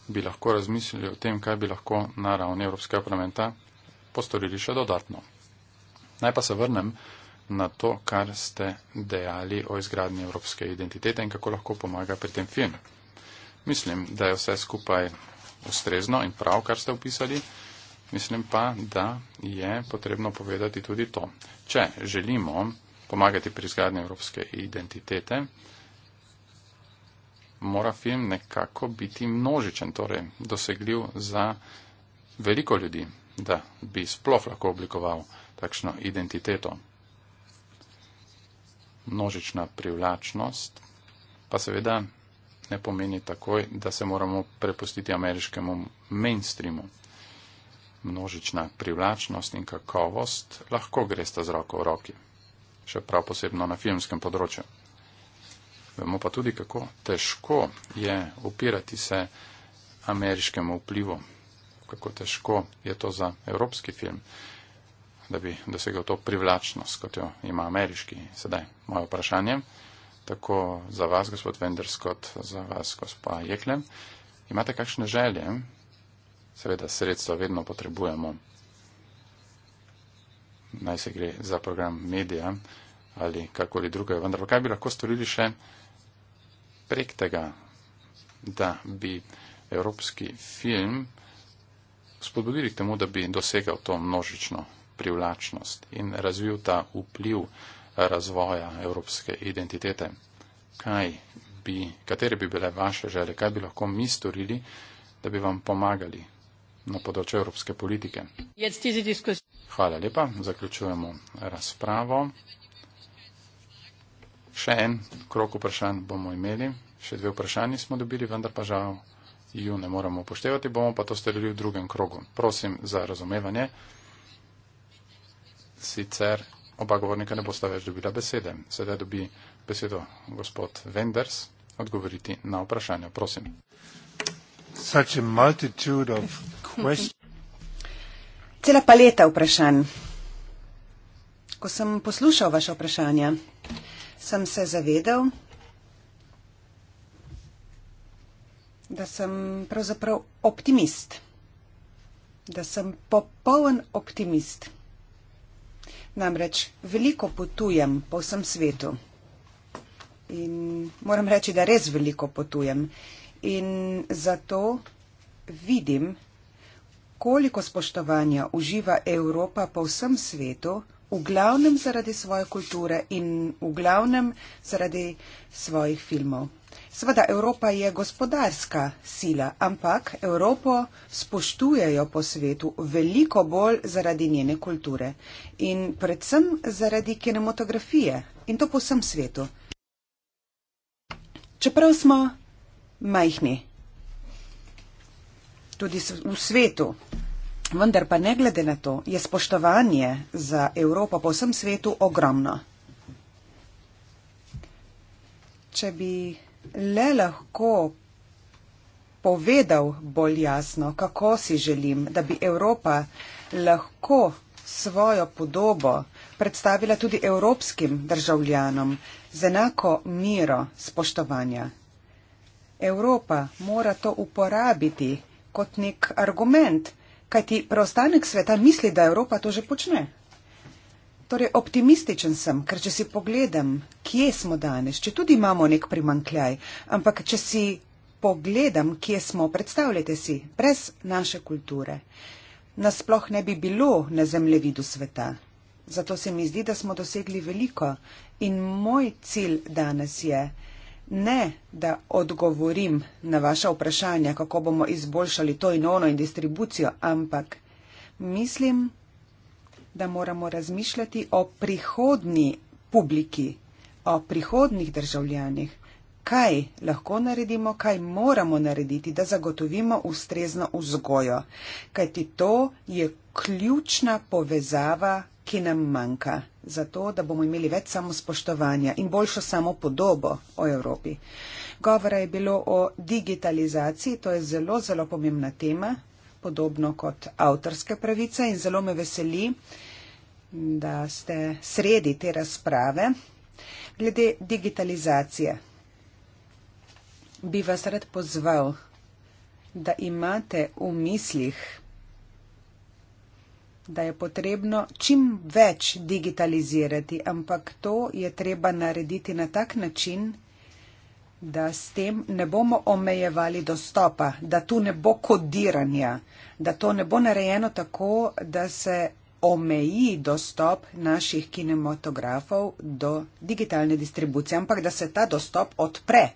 bi lahko razmislili o tem, kaj bi lahko na ravni Evropskega parlamenta postorili še dodatno. Naj pa se vrnem na to, kar ste dejali o izgradnji evropske identitete in kako lahko pomaga pri tem film. Mislim, da je vse skupaj ustrezno in prav, kar ste opisali. Mislim pa, da je potrebno povedati tudi to. Če želimo pomagati pri izgradnji evropske identitete, mora film nekako biti množičen, torej dosegljiv za veliko ljudi, da bi sploh lahko oblikoval takšno identiteto. Množična privlačnost pa seveda ne pomeni takoj, da se moramo prepustiti ameriškemu mainstreamu množična privlačnost in kakovost lahko gresta z roko v roki, še prav posebno na filmskem področju. Vemo pa tudi, kako težko je upirati se ameriškemu vplivu, kako težko je to za evropski film, da bi dosegel to privlačnost, kot jo ima ameriški sedaj. Moje vprašanje, tako za vas, gospod Venders, kot za vas, gospod Jeklem, imate kakšne želje seveda sredstva vedno potrebujemo. Naj se gre za program medija ali karkoli drugega. Vendar pa kaj bi lahko storili še prek tega, da bi evropski film spodbudili k temu, da bi dosegal to množično privlačnost in razvil ta vpliv razvoja evropske identitete. Kaj bi, katere bi bile vaše želje, kaj bi lahko mi storili, da bi vam pomagali na področju evropske politike. Hvala lepa, zaključujemo razpravo. Še en krok vprašanj bomo imeli, še dve vprašanji smo dobili, vendar pa žal ju ne moramo upoštevati, bomo pa to storili v drugem krogu. Prosim za razumevanje, sicer oba govornika ne bosta več dobila besede. Sedaj dobi besedo gospod Wenders odgovoriti na vprašanje. Prosim such a multitude of questions. Ko sem poslušal vaše vprašanja, sem se zavedel, da sem pravzaprav optimist. Da sem popoln optimist. Namreč veliko potujem po vsem svetu. In moram reči, da res veliko potujem in zato vidim, koliko spoštovanja uživa Evropa po vsem svetu, v glavnem zaradi svoje kulture in v glavnem zaradi svojih filmov. Sveda Evropa je gospodarska sila, ampak Evropo spoštujejo po svetu veliko bolj zaradi njene kulture in predvsem zaradi kinematografije in to po vsem svetu. Čeprav smo majhni. Tudi v svetu. Vendar pa ne glede na to, je spoštovanje za Evropo po vsem svetu ogromno. Če bi le lahko povedal bolj jasno, kako si želim, da bi Evropa lahko svojo podobo predstavila tudi evropskim državljanom z enako miro spoštovanja. Evropa mora to uporabiti kot nek argument, kajti preostanek sveta misli, da Evropa to že počne. Torej, optimističen sem, ker če si pogledam, kje smo danes, če tudi imamo nek primankljaj, ampak če si pogledam, kje smo, predstavljajte si, brez naše kulture, nasploh ne bi bilo na zemljevidu sveta. Zato se mi zdi, da smo dosegli veliko in moj cilj danes je, da Ne, da odgovorim na vaše vprašanje, kako bomo izboljšali to in ono in distribucijo, ampak mislim, da moramo razmišljati o prihodni publiki, o prihodnih državljanih, kaj lahko naredimo, kaj moramo narediti, da zagotovimo ustrezno vzgojo, kajti to je ključna povezava, ki nam manjka zato, da bomo imeli več samospoštovanja in boljšo samopodobo o Evropi. Govora je bilo o digitalizaciji, to je zelo, zelo pomembna tema, podobno kot avtorske pravice in zelo me veseli, da ste sredi te razprave glede digitalizacije. Bi vas rad pozval, da imate v mislih da je potrebno čim več digitalizirati, ampak to je treba narediti na tak način, da s tem ne bomo omejevali dostopa, da tu ne bo kodiranja, da to ne bo narejeno tako, da se omeji dostop naših kinematografov do digitalne distribucije, ampak da se ta dostop odpre.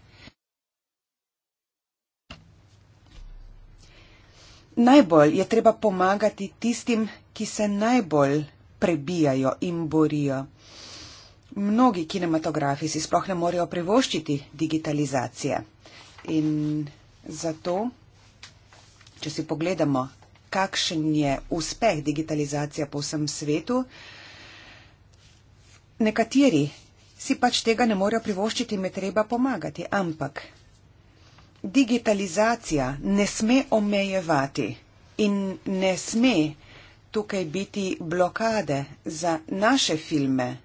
Najbolj je treba pomagati tistim, ki se najbolj prebijajo in borijo. Mnogi kinematografi si sploh ne morejo privoščiti digitalizacije. In zato, če si pogledamo, kakšen je uspeh digitalizacije po vsem svetu, nekateri si pač tega ne morejo privoščiti in je treba pomagati. Ampak digitalizacija ne sme omejevati in ne sme tukaj biti blokade za naše filme.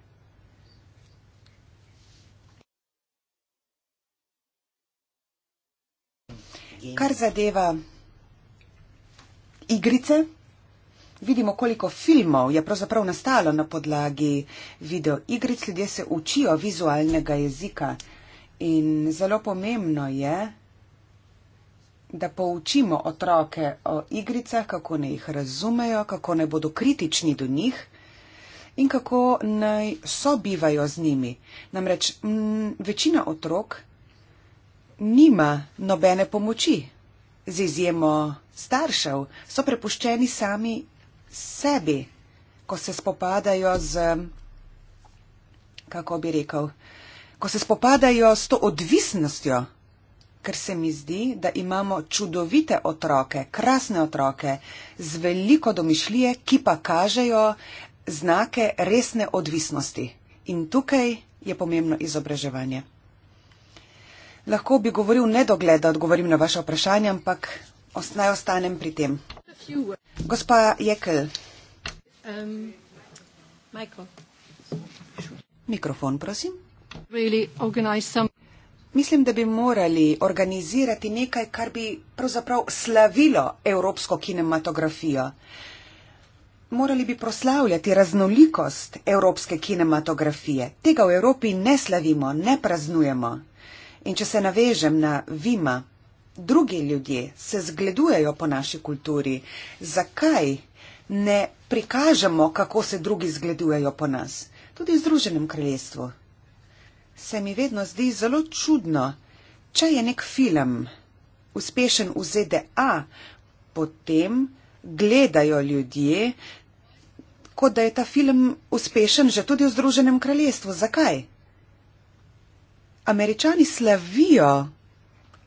Kar zadeva igrice, vidimo, koliko filmov je pravzaprav nastalo na podlagi videoigric, ljudje se učijo vizualnega jezika in zelo pomembno je, da poučimo otroke o igricah, kako naj jih razumejo, kako naj bodo kritični do njih in kako naj sobivajo z njimi. Namreč m, večina otrok nima nobene pomoči, z izjemo staršev, so prepuščeni sami sebi, ko se spopadajo z, kako bi rekel, ko se spopadajo s to odvisnostjo ker se mi zdi, da imamo čudovite otroke, krasne otroke, z veliko domišljije, ki pa kažejo znake resne odvisnosti. In tukaj je pomembno izobraževanje. Lahko bi govoril nedogled, da odgovorim na vaše vprašanje, ampak naj ostanem pri tem. Gospa Jekel. Um, Mikrofon, prosim. Really organize some Mislim, da bi morali organizirati nekaj, kar bi pravzaprav slavilo evropsko kinematografijo. Morali bi proslavljati raznolikost evropske kinematografije. Tega v Evropi ne slavimo, ne praznujemo. In če se navežem na Vima, drugi ljudje se zgledujejo po naši kulturi. Zakaj ne prikažemo, kako se drugi zgledujejo po nas? Tudi v Združenem kraljestvu se mi vedno zdi zelo čudno. Če je nek film uspešen v ZDA, potem gledajo ljudje, kot da je ta film uspešen že tudi v Združenem kraljestvu. Zakaj? Američani slavijo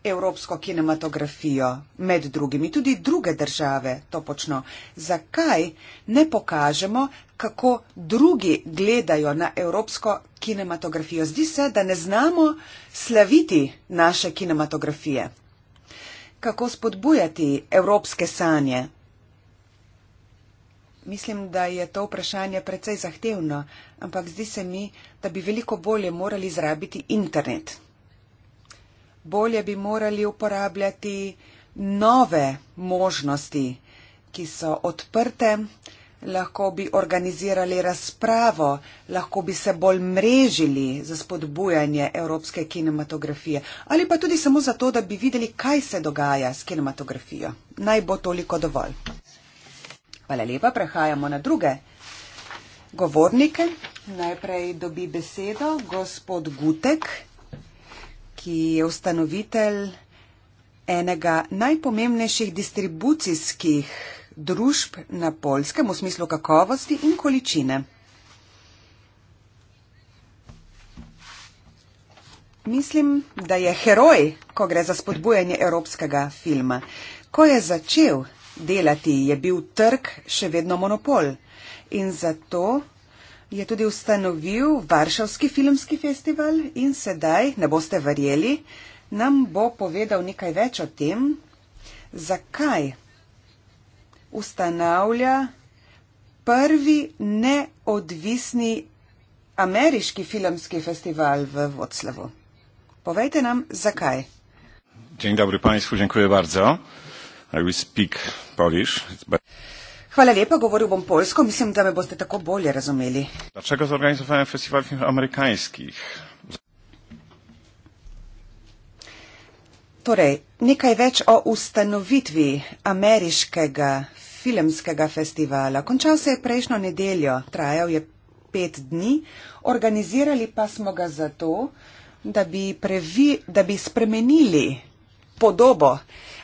evropsko kinematografijo, med drugimi tudi druge države to počno. Zakaj ne pokažemo, kako drugi gledajo na evropsko kinematografijo? Zdi se, da ne znamo slaviti naše kinematografije. Kako spodbujati evropske sanje? Mislim, da je to vprašanje precej zahtevno, ampak zdi se mi, da bi veliko bolje morali zrabiti internet bolje bi morali uporabljati nove možnosti, ki so odprte, lahko bi organizirali razpravo, lahko bi se bolj mrežili za spodbujanje evropske kinematografije ali pa tudi samo zato, da bi videli, kaj se dogaja s kinematografijo. Naj bo toliko dovolj. Hvala lepa, prehajamo na druge govornike. Najprej dobi besedo gospod Gutek ki je ustanovitelj enega najpomembnejših distribucijskih družb na polskem v smislu kakovosti in količine. Mislim, da je heroj, ko gre za spodbujanje evropskega filma. Ko je začel delati, je bil trg še vedno monopol in zato je tudi ustanovil Varšavski filmski festival in sedaj, ne boste verjeli, nam bo povedal nekaj več o tem, zakaj ustanavlja prvi neodvisni ameriški filmski festival v Vodslavu. Povejte nam, zakaj. Dzień dobry państwu, dziękuję bardzo. I will speak Polish. But... Hvala lepa, govoril bom poljsko, mislim, da me boste tako bolje razumeli. Dlaczego zorganizowałem festival filmów amerykańskich? Torej, nekaj več o ustanovitvi ameriškega filmskega festivala. Končal se je prejšnjo nedeljo, trajal je pet dni, organizirali pa smo ga zato, da bi, previ, da bi spremenili podobo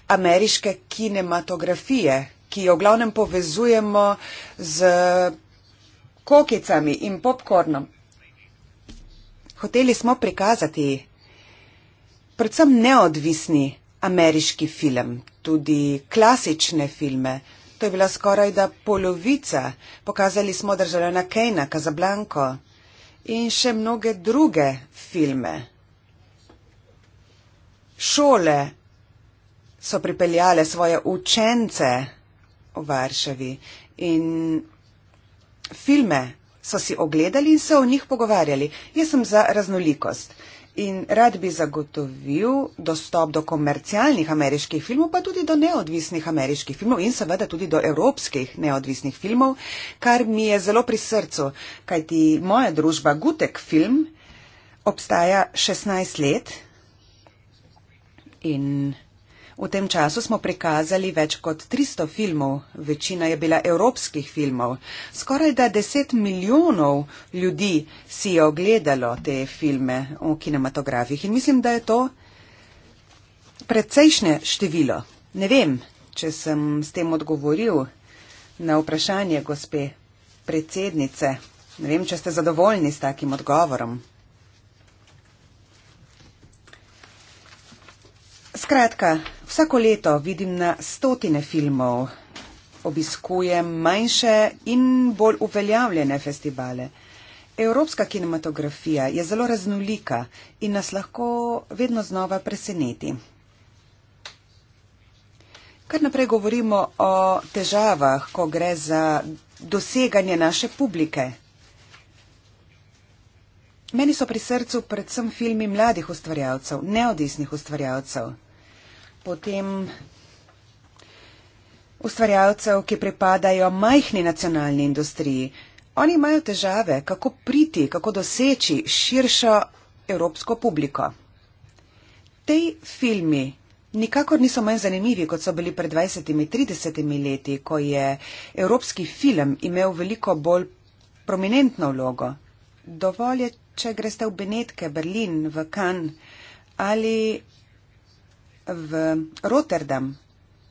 ameriške kinematografije, ki jo v glavnem povezujemo z kokicami in popkornom. Hoteli smo prikazati predvsem neodvisni ameriški film, tudi klasične filme. To je bila skoraj da polovica. Pokazali smo državljana Kejna, Kazablanko in še mnoge druge filme. Šole so pripeljale svoje učence v Varšavi. In filme so si ogledali in se o njih pogovarjali. Jaz sem za raznolikost. In rad bi zagotovil dostop do komercialnih ameriških filmov, pa tudi do neodvisnih ameriških filmov in seveda tudi do evropskih neodvisnih filmov, kar mi je zelo pri srcu, kajti moja družba Gutek Film obstaja 16 let in V tem času smo prikazali več kot 300 filmov, večina je bila evropskih filmov. Skoraj da 10 milijonov ljudi si je ogledalo te filme v kinematografih in mislim, da je to precejšnje število. Ne vem, če sem s tem odgovoril na vprašanje gospe predsednice. Ne vem, če ste zadovoljni s takim odgovorom. Skratka, Vsako leto vidim na stotine filmov, obiskujem manjše in bolj uveljavljene festivale. Evropska kinematografija je zelo raznolika in nas lahko vedno znova preseneti. Kar naprej govorimo o težavah, ko gre za doseganje naše publike. Meni so pri srcu predvsem filmi mladih ustvarjalcev, neodvisnih ustvarjalcev potem ustvarjalcev, ki pripadajo majhni nacionalni industriji. Oni imajo težave, kako priti, kako doseči širšo evropsko publiko. Tej filmi nikakor niso manj zanimivi, kot so bili pred 20-30 leti, ko je evropski film imel veliko bolj prominentno vlogo. Dovolj je, če greste v Benetke, Berlin, v Cannes ali v Rotterdam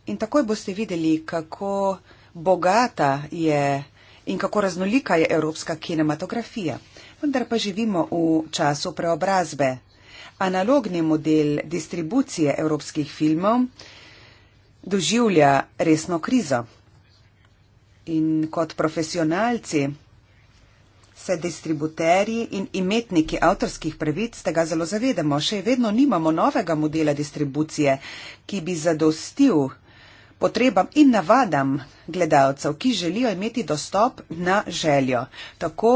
in takoj boste videli, kako bogata je in kako raznolika je evropska kinematografija. Vendar pa živimo v času preobrazbe. Analogni model distribucije evropskih filmov doživlja resno krizo. In kot profesionalci se distributerji in imetniki avtorskih pravic tega zelo zavedamo. Še vedno nimamo novega modela distribucije, ki bi zadostil potrebam in navadam gledalcev, ki želijo imeti dostop na željo, tako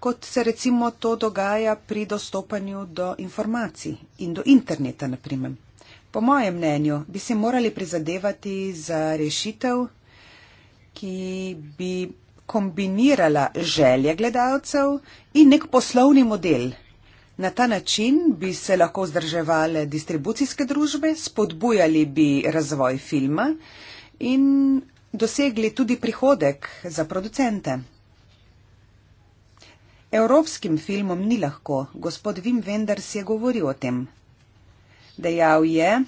kot se recimo to dogaja pri dostopanju do informacij in do interneta, naprimer. Po mojem mnenju bi se morali prizadevati za rešitev, ki bi kombinirala želje gledalcev in nek poslovni model. Na ta način bi se lahko vzdrževale distribucijske družbe, spodbujali bi razvoj filma in dosegli tudi prihodek za producente. Evropskim filmom ni lahko, gospod Wim Wenders je govoril o tem. Dejal je,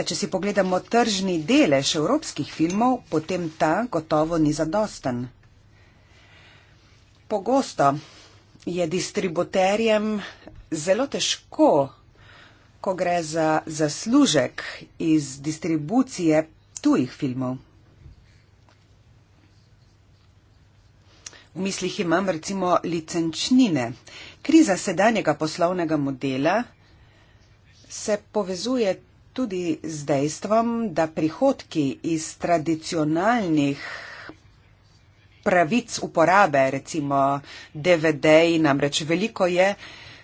da če si pogledamo tržni delež evropskih filmov, potem ta gotovo ni zadosten. Pogosto je distributerjem zelo težko, ko gre za zaslužek iz distribucije tujih filmov. V mislih imam recimo licenčnine. Kriza sedanjega poslovnega modela se povezuje tudi z dejstvom, da prihodki iz tradicionalnih pravic uporabe, recimo DVD, namreč veliko je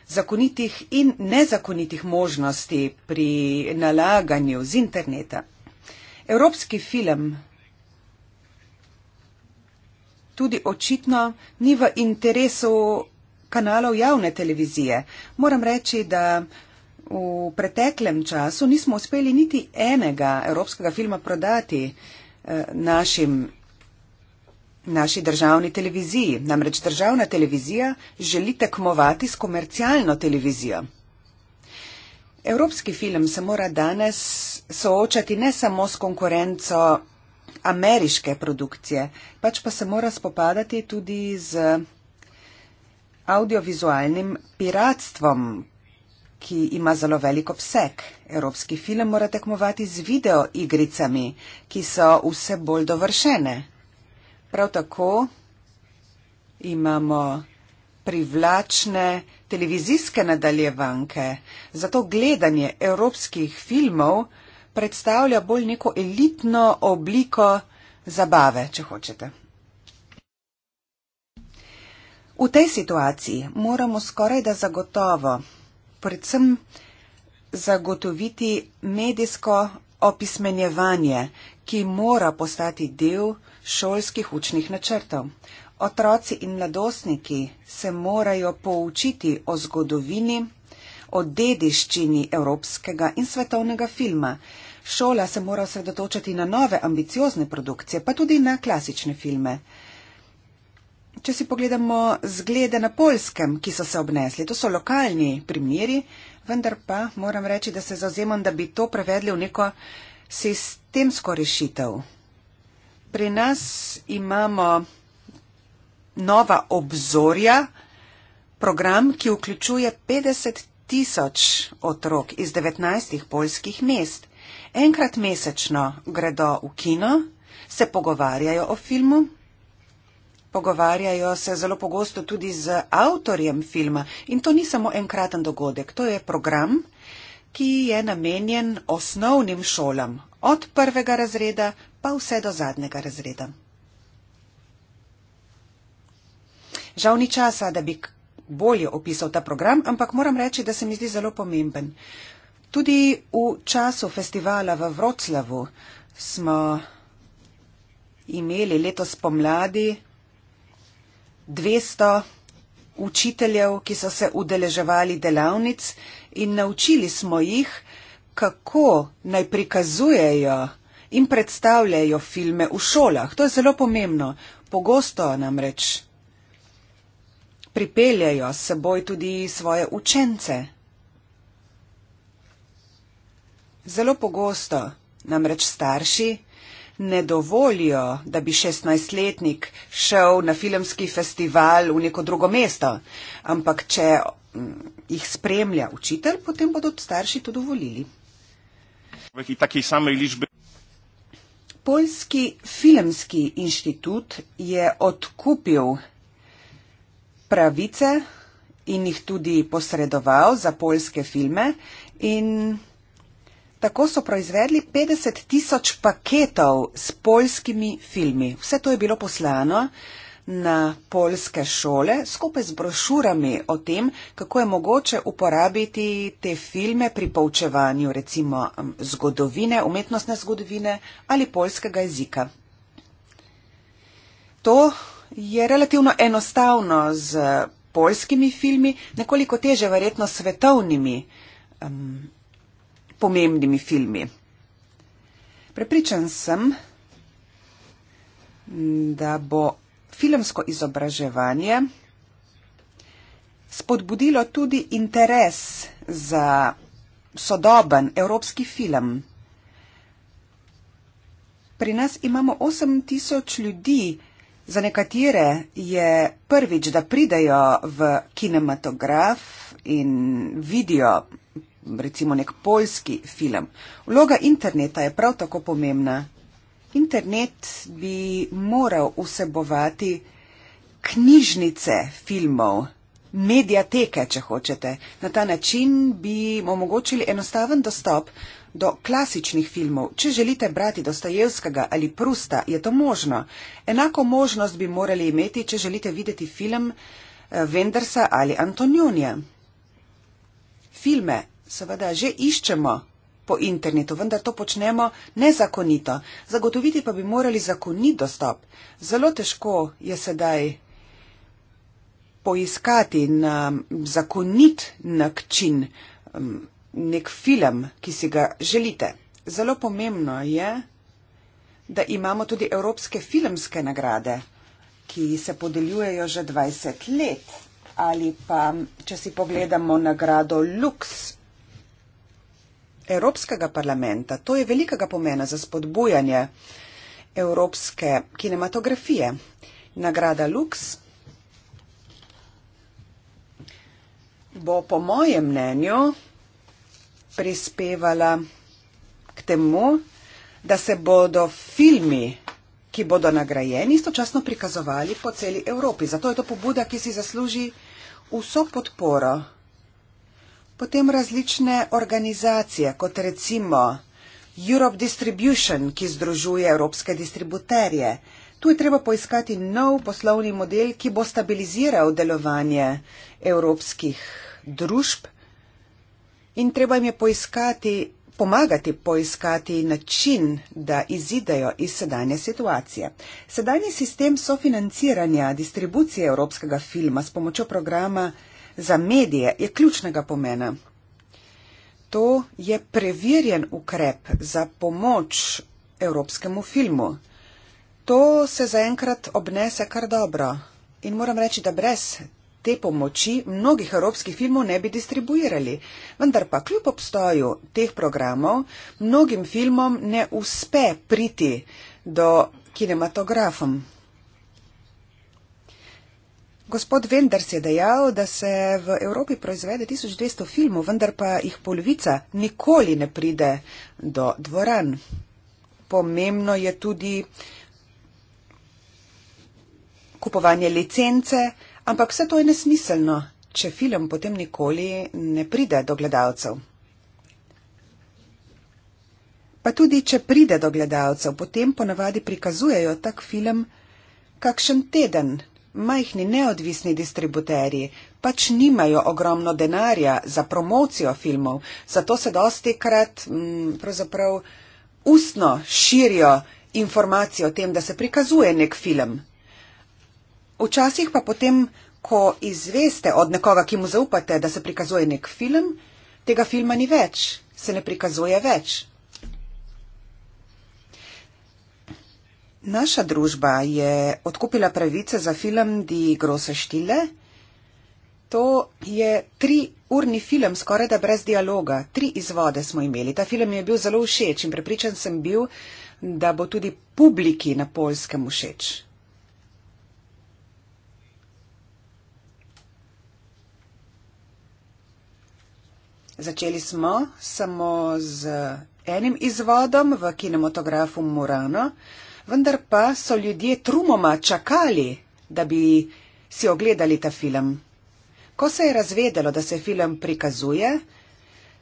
zakonitih in nezakonitih možnosti pri nalaganju z interneta. Evropski film tudi očitno ni v interesu kanalov javne televizije. Moram reči, da v preteklem času nismo uspeli niti enega evropskega filma prodati eh, našim, naši državni televiziji. Namreč državna televizija želi tekmovati s komercialno televizijo. Evropski film se mora danes soočati ne samo s konkurenco ameriške produkcije, pač pa se mora spopadati tudi z audiovizualnim piratstvom, ki ima zelo velik obseg. Evropski film mora tekmovati z videoigricami, ki so vse bolj dovršene. Prav tako imamo privlačne televizijske nadaljevanke, zato gledanje evropskih filmov predstavlja bolj neko elitno obliko zabave, če hočete. V tej situaciji moramo skoraj da zagotovo predvsem zagotoviti medijsko opismenjevanje, ki mora postati del šolskih učnih načrtov. Otroci in mladostniki se morajo poučiti o zgodovini, o dediščini evropskega in svetovnega filma. Šola se mora osredotočati na nove ambiciozne produkcije, pa tudi na klasične filme. Če si pogledamo zglede na polskem, ki so se obnesli, to so lokalni primeri, vendar pa moram reči, da se zauzemam, da bi to prevedli v neko sistemsko rešitev. Pri nas imamo nova obzorja, program, ki vključuje 50 tisoč otrok iz 19 polskih mest. Enkrat mesečno gredo v kino, se pogovarjajo o filmu, pogovarjajo se zelo pogosto tudi z avtorjem filma in to ni samo enkraten dogodek, to je program, ki je namenjen osnovnim šolam od prvega razreda pa vse do zadnjega razreda. Žal ni časa, da bi bolje opisal ta program, ampak moram reči, da se mi zdi zelo pomemben. Tudi v času festivala v Vroclavu smo imeli letos pomladi 200 učiteljev, ki so se udeleževali delavnic in naučili smo jih, kako naj prikazujejo in predstavljajo filme v šolah. To je zelo pomembno. Pogosto namreč pripeljajo s seboj tudi svoje učence. Zelo pogosto namreč starši ne dovolijo, da bi 16-letnik šel na filmski festival v neko drugo mesto. Ampak, če mm, jih spremlja učitelj, potem bodo starši to dovolili. Poljski filmski inštitut je odkupil pravice in jih tudi posredoval za poljske filme. In Tako so proizvedli 50 tisoč paketov s poljskimi filmi. Vse to je bilo poslano na polske šole skupaj z brošurami o tem, kako je mogoče uporabiti te filme pri poučevanju recimo zgodovine, umetnostne zgodovine ali polskega jezika. To je relativno enostavno z polskimi filmi, nekoliko teže verjetno svetovnimi um, pomembnimi filmi. Prepričan sem, da bo filmsko izobraževanje spodbudilo tudi interes za sodoben evropski film. Pri nas imamo 8000 ljudi, za nekatere je prvič, da pridajo v kinematograf in vidijo recimo nek poljski film. Vloga interneta je prav tako pomembna. Internet bi moral vsebovati knjižnice filmov, medijateke, če hočete. Na ta način bi omogočili enostaven dostop do klasičnih filmov. Če želite brati Dostojevskega ali Prusta, je to možno. Enako možnost bi morali imeti, če želite videti film Vendersa eh, ali Antonjunija. Filme seveda že iščemo po internetu, vendar to počnemo nezakonito. Zagotoviti pa bi morali zakonit dostop. Zelo težko je sedaj poiskati na zakonit način nek film, ki si ga želite. Zelo pomembno je, da imamo tudi evropske filmske nagrade, ki se podeljujejo že 20 let. Ali pa, če si pogledamo nagrado Lux Evropskega parlamenta. To je velikega pomena za spodbujanje evropske kinematografije. Nagrada Lux bo po mojem mnenju prispevala k temu, da se bodo filmi, ki bodo nagrajeni, istočasno prikazovali po celi Evropi. Zato je to pobuda, ki si zasluži vso podporo. Potem različne organizacije, kot recimo Europe Distribution, ki združuje evropske distributerje. Tu je treba poiskati nov poslovni model, ki bo stabiliziral delovanje evropskih družb in treba jim je poiskati, pomagati poiskati način, da izidejo iz sedanje situacije. Sedanji sistem sofinanciranja distribucije evropskega filma s pomočjo programa za medije je ključnega pomena. To je preverjen ukrep za pomoč evropskemu filmu. To se zaenkrat obnese kar dobro in moram reči, da brez te pomoči mnogih evropskih filmov ne bi distribuirali. Vendar pa kljub obstoju teh programov mnogim filmom ne uspe priti do kinematografom. Gospod Venders je dejal, da se v Evropi proizvede 1200 filmov, vendar pa jih polovica nikoli ne pride do dvoran. Pomembno je tudi kupovanje licence, ampak vse to je nesmiselno, če film potem nikoli ne pride do gledalcev. Pa tudi, če pride do gledalcev, potem ponavadi prikazujejo tak film kakšen teden, majhni neodvisni distributerji pač nimajo ogromno denarja za promocijo filmov, zato se dosti krat m, mm, pravzaprav ustno širijo informacijo o tem, da se prikazuje nek film. Včasih pa potem, ko izveste od nekoga, ki mu zaupate, da se prikazuje nek film, tega filma ni več, se ne prikazuje več. Naša družba je odkupila pravice za film Di Grosse Štile. To je tri urni film, skoraj da brez dialoga. Tri izvode smo imeli. Ta film je bil zelo všeč in prepričan sem bil, da bo tudi publiki na polskem všeč. Začeli smo samo z enim izvodom v kinematografu Murano vendar pa so ljudje trumoma čakali, da bi si ogledali ta film. Ko se je razvedelo, da se film prikazuje,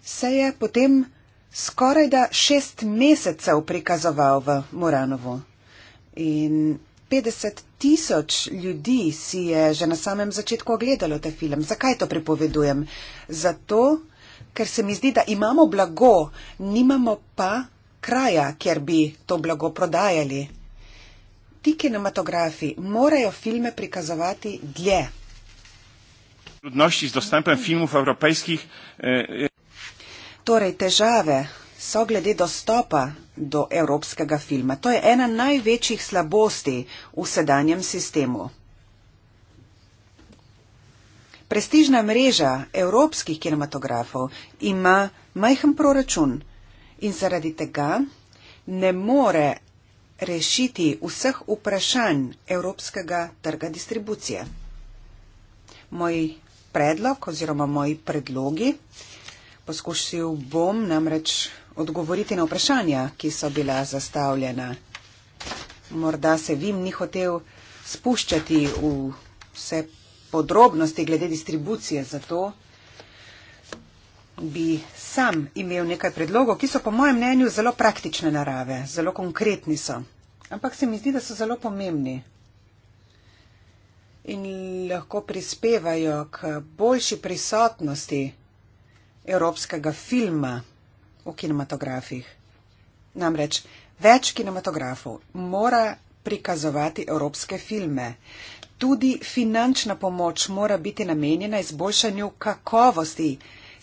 se je potem skoraj da šest mesecev prikazoval v Moranovu. In 50 tisoč ljudi si je že na samem začetku ogledalo ta film. Zakaj to pripovedujem? Zato, ker se mi zdi, da imamo blago, nimamo pa kraja, kjer bi to blago prodajali. Ti kinematografi morajo filme prikazovati dlje. Trudnosti z dostopom filmov evropskih. E, e- torej, težave so glede dostopa do evropskega filma. To je ena največjih slabosti v sedanjem sistemu. Prestižna mreža evropskih kinematografov ima majhen proračun in zaradi tega ne more rešiti vseh vprašanj evropskega trga distribucije. Moj predlog oziroma moji predlogi poskušal bom namreč odgovoriti na vprašanja, ki so bila zastavljena. Morda se vim ni hotel spuščati v vse podrobnosti glede distribucije, zato bi sam imel nekaj predlogov, ki so po mojem mnenju zelo praktične narave, zelo konkretni so, ampak se mi zdi, da so zelo pomembni in lahko prispevajo k boljši prisotnosti evropskega filma v kinematografih. Namreč več kinematografov mora prikazovati evropske filme. Tudi finančna pomoč mora biti namenjena izboljšanju kakovosti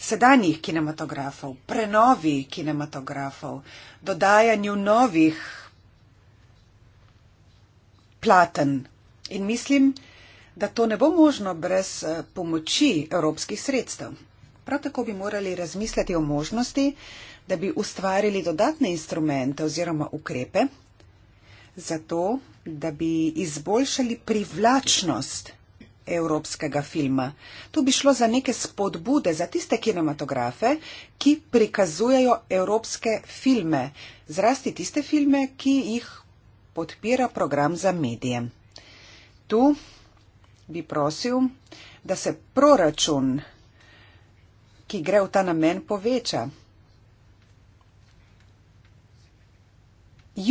sedanjih kinematografov, prenovi kinematografov, dodajanju novih platen. In mislim, da to ne bo možno brez eh, pomoči evropskih sredstev. Prav tako bi morali razmisliti o možnosti, da bi ustvarili dodatne instrumente oziroma ukrepe, zato da bi izboljšali privlačnost evropskega filma. Tu bi šlo za neke spodbude za tiste kinematografe, ki prikazujejo evropske filme, zrasti tiste filme, ki jih podpira program za medije. Tu bi prosil, da se proračun, ki gre v ta namen, poveča.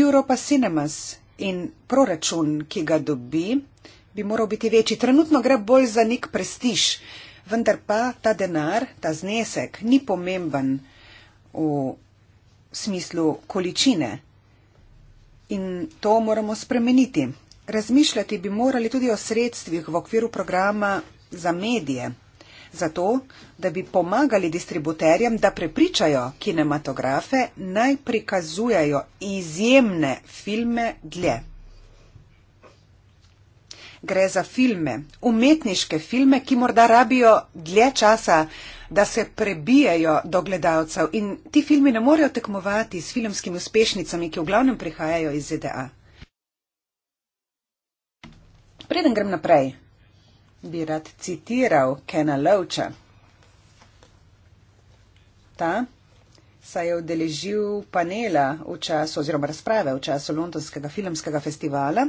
Europa Cinemas in proračun, ki ga dobi, bi moral biti večji. Trenutno gre bolj za nek prestiž, vendar pa ta denar, ta znesek ni pomemben v smislu količine. In to moramo spremeniti. Razmišljati bi morali tudi o sredstvih v okviru programa za medije, zato da bi pomagali distributerjem, da prepričajo kinematografe, naj prikazujajo izjemne filme dlje gre za filme, umetniške filme, ki morda rabijo dlje časa, da se prebijajo do gledalcev in ti filmi ne morejo tekmovati s filmskimi uspešnicami, ki v glavnem prihajajo iz ZDA. Preden grem naprej, bi rad citiral Kena Lovča. Ta saj je udeležil panela v času oziroma razprave v času Londonskega filmskega festivala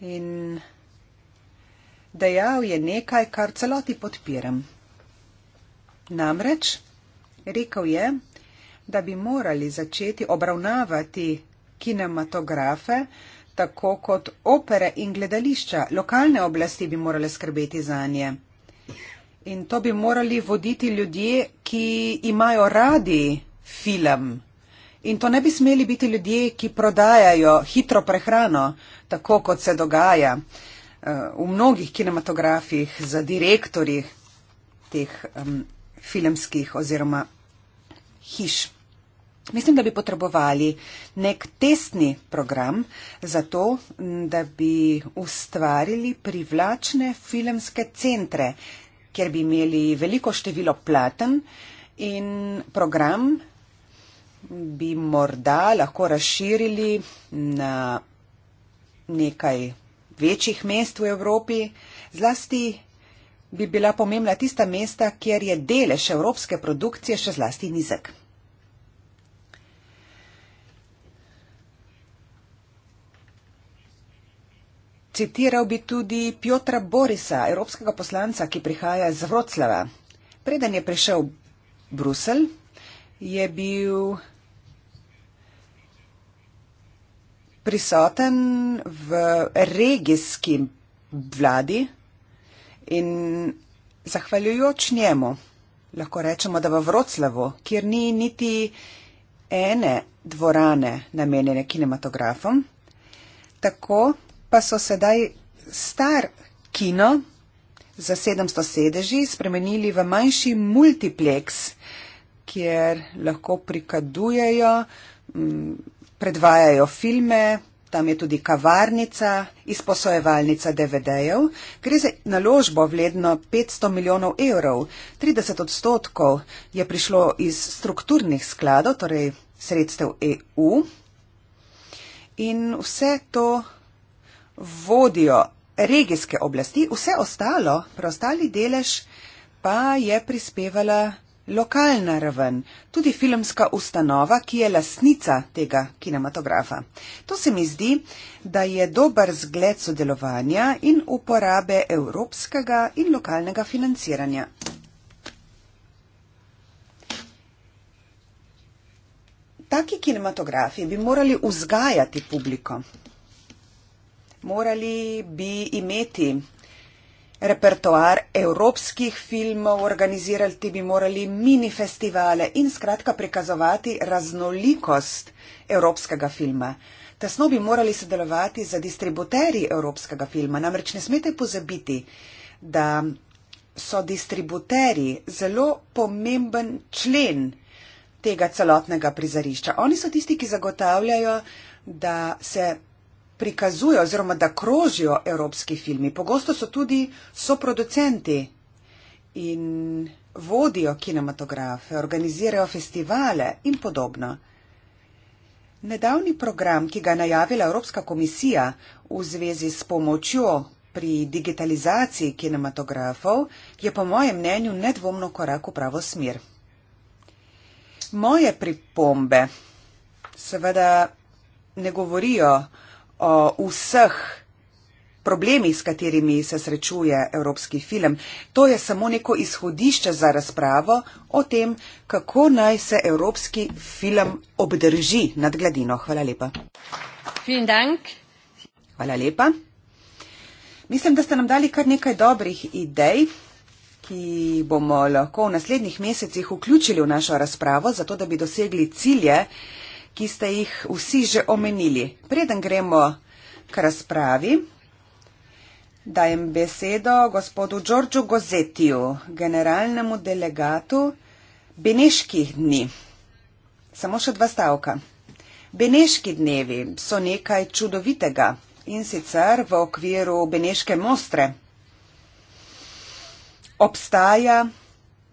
in dejal je nekaj, kar celoti podpiram. Namreč rekel je, da bi morali začeti obravnavati kinematografe tako kot opere in gledališča. Lokalne oblasti bi morale skrbeti za nje. In to bi morali voditi ljudje, ki imajo radi film. In to ne bi smeli biti ljudje, ki prodajajo hitro prehrano, tako kot se dogaja. Uh, Eh, v mnogih kinematografih za direktori teh um, filmskih oziroma hiš. Mislim, da bi potrebovali nek testni program za to, da bi ustvarili privlačne filmske centre, kjer bi imeli veliko število platen in program bi morda lahko razširili na nekaj večjih mest v Evropi, zlasti bi bila pomembna tista mesta, kjer je delež evropske produkcije še zlasti nizek. Citiral bi tudi Piotra Borisa, evropskega poslanca, ki prihaja iz Vroclava. Preden je prišel v Bruselj, je bil prisoten v regijski vladi in zahvaljujoč njemu lahko rečemo, da v Vroclavu, kjer ni niti ene dvorane namenjene kinematografom, tako pa so sedaj star kino za 700 sedeži spremenili v manjši multipleks, kjer lahko prikadujejo mm, predvajajo filme, tam je tudi kavarnica, izposojevalnica DVD-jev. Gre za naložbo vredno 500 milijonov evrov. 30 odstotkov je prišlo iz strukturnih skladov, torej sredstev EU. In vse to vodijo regijske oblasti, vse ostalo, preostali delež pa je prispevala lokalna raven, tudi filmska ustanova, ki je lasnica tega kinematografa. To se mi zdi, da je dober zgled sodelovanja in uporabe evropskega in lokalnega financiranja. Taki kinematografi bi morali vzgajati publiko. Morali bi imeti repertoar evropskih filmov, organizirati bi morali mini festivale in skratka prikazovati raznolikost evropskega filma. Tesno bi morali sodelovati za distributerji evropskega filma, namreč ne smete pozabiti, da so distributerji zelo pomemben člen tega celotnega prizorišča. Oni so tisti, ki zagotavljajo, da se prikazujejo oziroma da krožijo evropski filmi. Pogosto so tudi soproducenti in vodijo kinematografe, organizirajo festivale in podobno. Nedavni program, ki ga je najavila Evropska komisija v zvezi s pomočjo pri digitalizaciji kinematografov, je po mojem mnenju nedvomno korak v pravo smer. Moje pripombe seveda ne govorijo o vseh problemih, s katerimi se srečuje evropski film. To je samo neko izhodišče za razpravo o tem, kako naj se evropski film obdrži nad gladino. Hvala lepa. Hvala lepa. Mislim, da ste nam dali kar nekaj dobrih idej, ki bomo lahko v naslednjih mesecih vključili v našo razpravo, zato da bi dosegli cilje, ki ste jih vsi že omenili. Preden gremo k razpravi, dajem besedo gospodu Đorđu Gozetiju, generalnemu delegatu Beneških dni. Samo še dva stavka. Beneški dnevi so nekaj čudovitega in sicer v okviru Beneške mostre obstaja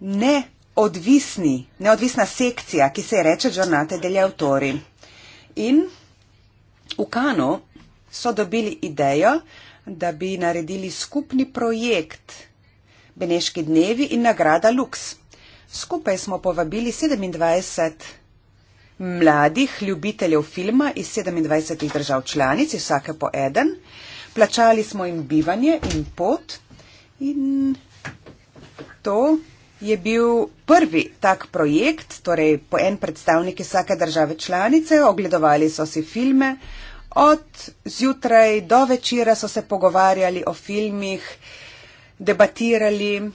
ne odvisni, neodvisna sekcija, ki se je reče Džornate Deljavtori. In v Kanu so dobili idejo, da bi naredili skupni projekt Beneški dnevi in nagrada Lux. Skupaj smo povabili 27 mladih ljubiteljev filma iz 27 držav članic, vsake po eden. Plačali smo jim bivanje in pot in to je bil prvi tak projekt, torej po en predstavnik vsake države članice, ogledovali so si filme, od zjutraj do večera so se pogovarjali o filmih, debatirali,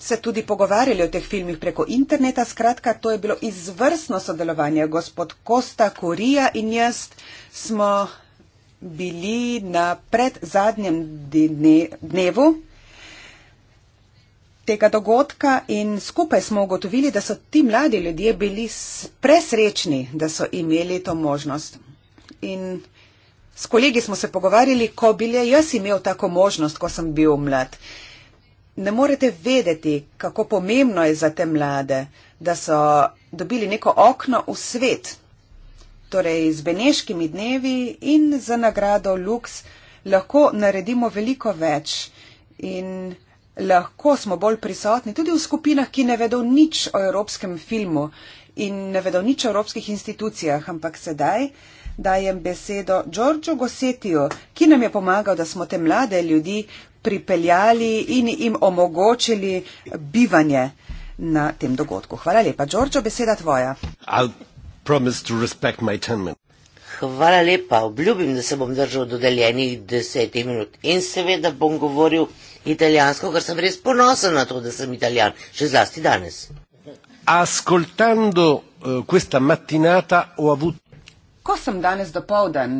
se tudi pogovarjali o teh filmih preko interneta. Skratka, to je bilo izvrstno sodelovanje. Gospod Kosta, Kurija in jaz smo bili na predzadnjem dne, dnevu tega dogodka in skupaj smo ugotovili, da so ti mladi ljudje bili presrečni, da so imeli to možnost. In s kolegi smo se pogovarjali, ko bi le jaz imel tako možnost, ko sem bil mlad. Ne morete vedeti, kako pomembno je za te mlade, da so dobili neko okno v svet. Torej, z beneškimi dnevi in za nagrado Lux lahko naredimo veliko več. In lahko smo bolj prisotni tudi v skupinah, ki ne vedo nič o evropskem filmu in ne vedo nič o evropskih institucijah, ampak sedaj dajem besedo Giorgio Gosetiju, ki nam je pomagal, da smo te mlade ljudi pripeljali in jim omogočili bivanje na tem dogodku. Hvala lepa. Giorgio, beseda tvoja. Hvala lepa. Obljubim, da se bom držal dodeljenih deset minut in seveda bom govoril italijansko, kar sem res ponosen na to, da sem italijan, še zlasti danes. Ascoltando eh, questa mattinata ho avuto. Ko sem danes dopoldan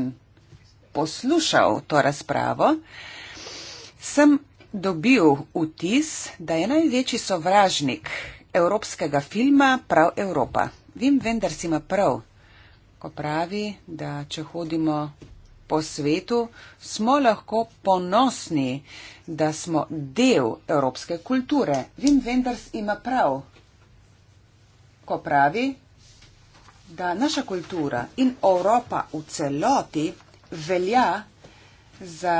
poslušal to razpravo, sem dobil vtis, da je največji sovražnik evropskega filma prav Evropa. Vim, vendar si ima prav, ko pravi, da če hodimo po svetu, smo lahko ponosni, da smo del evropske kulture. Vim Wenders ima prav, ko pravi, da naša kultura in Evropa v celoti velja za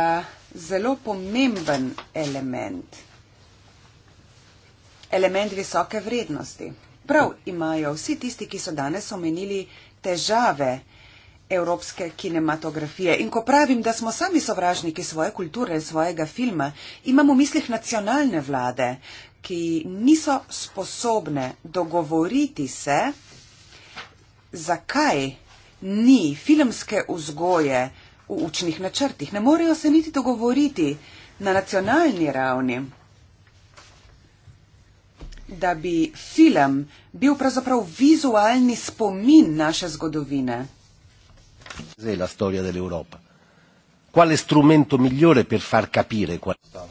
zelo pomemben element. Element visoke vrednosti. Prav imajo vsi tisti, ki so danes omenili težave, evropske kinematografije. In ko pravim, da smo sami sovražniki svoje kulture, svojega filma, imamo v mislih nacionalne vlade, ki niso sposobne dogovoriti se, zakaj ni filmske vzgoje v učnih načrtih. Ne morejo se niti dogovoriti na nacionalni ravni, da bi film bil pravzaprav vizualni spomin naše zgodovine. Cos'è la storia dell'Europa? Quale strumento migliore per far capire questo?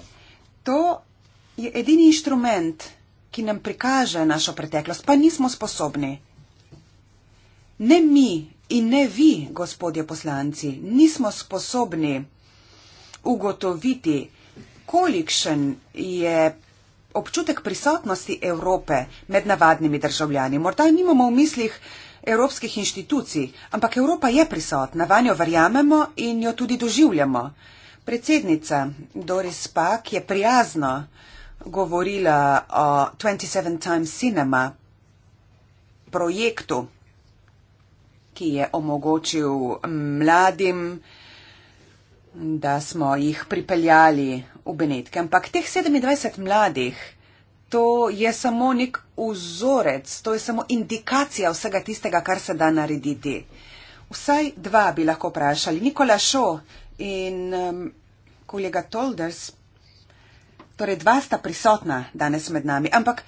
To je edini instrument, ki nam prikaže našo preteklost, pa nismo sposobni. Ne mi in ne vi, gospodje poslanci, nismo sposobni ugotoviti, kolikšen je občutek prisotnosti Evrope med navadnimi državljani. Morda nimamo v mislih, evropskih inštitucij, ampak Evropa je prisotna, vanjo verjamemo in jo tudi doživljamo. Predsednica Doris Pak je prijazno govorila o 27 Times Cinema projektu, ki je omogočil mladim, da smo jih pripeljali v Benetke. Ampak teh 27 mladih to je samo nek vzorec, to je samo indikacija vsega tistega, kar se da narediti. Vsaj dva bi lahko vprašali, Nikola Šo in um, kolega Tolders. Torej, dva sta prisotna danes med nami, ampak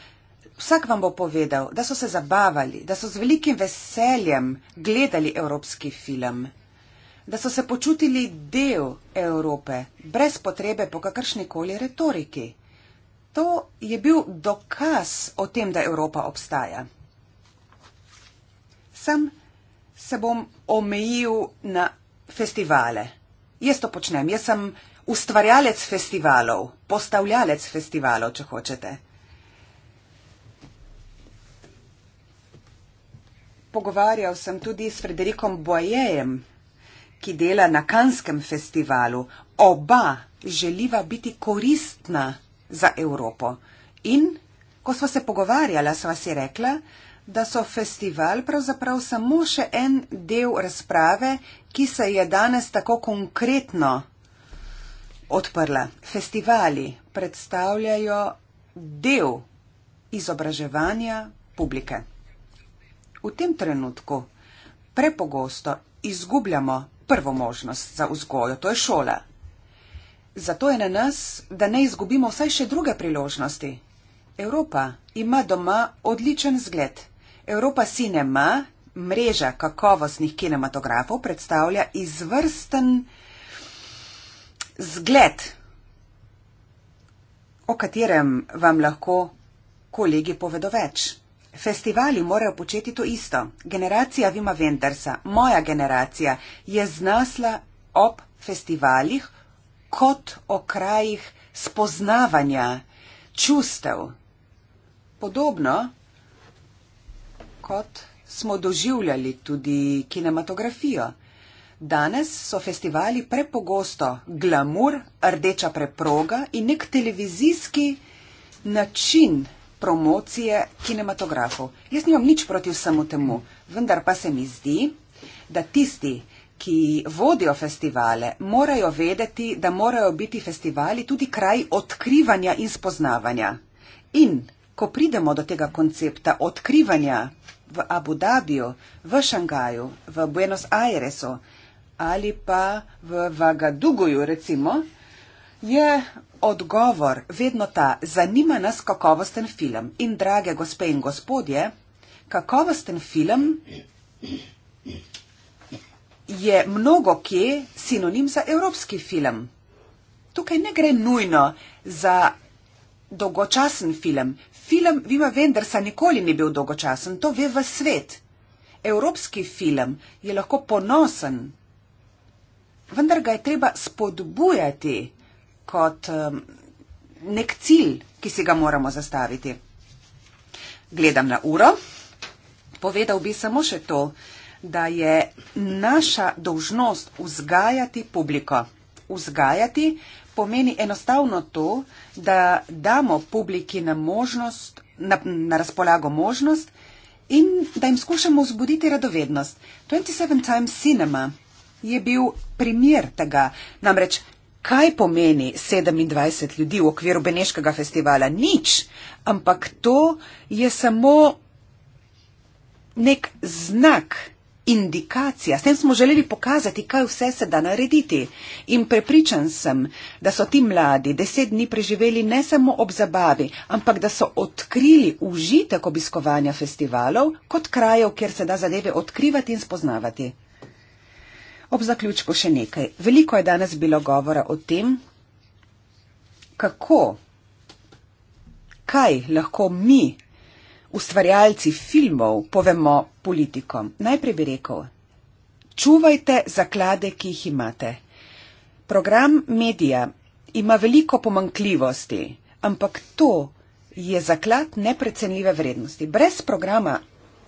vsak vam bo povedal, da so se zabavali, da so z velikim veseljem gledali evropski film, da so se počutili del Evrope, brez potrebe po kakršnikoli retoriki. To je bil dokaz o tem, da Evropa obstaja. Sem se bom omejil na festivale. Jaz to počnem, jaz sem ustvarjalec festivalov, postavljalec festivalov, če hočete. Pogovarjal sem tudi s Frederikom Bojejem, ki dela na Kanskem festivalu. Oba želiva biti koristna za Evropo. In ko smo se pogovarjali, sva si rekla, da so festival pravzaprav samo še en del razprave, ki se je danes tako konkretno odprla. Festivali predstavljajo del izobraževanja publike. V tem trenutku prepogosto izgubljamo prvo možnost za vzgojo, to je šola, Zato je na nas, da ne izgubimo vsaj še druge priložnosti. Evropa ima doma odličen zgled. Evropa Cinema, mreža kakovostnih kinematografov, predstavlja izvrsten zgled, o katerem vam lahko kolegi povedo več. Festivali morajo početi to isto. Generacija Vima Vendersa, moja generacija, je znasla ob festivalih kot o krajih spoznavanja čustev. Podobno kot smo doživljali tudi kinematografijo. Danes so festivali prepogosto glamur, rdeča preproga in nek televizijski način promocije kinematografov. Jaz nimam nič proti vsemu temu, vendar pa se mi zdi, da tisti, ki vodijo festivale, morajo vedeti, da morajo biti festivali tudi kraj odkrivanja in spoznavanja. In ko pridemo do tega koncepta odkrivanja v Abu Dhabiju, v Šangaju, v Buenos Airesu ali pa v Vagaduguju, recimo, je odgovor vedno ta, zanima nas kakovosten film. In drage gospe in gospodje, kakovosten film je mnogo kje sinonim za evropski film. Tukaj ne gre nujno za dolgočasen film. Film Vima Vendersa nikoli ni bil dolgočasen, to ve v svet. Evropski film je lahko ponosen, vendar ga je treba spodbujati kot um, nek cilj, ki si ga moramo zastaviti. Gledam na uro. Povedal bi samo še to, da je naša dolžnost vzgajati publiko. Vzgajati pomeni enostavno to, da damo publiki na, možnost, na, na razpolago možnost in da jim skušamo vzbuditi radovednost. 27 Times Cinema je bil primer tega. Namreč, kaj pomeni 27 ljudi v okviru Beneškega festivala? Nič, ampak to je samo nek znak indikacija. S tem smo želeli pokazati, kaj vse se da narediti. In prepričan sem, da so ti mladi deset dni preživeli ne samo ob zabavi, ampak da so odkrili užitek obiskovanja festivalov kot krajev, kjer se da zadeve odkrivati in spoznavati. Ob zaključku še nekaj. Veliko je danes bilo govora o tem, kako, kaj lahko mi ustvarjalci filmov povemo politikom. Najprej bi rekel, čuvajte zaklade, ki jih imate. Program medija ima veliko pomankljivosti, ampak to je zaklad neprecenljive vrednosti. Brez programa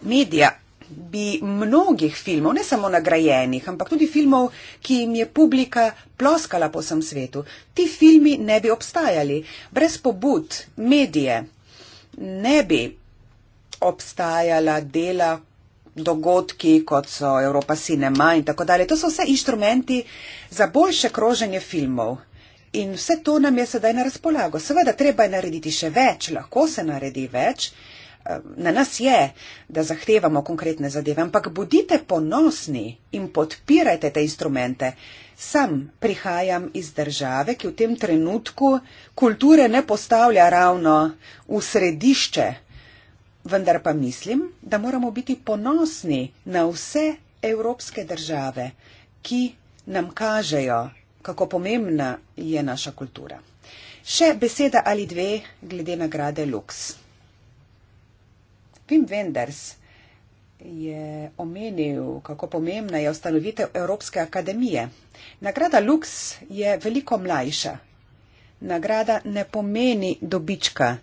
medija bi mnogih filmov, ne samo nagrajenih, ampak tudi filmov, ki jim je publika ploskala po vsem svetu, ti filmi ne bi obstajali. Brez pobud medije ne bi obstajala dela, dogodki, kot so Evropa Cinema in tako dalje. To so vse inštrumenti za boljše kroženje filmov. In vse to nam je sedaj na razpolago. Seveda, treba je narediti še več, lahko se naredi več. Na nas je, da zahtevamo konkretne zadeve, ampak bodite ponosni in podpirajte te instrumente. Sam prihajam iz države, ki v tem trenutku kulture ne postavlja ravno v središče vendar pa mislim, da moramo biti ponosni na vse evropske države, ki nam kažejo, kako pomembna je naša kultura. Še beseda ali dve glede nagrade Lux. Pim Wenders je omenil, kako pomembna je ustanovitev Evropske akademije. Nagrada Lux je veliko mlajša. Nagrada ne pomeni dobička,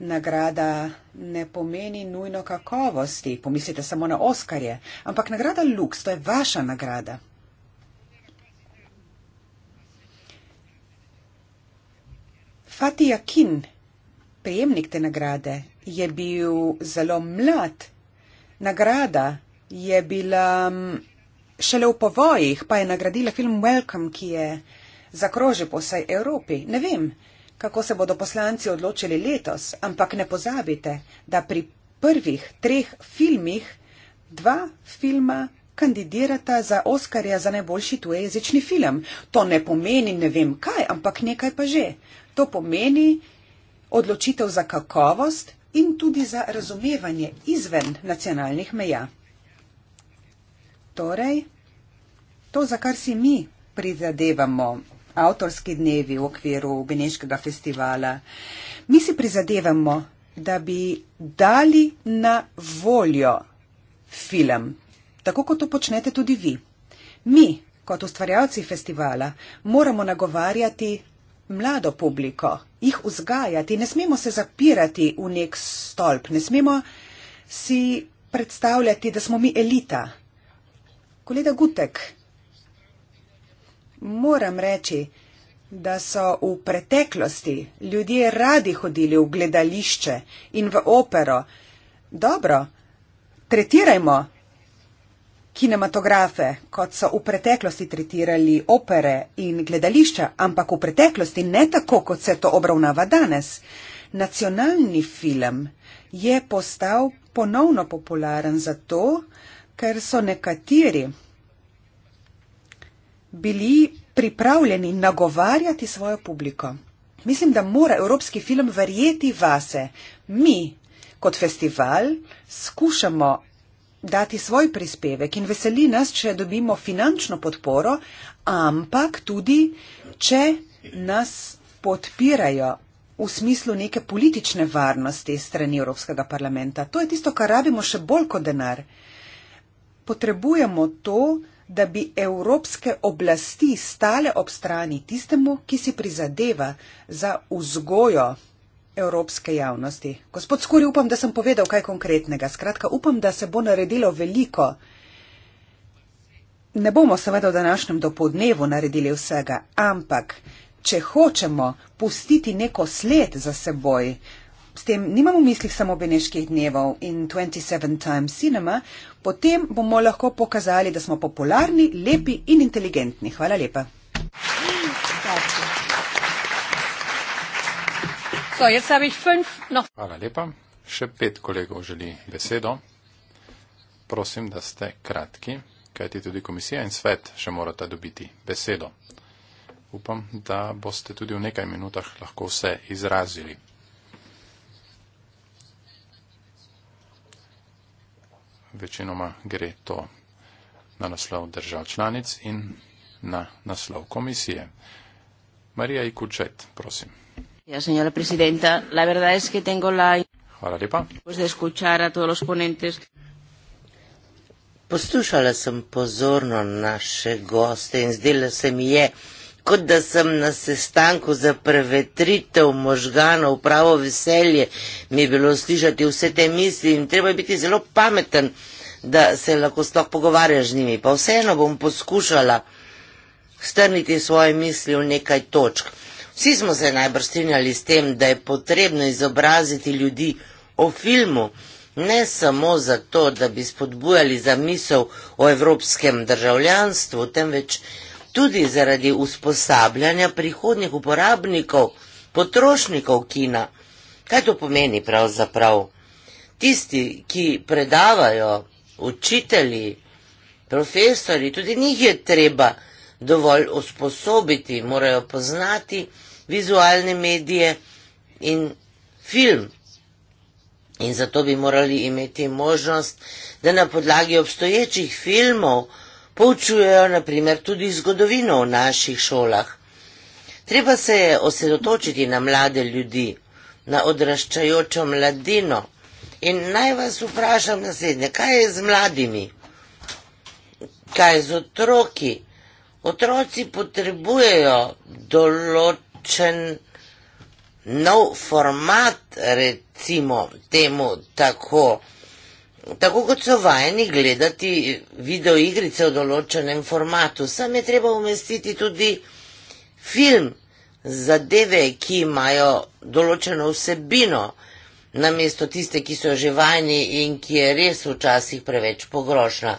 Nagrada ne pomeni nujno kakovosti, pomislite samo na Oskarje, ampak nagrada Lux, to je vaša nagrada. Fatija Kin, prejemnik te nagrade, je bil zelo mlad. Nagrada je bila šele v povojih, pa je nagradila film Welcome, ki je zakrožil po vsej Evropi. Ne vem, kako se bodo poslanci odločili letos, ampak ne pozabite, da pri prvih treh filmih dva filma kandidirata za Oskarja za najboljši tujezični film. To ne pomeni ne vem kaj, ampak nekaj pa že. To pomeni odločitev za kakovost in tudi za razumevanje izven nacionalnih meja. Torej, to, za kar si mi prizadevamo avtorski dnevi v okviru Beneškega festivala. Mi si prizadevamo, da bi dali na voljo film, tako kot to počnete tudi vi. Mi, kot ustvarjalci festivala, moramo nagovarjati mlado publiko, jih vzgajati, ne smemo se zapirati v nek stolp, ne smemo si predstavljati, da smo mi elita. Koleda Gutek, Moram reči, da so v preteklosti ljudje radi hodili v gledališče in v opero. Dobro, tretirajmo kinematografe, kot so v preteklosti tretirali opere in gledališča, ampak v preteklosti ne tako, kot se to obravnava danes. Nacionalni film je postal ponovno popularen zato, ker so nekateri bili pripravljeni nagovarjati svojo publiko. Mislim, da mora evropski film verjeti vase. Mi, kot festival, skušamo dati svoj prispevek in veseli nas, če dobimo finančno podporo, ampak tudi, če nas podpirajo v smislu neke politične varnosti strani Evropskega parlamenta. To je tisto, kar rabimo še bolj kot denar. Potrebujemo to, da da bi evropske oblasti stale ob strani tistemu, ki si prizadeva za vzgojo evropske javnosti. Gospod Skuri, upam, da sem povedal kaj konkretnega. Skratka, upam, da se bo naredilo veliko. Ne bomo seveda v današnjem dopodnevu naredili vsega, ampak če hočemo pustiti neko sled za seboj, S tem nimam v mislih samo beneških dnevov in 27-time cinema, potem bomo lahko pokazali, da smo popularni, lepi in inteligentni. Hvala lepa. Hvala lepa. Še pet kolegov želi besedo. Prosim, da ste kratki, kajti tudi komisija in svet še morata dobiti besedo. Upam, da boste tudi v nekaj minutah lahko vse izrazili. večinoma gre to na naslov držav članic in na naslov komisije. Marija Ikučet, prosim. Ja, senjora presidenta, la verdad es que tengo la... Hvala lepa. Pues de escuchar a todos los ponentes. Poslušala sem pozorno naše goste in zdela se mi je, kot da sem na sestanku za prevetritev možganov, pravo veselje mi je bilo slišati vse te misli in treba biti zelo pameten, da se lahko sploh pogovarjaš z njimi. Pa vseeno bom poskušala strniti svoje misli v nekaj točk. Vsi smo se najbrž strinjali s tem, da je potrebno izobraziti ljudi o filmu, ne samo zato, da bi spodbujali zamisel o evropskem državljanstvu, temveč tudi zaradi usposabljanja prihodnjih uporabnikov, potrošnikov kina. Kaj to pomeni pravzaprav? Tisti, ki predavajo, učitelji, profesori, tudi njih je treba dovolj usposobiti, morajo poznati vizualne medije in film. In zato bi morali imeti možnost, da na podlagi obstoječih filmov Poučujejo naprimer tudi zgodovino v naših šolah. Treba se je osredotočiti na mlade ljudi, na odraščajočo mladino. In naj vas vprašam naslednje, kaj je z mladimi? Kaj z otroki? Otroci potrebujejo določen nov format, recimo temu tako. Tako kot so vajeni gledati video igrice v določenem formatu, sam je treba umestiti tudi film za deve, ki imajo določeno vsebino, namesto tiste, ki so že vajeni in ki je res včasih preveč pogrošna.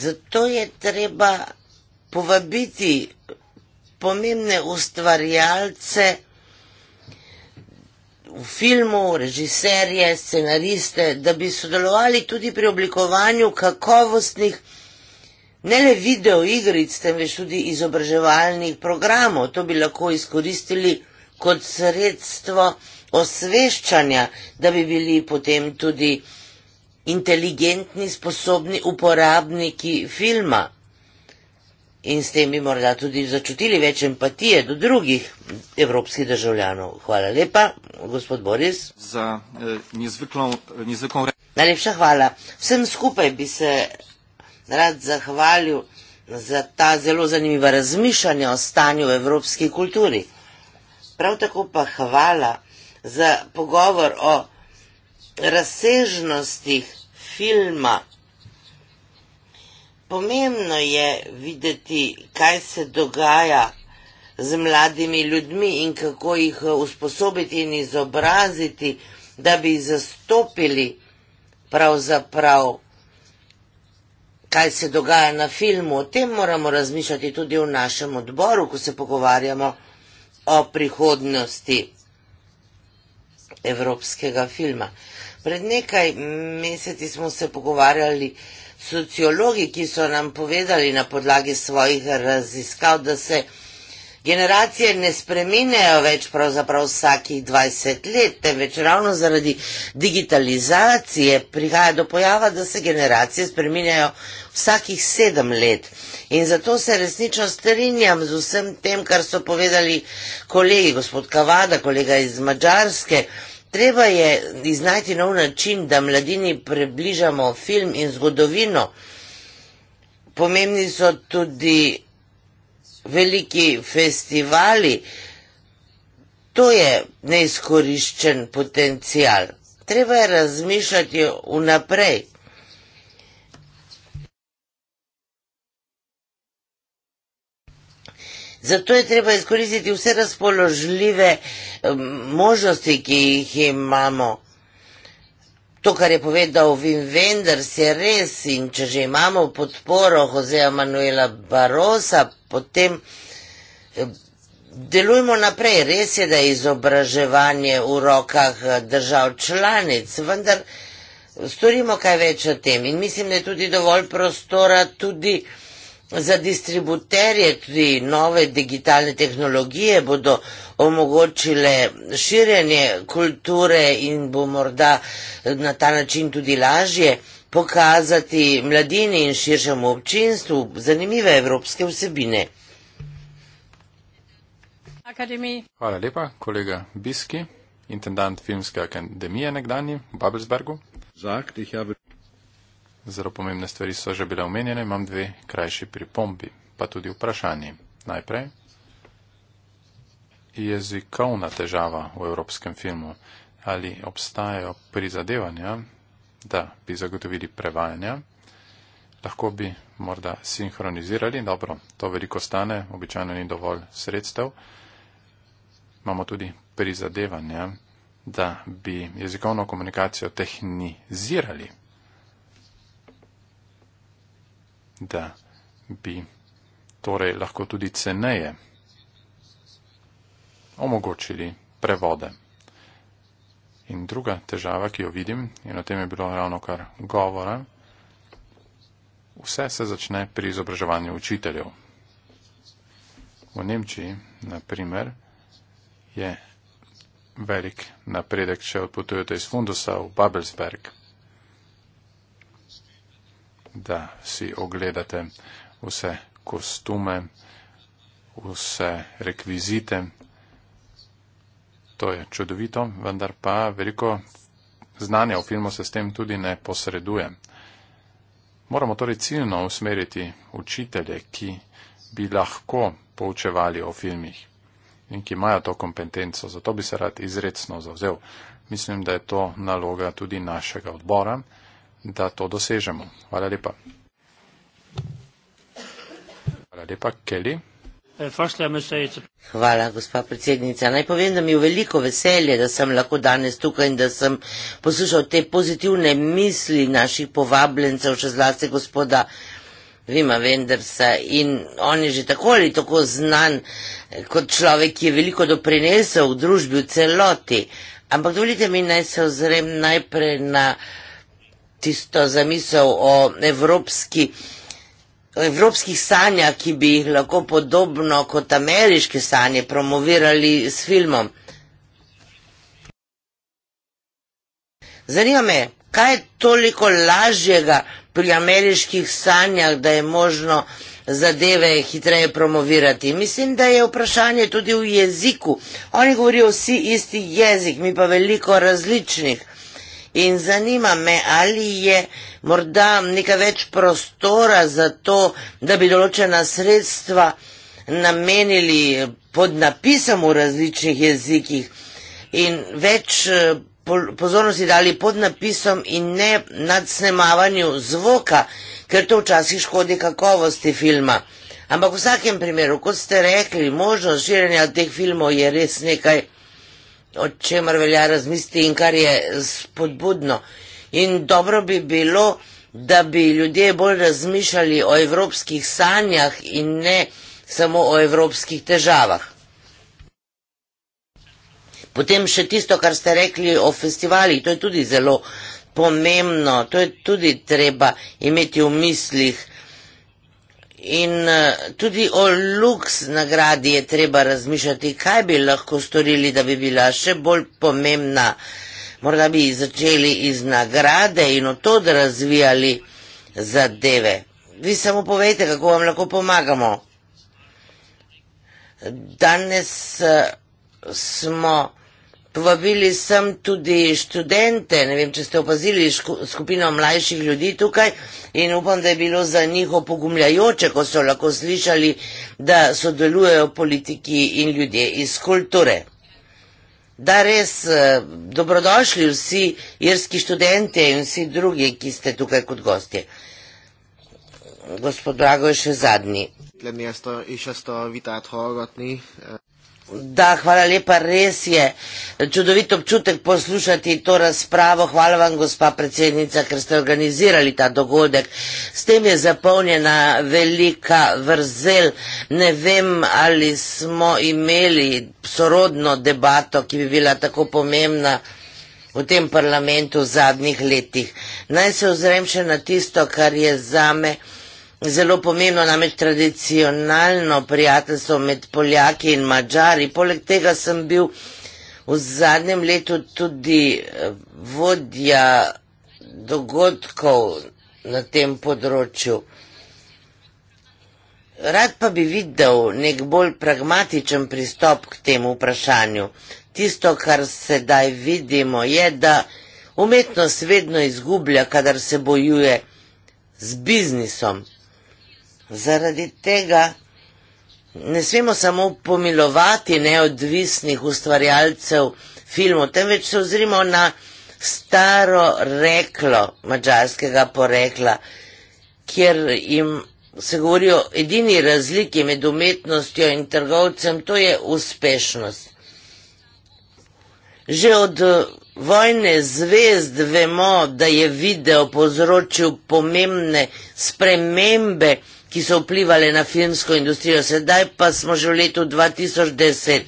Zato je treba povabiti pomembne ustvarjalce, v filmu, režiserje, scenariste, da bi sodelovali tudi pri oblikovanju kakovostnih, ne le videoigric, temveč tudi izobraževalnih programov. To bi lahko izkoristili kot sredstvo osveščanja, da bi bili potem tudi inteligentni, sposobni uporabniki filma in s tem bi morda tudi začutili več empatije do drugih evropskih državljanov. Hvala lepa, gospod Boris. Za eh, nizvekla, eh, nizvekla... Najlepša hvala. Vsem skupaj bi se rad zahvalil za ta zelo zanimiva razmišljanja o stanju v evropski kulturi. Prav tako pa hvala za pogovor o razsežnostih filma Pomembno je videti, kaj se dogaja z mladimi ljudmi in kako jih usposobiti in izobraziti, da bi zastopili pravzaprav, kaj se dogaja na filmu. O tem moramo razmišljati tudi v našem odboru, ko se pogovarjamo o prihodnosti evropskega filma. Pred nekaj meseci smo se pogovarjali, sociologi, ki so nam povedali na podlagi svojih raziskav, da se generacije ne spreminjajo več pravzaprav vsakih 20 let, temveč ravno zaradi digitalizacije prihaja do pojava, da se generacije spreminjajo vsakih 7 let. In zato se resnično strinjam z vsem tem, kar so povedali kolegi, gospod Kavada, kolega iz Mačarske, Treba je iznajti nov način, da mladini približamo film in zgodovino. Pomembni so tudi veliki festivali. To je neizkoriščen potencial. Treba je razmišljati vnaprej. Zato je treba izkoristiti vse razpoložljive možnosti, ki jih imamo. To, kar je povedal Vim Wenders, je res in če že imamo podporo Joseja Manuela Barosa, potem delujmo naprej. Res je, da je izobraževanje v rokah eh, držav članic, vendar storimo kaj več o tem in mislim, da je tudi dovolj prostora tudi. Za distributerje tudi nove digitalne tehnologije bodo omogočile širjenje kulture in bo morda na ta način tudi lažje pokazati mladini in širšemu občinstvu zanimive evropske vsebine. Akademij. Hvala lepa, kolega Biski, intendant Filmske akademije nekdani v Babelsbergu. Zag, Zelo pomembne stvari so že bile omenjene, imam dve krajši pripombi, pa tudi vprašanje. Najprej, jezikovna težava v evropskem filmu. Ali obstajajo prizadevanja, da bi zagotovili prevajanja? Lahko bi morda sinhronizirali, dobro, to veliko stane, običajno ni dovolj sredstev. Imamo tudi prizadevanja, da bi jezikovno komunikacijo tehnizirali, da bi torej lahko tudi ceneje omogočili prevode. In druga težava, ki jo vidim, in o tem je bilo ravno kar govora, vse se začne pri izobraževanju učiteljev. V Nemčiji, na primer, je velik napredek, če odpotujete iz Fundusa v Babelsberg da si ogledate vse kostume, vse rekvizite. To je čudovito, vendar pa veliko znanja o filmu se s tem tudi ne posreduje. Moramo torej ciljno usmeriti učitelje, ki bi lahko poučevali o filmih in ki imajo to kompetenco. Zato bi se rad izredno zavzel. Mislim, da je to naloga tudi našega odbora da to dosežemo. Hvala lepa. Hvala lepa, Kelly. Hvala, gospa predsednica. Naj povem, da mi je veliko veselje, da sem lahko danes tukaj in da sem poslušal te pozitivne misli naših povabljencev, še zlasti gospoda Vima Vendersa. In on je že tako ali tako znan eh, kot človek, ki je veliko doprinesel v družbi v celoti. Ampak dovolite mi, naj se ozrem najprej na tisto zamisel o evropski, o evropskih sanjah, ki bi jih lahko podobno kot ameriške sanje promovirali s filmom. Zanima me, kaj je toliko lažjega pri ameriških sanjah, da je možno zadeve hitreje promovirati. Mislim, da je vprašanje tudi v jeziku. Oni govorijo vsi isti jezik, mi pa veliko različnih. In zanima me, ali je morda nekaj več prostora za to, da bi določena sredstva namenili pod napisom v različnih jezikih in več eh, pozornosti dali pod napisom in ne nad snemavanju zvoka, ker to včasih škodi kakovosti filma. Ampak v vsakem primeru, kot ste rekli, možnost širjenja teh filmov je res nekaj nekaj o čemer velja razmisliti in kar je spodbudno. In dobro bi bilo, da bi ljudje bolj razmišljali o evropskih sanjah in ne samo o evropskih težavah. Potem še tisto, kar ste rekli o festivalih, to je tudi zelo pomembno, to je tudi treba imeti v mislih. In eh, tudi o luks nagradi je treba razmišljati, kaj bi lahko storili, da bi bila še bolj pomembna. Morda bi začeli iz nagrade in od to, da razvijali zadeve. Vi samo povejte, kako vam lahko pomagamo. Danes eh, smo... Povabili sem tudi študente, ne vem, če ste opazili skupino mlajših ljudi tukaj in upam, da je bilo za njih opogumljajoče, ko so lahko slišali, da sodelujejo politiki in ljudje iz kulture. Da res, eh, dobrodošli vsi irski študente in vsi drugi, ki ste tukaj kot gostje. Gospod Drago je še zadnji. Da, hvala lepa, res je čudovit občutek poslušati to razpravo. Hvala vam, gospa predsednica, ker ste organizirali ta dogodek. S tem je zapolnjena velika vrzel. Ne vem, ali smo imeli sorodno debato, ki bi bila tako pomembna v tem parlamentu v zadnjih letih. Naj se ozrem še na tisto, kar je zame. me. Zelo pomembno namreč tradicionalno prijateljstvo med Poljaki in Mačari. Poleg tega sem bil v zadnjem letu tudi eh, vodja dogodkov na tem področju. Rad pa bi videl nek bolj pragmatičen pristop k temu vprašanju. Tisto, kar sedaj vidimo, je, da umetnost vedno izgublja, kadar se bojuje z biznisom. Zaradi tega ne smemo samo pomilovati neodvisnih ustvarjalcev filmov, temveč se ozrimo na staro reklo mačarskega porekla, kjer jim se govori o edini razliki med umetnostjo in trgovcem, to je uspešnost. Že od vojne zvezd vemo, da je video povzročil pomembne spremembe, ki so vplivali na filmsko industrijo, sedaj pa smo že v letu 2010.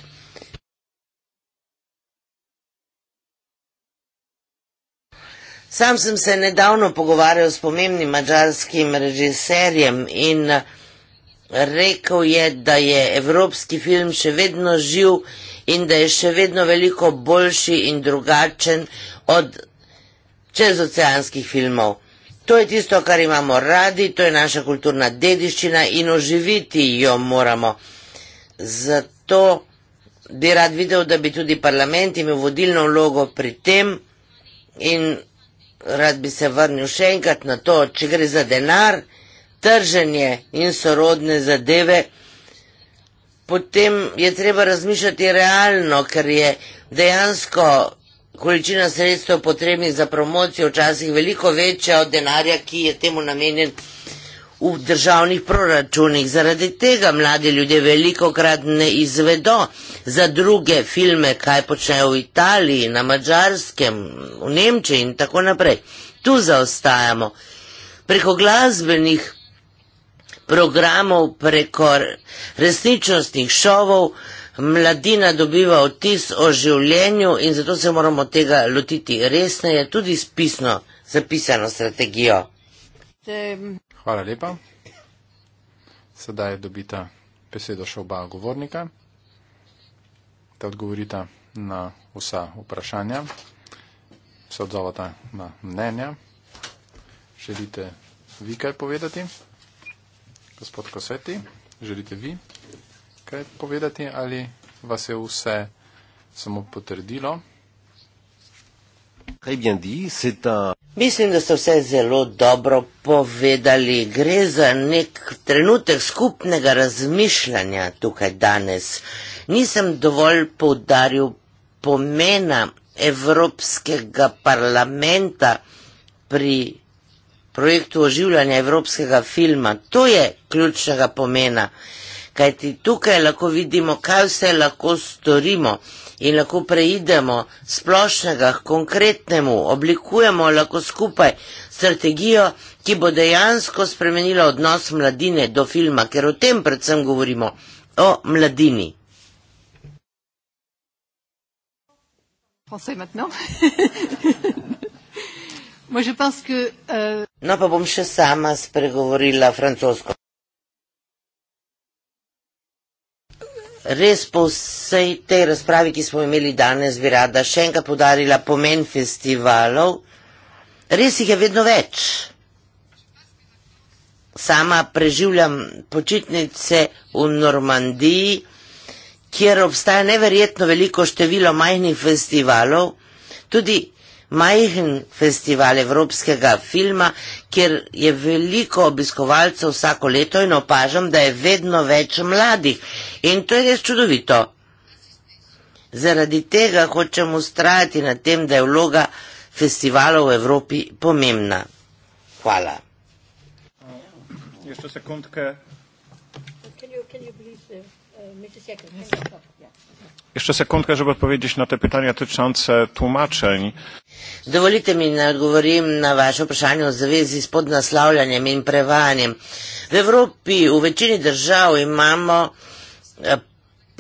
Sam sem se nedavno pogovarjal s pomembnim mađarskim režiserjem in eh, rekel je, da je evropski film še vedno živ in da je še vedno veliko boljši in drugačen od čezoceanskih filmov. To je tisto, kar imamo radi, to je naša kulturna dediščina in oživiti jo moramo. Zato bi rad videl, da bi tudi parlament imel vodilno vlogo pri tem in rad bi se vrnil še enkrat na to, če gre za denar, trženje in sorodne zadeve, potem je treba razmišljati realno, ker je dejansko količina sredstev potrebnih za promocijo včasih veliko večja od denarja, ki je temu namenjen v državnih proračunih. Zaradi tega mladi ljudje veliko krat ne izvedo za druge filme, kaj počnejo v Italiji, na Mačarskem, v Nemčiji in tako naprej. Tu zaostajamo. Preko glasbenih programov, preko resničnostnih šovov, mladina dobiva vtis o življenju in zato se moramo tega lotiti resneje, tudi s pisno zapisano strategijo. Hvala lepa. Sedaj dobita besedo še oba govornika, da odgovorita na vsa vprašanja, se odzovata na mnenja. Želite vi kaj povedati? Gospod Koseti, želite vi? kaj povedati ali vas je vse samo potrdilo? Mislim, da ste vse zelo dobro povedali. Gre za nek trenutek skupnega razmišljanja tukaj danes. Nisem dovolj poudaril pomena Evropskega parlamenta pri projektu oživljanja evropskega filma. To je ključnega pomena kajti tukaj lahko vidimo, kaj vse lahko storimo in lahko preidemo splošnega k konkretnemu, oblikujemo lahko skupaj strategijo, ki bo dejansko spremenila odnos mladine do filma, ker o tem predvsem govorimo, o mladini. Euh, no, pa bom še sama spregovorila francosko. res po vsej tej razpravi, ki smo imeli danes, bi rada še enkrat podarila pomen festivalov. Res jih je vedno več. Sama preživljam počitnice v Normandiji, kjer obstaja neverjetno veliko število majhnih festivalov. Tudi majhen festival evropskega filma, kjer je veliko obiskovalcev vsako leto in opažam, da je vedno več mladih. In to je res čudovito. Zaradi tega hočem ustrajati na tem, da je vloga festivala v Evropi pomembna. Hvala. Jeszcze sekundkę, żeby odpowiedzieć na te pytania dotyczące tłumaczeń. Dovolite mi, da odgovorim na vaše vprašanje v zvezi s podnaslavljanjem in prevajanjem. V Evropi, v večini držav imamo eh,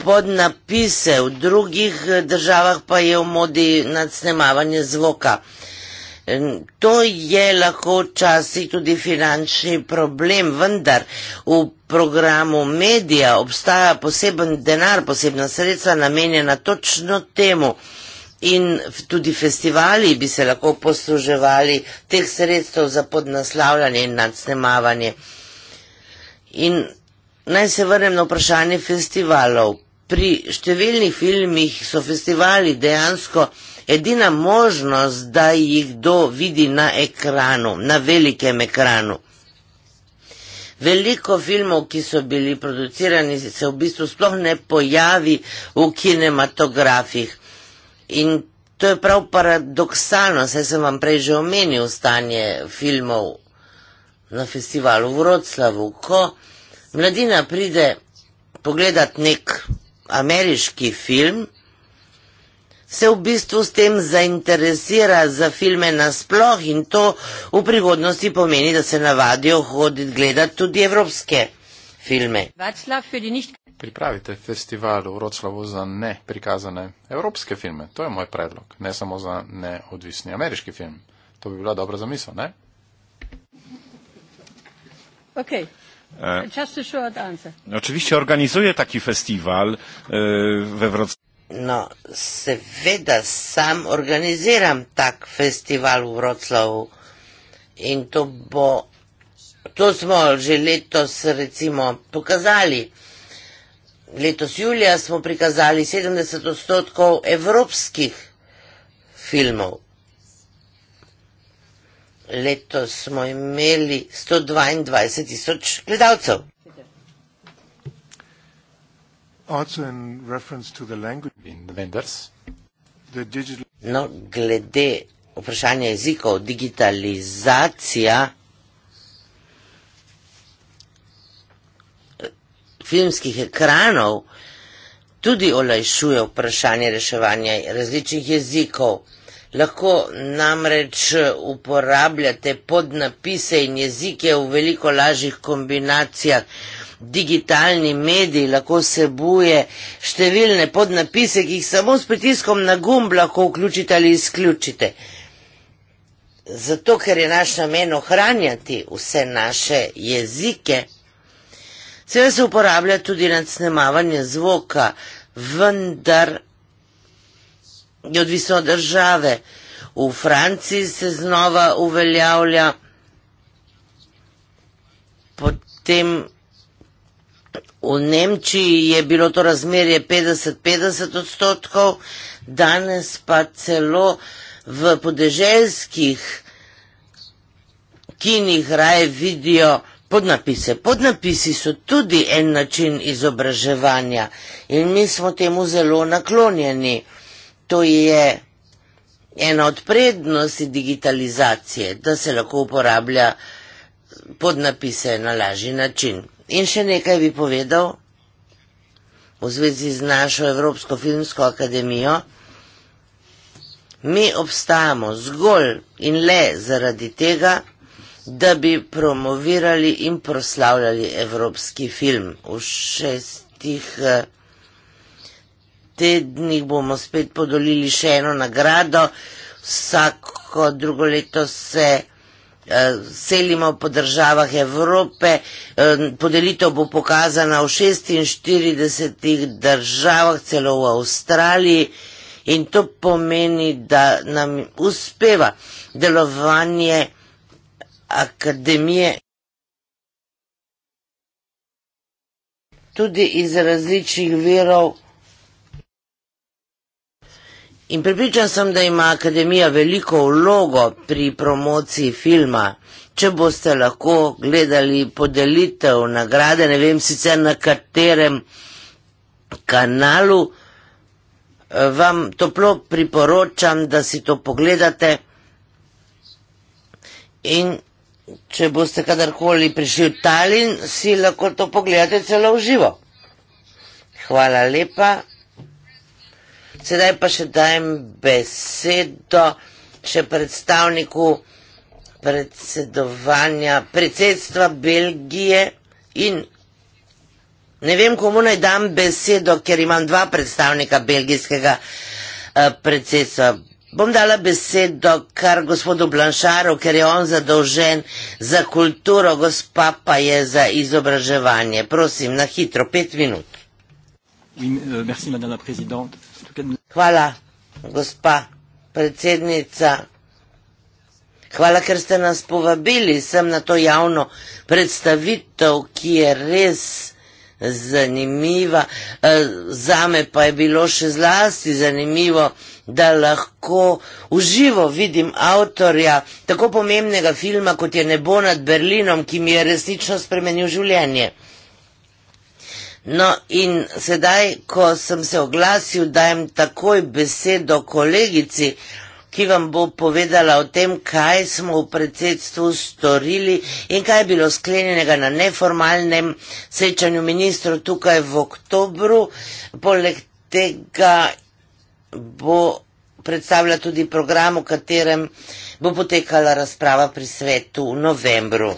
podnapise, v drugih eh, državah pa je v modi nadsnemavanje zvoka. To je lahko včasih tudi finančni problem, vendar v programu medija obstaja poseben denar, posebna sredstva namenjena točno temu in tudi festivali bi se lahko posluževali teh sredstev za podnaslavljanje in nadsnemavanje. In naj se vrnem na vprašanje festivalov. Pri številnih filmih so festivali dejansko edina možnost, da jih kdo vidi na ekranu, na velikem ekranu. Veliko filmov, ki so bili producirani, se v bistvu sploh ne pojavi v kinematografih. In to je prav paradoksalno, saj sem vam prej že omenil stanje filmov na festivalu v Vroclavu, ko mladina pride pogledat nek ameriški film, se v bistvu s tem zainteresira za filme nasploh in to v prihodnosti pomeni, da se navadijo hoditi gledati tudi evropske filme pripravite festival v Vroclavu za ne prikazane evropske filme. To je moj predlog, ne samo za neodvisni ameriški film. To bi bila dobra zamisel, ne? Ok. Uh, short oczywiście organizuje taki festiwal uh, we Wrocławiu. No, seveda sam organiziram tak festival v Vroclavu. In to bo, to smo že letos recimo pokazali letos julija smo prikazali 70 odstotkov evropskih filmov. Letos smo imeli 122 tisoč gledalcev. No, glede vprašanja jezikov, digitalizacija filmskih ekranov tudi olajšuje vprašanje reševanja različnih jezikov. Lahko namreč uporabljate podnapise in jezike v veliko lažjih kombinacijah. Digitalni medij lahko sebuje številne podnapise, ki jih samo s pritiskom na gumb lahko vključite ali izključite. Zato, ker je naš namen ohranjati vse naše jezike, Seveda se uporablja tudi nadsnemavanje zvoka, vendar je odvisno od države. V Franciji se znova uveljavlja potem V Nemčiji je bilo to razmerje 50-50 odstotkov, danes pa celo v podeželskih kinih raje vidijo 50-50 podnapise. Podnapisi so tudi en način izobraževanja in mi smo temu zelo naklonjeni. To je ena od prednosti digitalizacije, da se lahko uporablja podnapise na lažji način. In še nekaj bi povedal v zvezi z našo Evropsko filmsko akademijo. Mi obstajamo zgolj in le zaradi tega, da bi promovirali in proslavljali evropski film. V šestih eh, tednih bomo spet podolili še eno nagrado, vsako drugo leto se eh, selimo po državah Evrope. Eh, podelitev bo pokazana v 46 državah, celo v Avstraliji in to pomeni, da nam uspeva delovanje evropskih filmov akademije, tudi iz različnih verov. In pripričan sem, da ima akademija veliko vlogo pri promociji filma. Če boste lahko gledali podelitev nagrade, ne vem sicer na katerem kanalu, vam toplo priporočam, da si to pogledate. In če boste kadarkoli prišli v Talin, si lahko to pogledate celo v živo. Hvala lepa. Sedaj pa še dajem besedo še predstavniku predsedovanja predsedstva Belgije in ne vem, komu naj dam besedo, ker imam dva predstavnika belgijskega eh, predsedstva Belgije. Bom dala besedo kar gospodu Blanšaru, ker je on zadolžen za kulturo, gospa pa je za izobraževanje. Prosim, na hitro, pet minut. Euh, Hvala, gospa predsednica. Hvala, ker ste nas povabili sem na to javno predstavitev, ki je res zanimiva. E, zame pa je bilo še zlasti zanimivo, da lahko uživo vidim avtorja tako pomembnega filma, kot je Nebo nad Berlinom, ki mi je resnično spremenil življenje. No in sedaj, ko sem se oglasil, dajem takoj besedo kolegici, uh, ki vam bo povedala o tem, kaj smo v predsedstvu storili in kaj je bilo sklenjenega na neformalnem srečanju ministrov tukaj v oktobru. Poleg tega bo predstavila tudi program, v katerem bo potekala razprava pri svetu v novembru.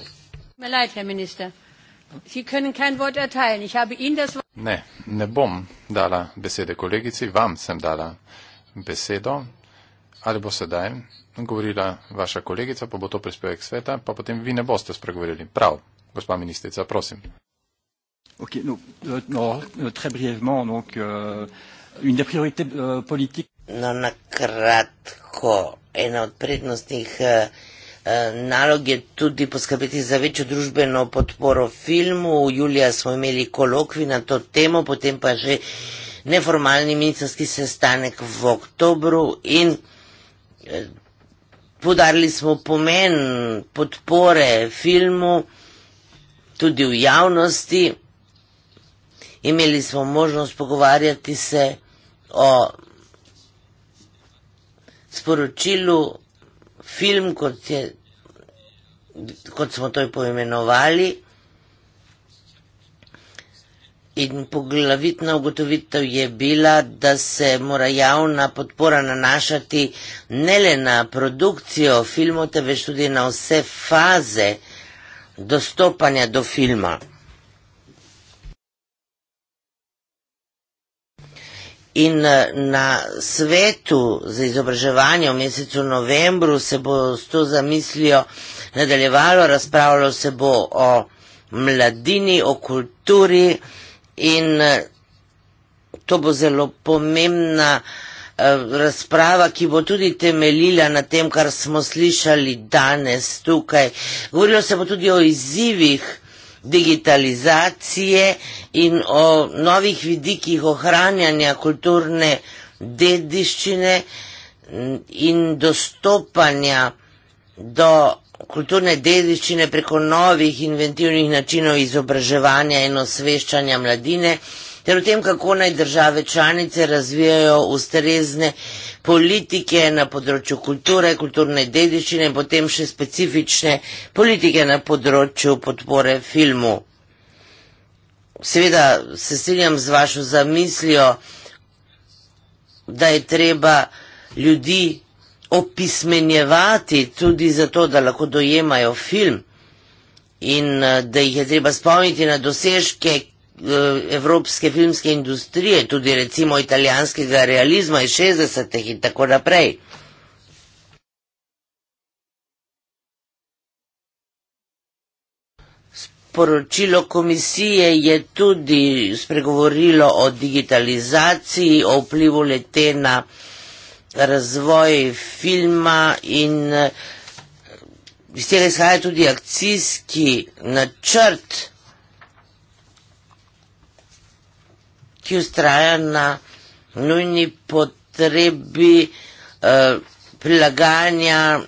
Ne, ne bom dala besede kolegici, vam sem dala besedo ali bo sedaj govorila vaša kolegica, pa bo to prispevek sveta, pa potem vi ne boste spregovorili. Prav, gospa ministrica, prosim. Okay, no, euh, no, brevno, no, k, uh, priorite, uh, no, na kratko, ena od prednostnih uh, nalog je tudi poskrbeti za večjo družbeno podporo filmu. V julija smo imeli kolokvi na to temo, potem pa že neformalni ministerski sestanek v oktobru in podarili smo pomen podpore filmu tudi v javnosti. Imeli smo možnost pogovarjati se o sporočilu film, kot, je, kot smo to poimenovali. In poglavitna ugotovitev je bila, da se mora javna podpora nanašati ne le na produkcijo filmov, temveč tudi na vse faze dostopanja do filma. In eh, na svetu za izobraževanje v mesecu novembru se bo s to zamislijo nadaljevalo, razpravljalo se bo o mladini, o kulturi, in eh, to bo zelo pomembna eh, razprava, ki bo tudi temeljila na tem, kar smo slišali danes tukaj. Govorilo se bo tudi o izzivih digitalizacije in o novih vidikih ohranjanja kulturne dediščine in dostopanja do kulturne dedičine preko novih inventivnih načinov izobraževanja in osveščanja mladine, ter o tem, kako naj države članice razvijajo ustrezne politike na področju kulture, kulturne dedičine in potem še specifične politike na področju podpore filmu. Seveda se strinjam z vašo zamislijo, da je treba ljudi opismenjevati tudi zato, da lahko dojemajo film in eh, da jih je treba spomniti na dosežke eh, evropske filmske industrije, tudi recimo italijanskega realizma iz 60-ih in tako naprej. Sporočilo komisije je tudi spregovorilo o digitalizaciji, o vplivu letena na razvoj filma in eh, iz tega izhaja tudi akcijski načrt, ki ustraja na nujni potrebi eh, prilaganja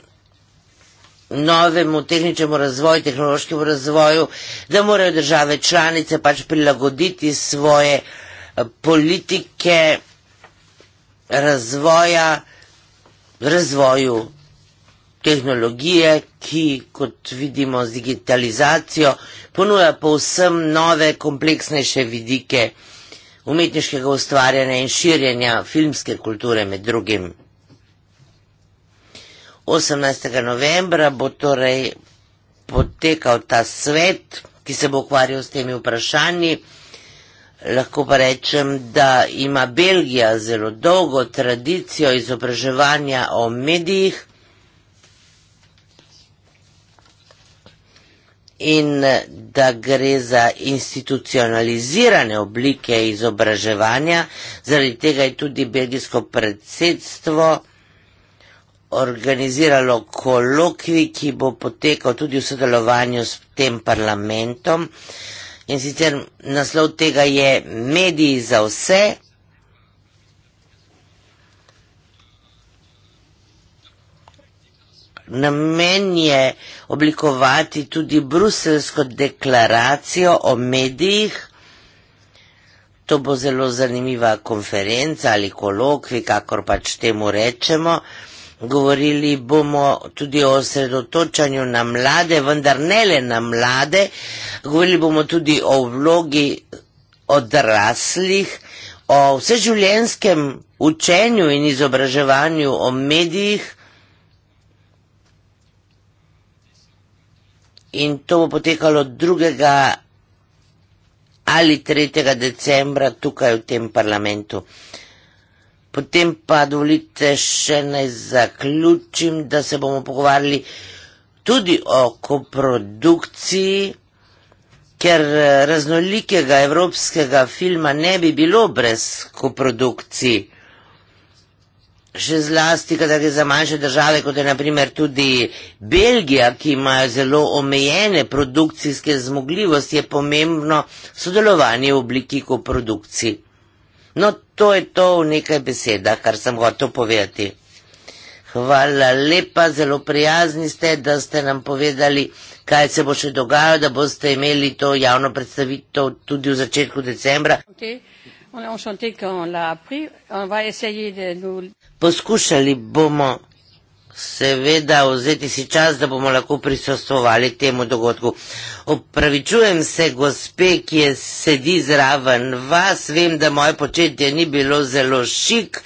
novemu tehničnemu razvoju, tehnološkemu razvoju, da morajo države članice pač prilagoditi svoje eh, politike, razvoja, razvoju tehnologije, ki kot vidimo z digitalizacijo ponuja povsem nove kompleksnejše vidike umetniškega ustvarjanja in širjenja filmske kulture med drugim. 18. novembra bo torej potekal ta svet, ki se bo ukvarjal s temi vprašanji lahko pa rečem, da ima Belgija zelo dolgo tradicijo izobraževanja o medijih in da gre za institucionalizirane oblike izobraževanja, zaradi tega je tudi belgijsko predsedstvo organiziralo kolokvi, ki bo potekal tudi v sodelovanju s tem parlamentom, in sicer naslov tega je Mediji za vse. Namen je oblikovati tudi bruselsko deklaracijo o medijih. To bo zelo zanimiva konferenca ali kolokvi, kakor pač temu rečemo. Govorili bomo tudi o osredotočanju na mlade, vendar ne le na mlade, govorili bomo tudi o vlogi odraslih, o vseživljenskem učenju in izobraževanju, o medijih. In to bo potekalo 2. ali 3. decembra tukaj v tem parlamentu. Potem pa dovolite še naj zaključim, da se bomo pogovarjali tudi o koprodukciji, ker eh, raznolikega evropskega filma ne bi bilo brez koprodukciji. Še zlasti, kadar gre za manjše države, kot je naprimer tudi Belgija, ki imajo zelo omejene produkcijske zmogljivosti, je pomembno sodelovanje v obliki koprodukcije. No, to je to v nekaj besedah, kar sem hotel povedati. Hvala lepa, zelo prijazni ste, da ste nam povedali, kaj se bo še dogajalo, da boste imeli to javno predstavitev tudi v začetku decembra. Poskušali bomo seveda vzeti si čas, da bomo lahko prisostovali temu dogodku. Opravičujem se, gospe, ki je sedi zraven vas, vem, da moje početje ni bilo zelo šik,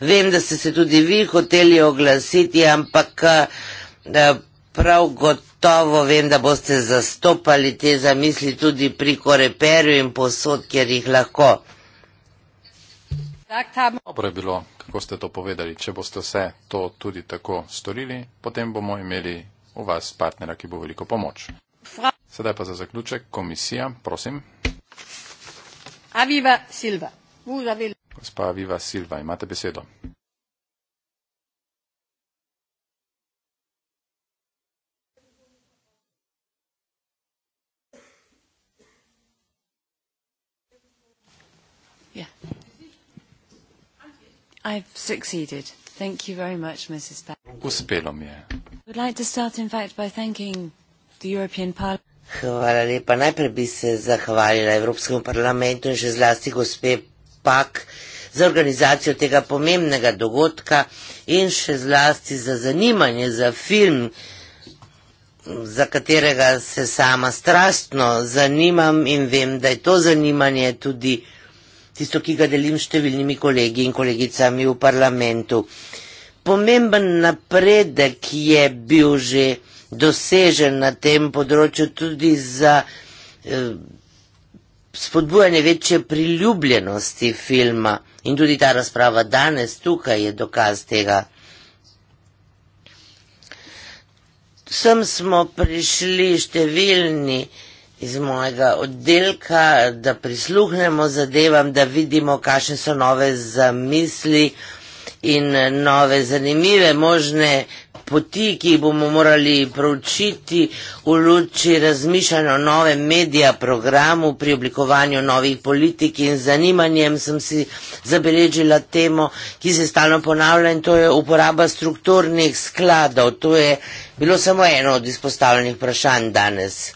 vem, da ste se tudi vi hoteli oglasiti, ampak eh, prav gotovo vem, da boste zastopali te zamisli tudi pri koreperju in posod, kjer jih lahko. Dobro je bilo ko ste to povedali. Če boste vse to tudi tako storili, potem bomo imeli v vas partnera, ki bo veliko pomoč. Sedaj pa za zaključek komisija, prosim. Aviva Silva. Gospa Aviva Silva, imate besedo. I've succeeded. Thank you very much, Mrs. Beck. Uspelo mi je. Would like to start, in fact, by thanking the European Parliament. Hvala lepa. Najprej bi se zahvalila Evropskemu parlamentu in še zlasti gospe Pak za organizacijo tega pomembnega dogodka in še zlasti za zanimanje za film, za katerega se sama strastno zanimam in vem, da je to zanimanje tudi tisto, ki ga delim s številnimi kolegi in kolegicami v parlamentu. Pomemben napredek je bil že dosežen na tem področju tudi za eh, spodbujanje večje priljubljenosti filma in tudi ta razprava danes tukaj je dokaz tega. Sem smo prišli številni eh, iz mojega oddelka, da prisluhnemo zadevam, da vidimo, kakšne so nove zamisli in nove zanimive možne poti, ki jih bomo morali proučiti v luči razmišljanja o novem medija programu pri oblikovanju novih politik in zanimanjem sem si zabeležila temo, ki se stalno ponavlja in to je uporaba strukturnih skladov. To je bilo samo eno od izpostavljenih vprašanj danes.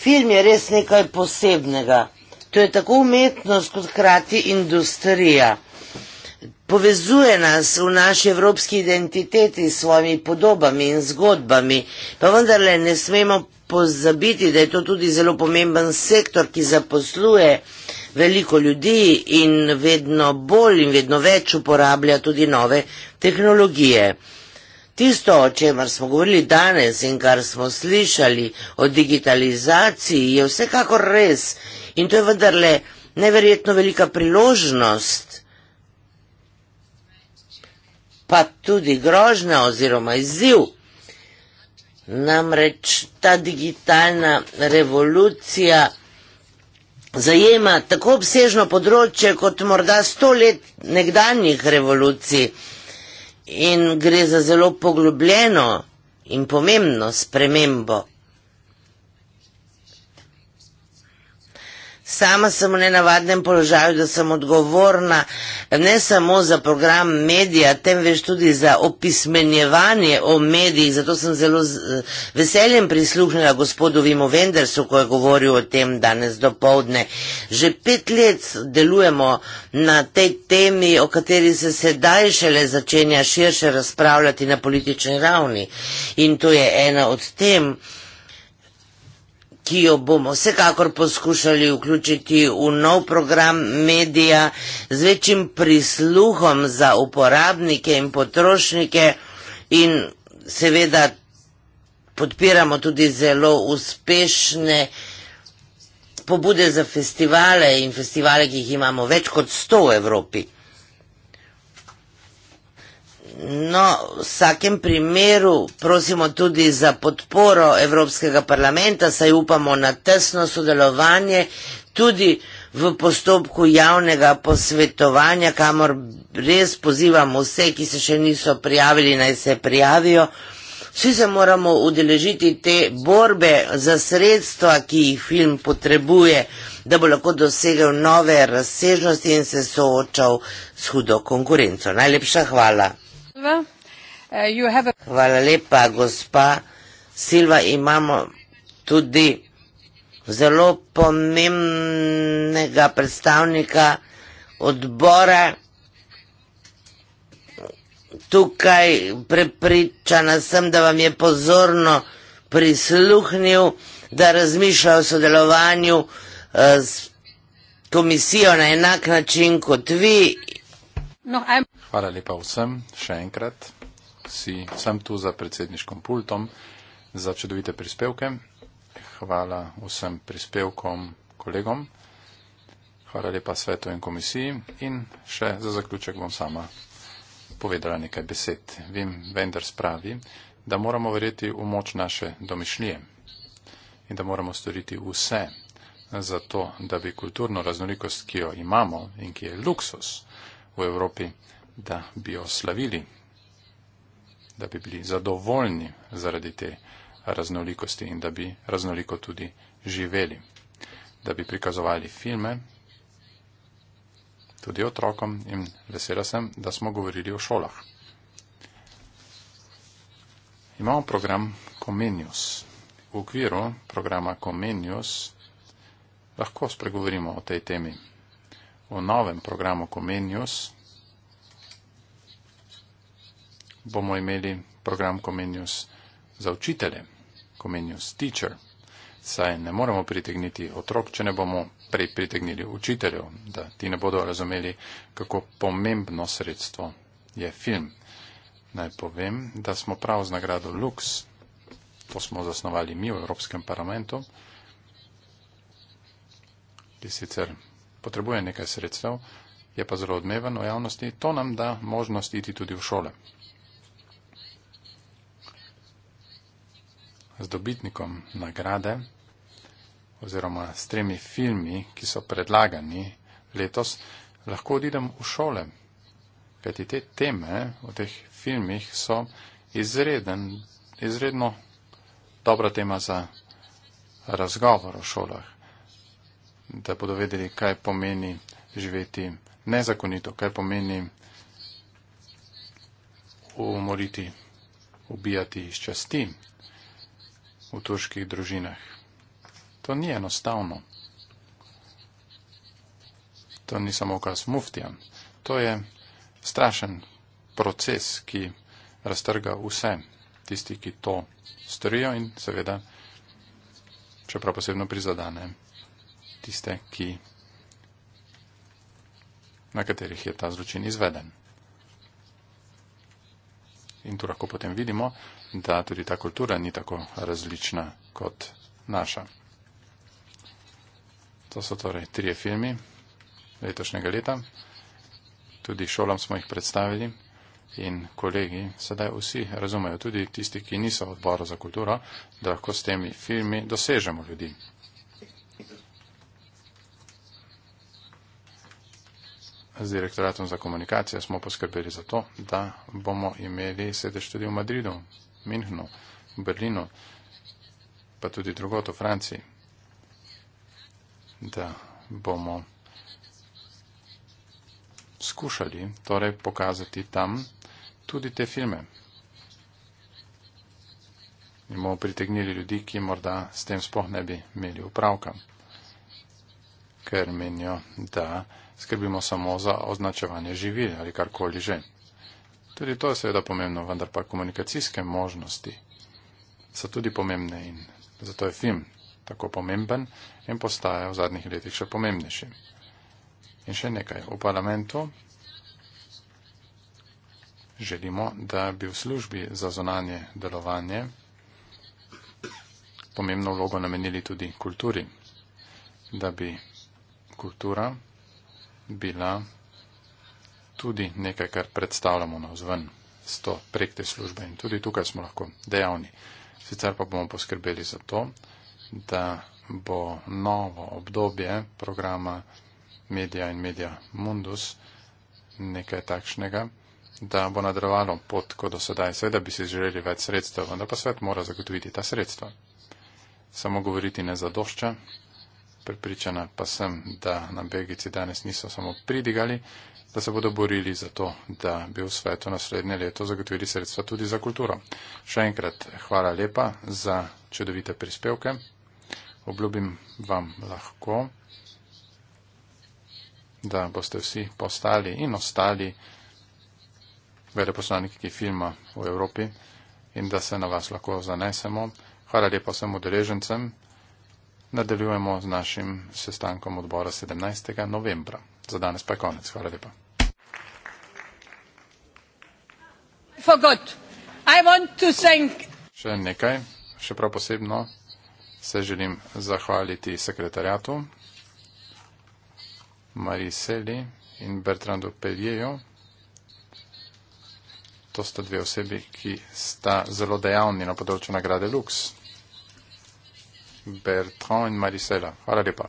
Film je res nekaj posebnega. To je tako umetnost kot hkrati industrija. Povezuje nas v naši evropski identiteti s svojimi podobami in zgodbami, pa vendarle ne smemo pozabiti, da je to tudi zelo pomemben sektor, ki zaposluje veliko ljudi in vedno bolj in vedno več uporablja tudi nove tehnologije. Tisto, o čemer smo govorili danes in kar smo slišali o digitalizaciji, je vsekakor res in to je vendarle neverjetno velika priložnost, pa tudi grožna oziroma izziv. Namreč ta digitalna revolucija zajema tako obsežno področje kot morda sto let nekdanjih revolucij in gre za zelo poglobljeno in pomembno spremembo Sama sem v nenavadnem položaju, da sem odgovorna ne samo za program medija, temveč tudi za opismenjevanje o medijih. Zato sem zelo eh, veseljem prisluhnila gospodu Vimo Vendersu, ko je govoril o tem danes do povdne. Že pet let delujemo na tej temi, o kateri se sedaj šele začenja širše razpravljati na politični ravni. In to je ena od tem, ki jo bomo vsekakor poskušali vključiti v nov program medija z večjim prisluhom za uporabnike in potrošnike in seveda podpiramo tudi zelo uspešne pobude za festivale in festivale, ki jih imamo več kot sto v Evropi no, v vsakem primeru prosimo tudi za podporo Evropskega parlamenta, saj upamo na tesno sodelovanje tudi v postopku javnega posvetovanja, kamor res pozivamo vse, ki se še niso prijavili, naj se prijavijo. Vsi se moramo udeležiti te borbe za sredstva, ki jih film potrebuje, da bo lahko dosegel nove razsežnosti in se soočal s hudo konkurenco. Najlepša hvala. Uh, Hvala lepa, gospa Silva. Imamo tudi zelo pomembnega predstavnika odbora. Tukaj prepričana sem, da vam je pozorno prisluhnil, da razmišlja o sodelovanju eh, s komisijo na enak način kot vi. No, Hvala lepa vsem, še enkrat. Si, sem tu za predsedniškom pultom za čudovite prispevke. Hvala vsem prispevkom, kolegom. Hvala lepa svetu in komisiji. In še za zaključek bom sama povedala nekaj besed. Vim vendar spravi, da moramo verjeti v moč naše domišljije in da moramo storiti vse za to, da bi kulturno raznolikost, ki jo imamo in ki je luksus v Evropi, da bi jo slavili, da bi bili zadovoljni zaradi te raznolikosti in da bi raznoliko tudi živeli, da bi prikazovali filme tudi otrokom in vesela sem, da smo govorili o šolah. Imamo program Comenius. V okviru programa Comenius lahko spregovorimo o tej temi. V novem programu Comenius bomo imeli program Comenius za učitelje, Comenius Teacher. Saj ne moremo pritegniti otrok, če ne bomo prej pritegnili učiteljev, da ti ne bodo razumeli, kako pomembno sredstvo je film. Naj povem, da smo prav z nagrado Lux, to smo zasnovali mi v Evropskem parlamentu, ki sicer potrebuje nekaj sredstev, je pa zelo odmeven v javnosti, to nam da možnost iti tudi v šole. z dobitnikom nagrade oziroma s tremi filmi, ki so predlagani letos, lahko odidem v šole. Kajti te teme v teh filmih so izreden, izredno dobra tema za razgovor v šolah, da bodo vedeli, kaj pomeni živeti nezakonito, kaj pomeni umoriti, ubijati iz časti, v turških družinah. To ni enostavno. To ni samo kaz muftijam. To je strašen proces, ki raztrga vse tisti, ki to storijo in seveda, čeprav posebno prizadane, tiste, ki, na katerih je ta zločin izveden. In tu lahko potem vidimo, in ta tudi ta kultura ni tako različna kot naša. To so torej trije filmi letošnjega leta. Tudi šolam smo jih predstavili in kolegi sedaj vsi razumejo, tudi tisti, ki niso odboru za kulturo, da lahko s temi filmi dosežemo ljudi. Z direktoratom za komunikacijo smo poskrbeli za to, da bomo imeli sedež tudi v Madridu, Minhnu, v Berlinu, pa tudi drugot v Franciji, da bomo skušali torej pokazati tam tudi te filme. In bomo pritegnili ljudi, ki morda s tem sploh ne bi imeli upravka, ker menijo, da skrbimo samo za označevanje živil ali karkoli že. Tudi to je seveda pomembno, vendar pa komunikacijske možnosti so tudi pomembne in zato je film tako pomemben in postaja v zadnjih letih še pomembnejši. In še nekaj. V parlamentu želimo, da bi v službi za zonanje delovanje pomembno vlogo namenili tudi kulturi, da bi kultura bila tudi nekaj, kar predstavljamo na vzven s to prek te službe in tudi tukaj smo lahko dejavni. Sicer pa bomo poskrbeli za to, da bo novo obdobje programa Media in Media Mundus nekaj takšnega, da bo nadrevalo pot, kot do sedaj. Seveda bi si želeli več sredstev, vendar pa svet mora zagotoviti ta sredstva. Samo govoriti ne zadošča, pripričana pa sem, da na Belgici danes niso samo pridigali, da se bodo borili za to, da bi v svetu naslednje leto zagotovili sredstva tudi za kulturo. Še enkrat hvala lepa za čudovite prispevke. Obljubim vam lahko, da boste vsi postali in ostali veleposlaniki filma v Evropi in da se na vas lahko zanesemo. Hvala lepa vsem udeležencem. Nadaljujemo z našim sestankom odbora 17. novembra. Za danes pa je konec. Hvala lepa. Še nekaj, še prav posebno se želim zahvaliti sekretarjatu Mariseli in Bertrandu Pelijeju. To sta dve osebi, ki sta zelo dejavni na področju nagrade Lux. Bertrand in Marisela. Hvala lepa.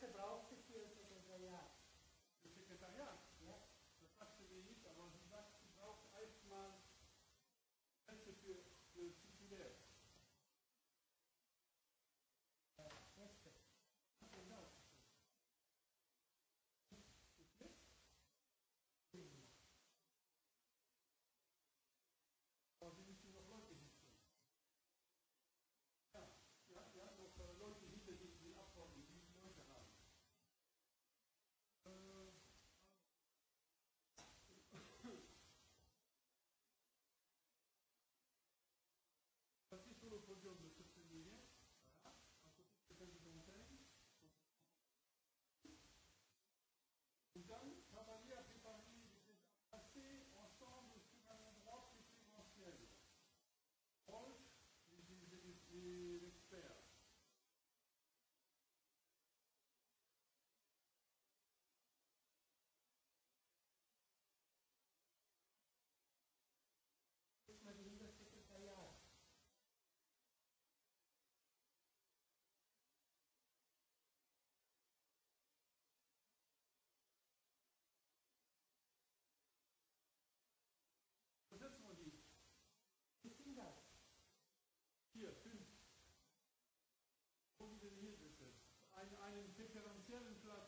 se bral sedemkrat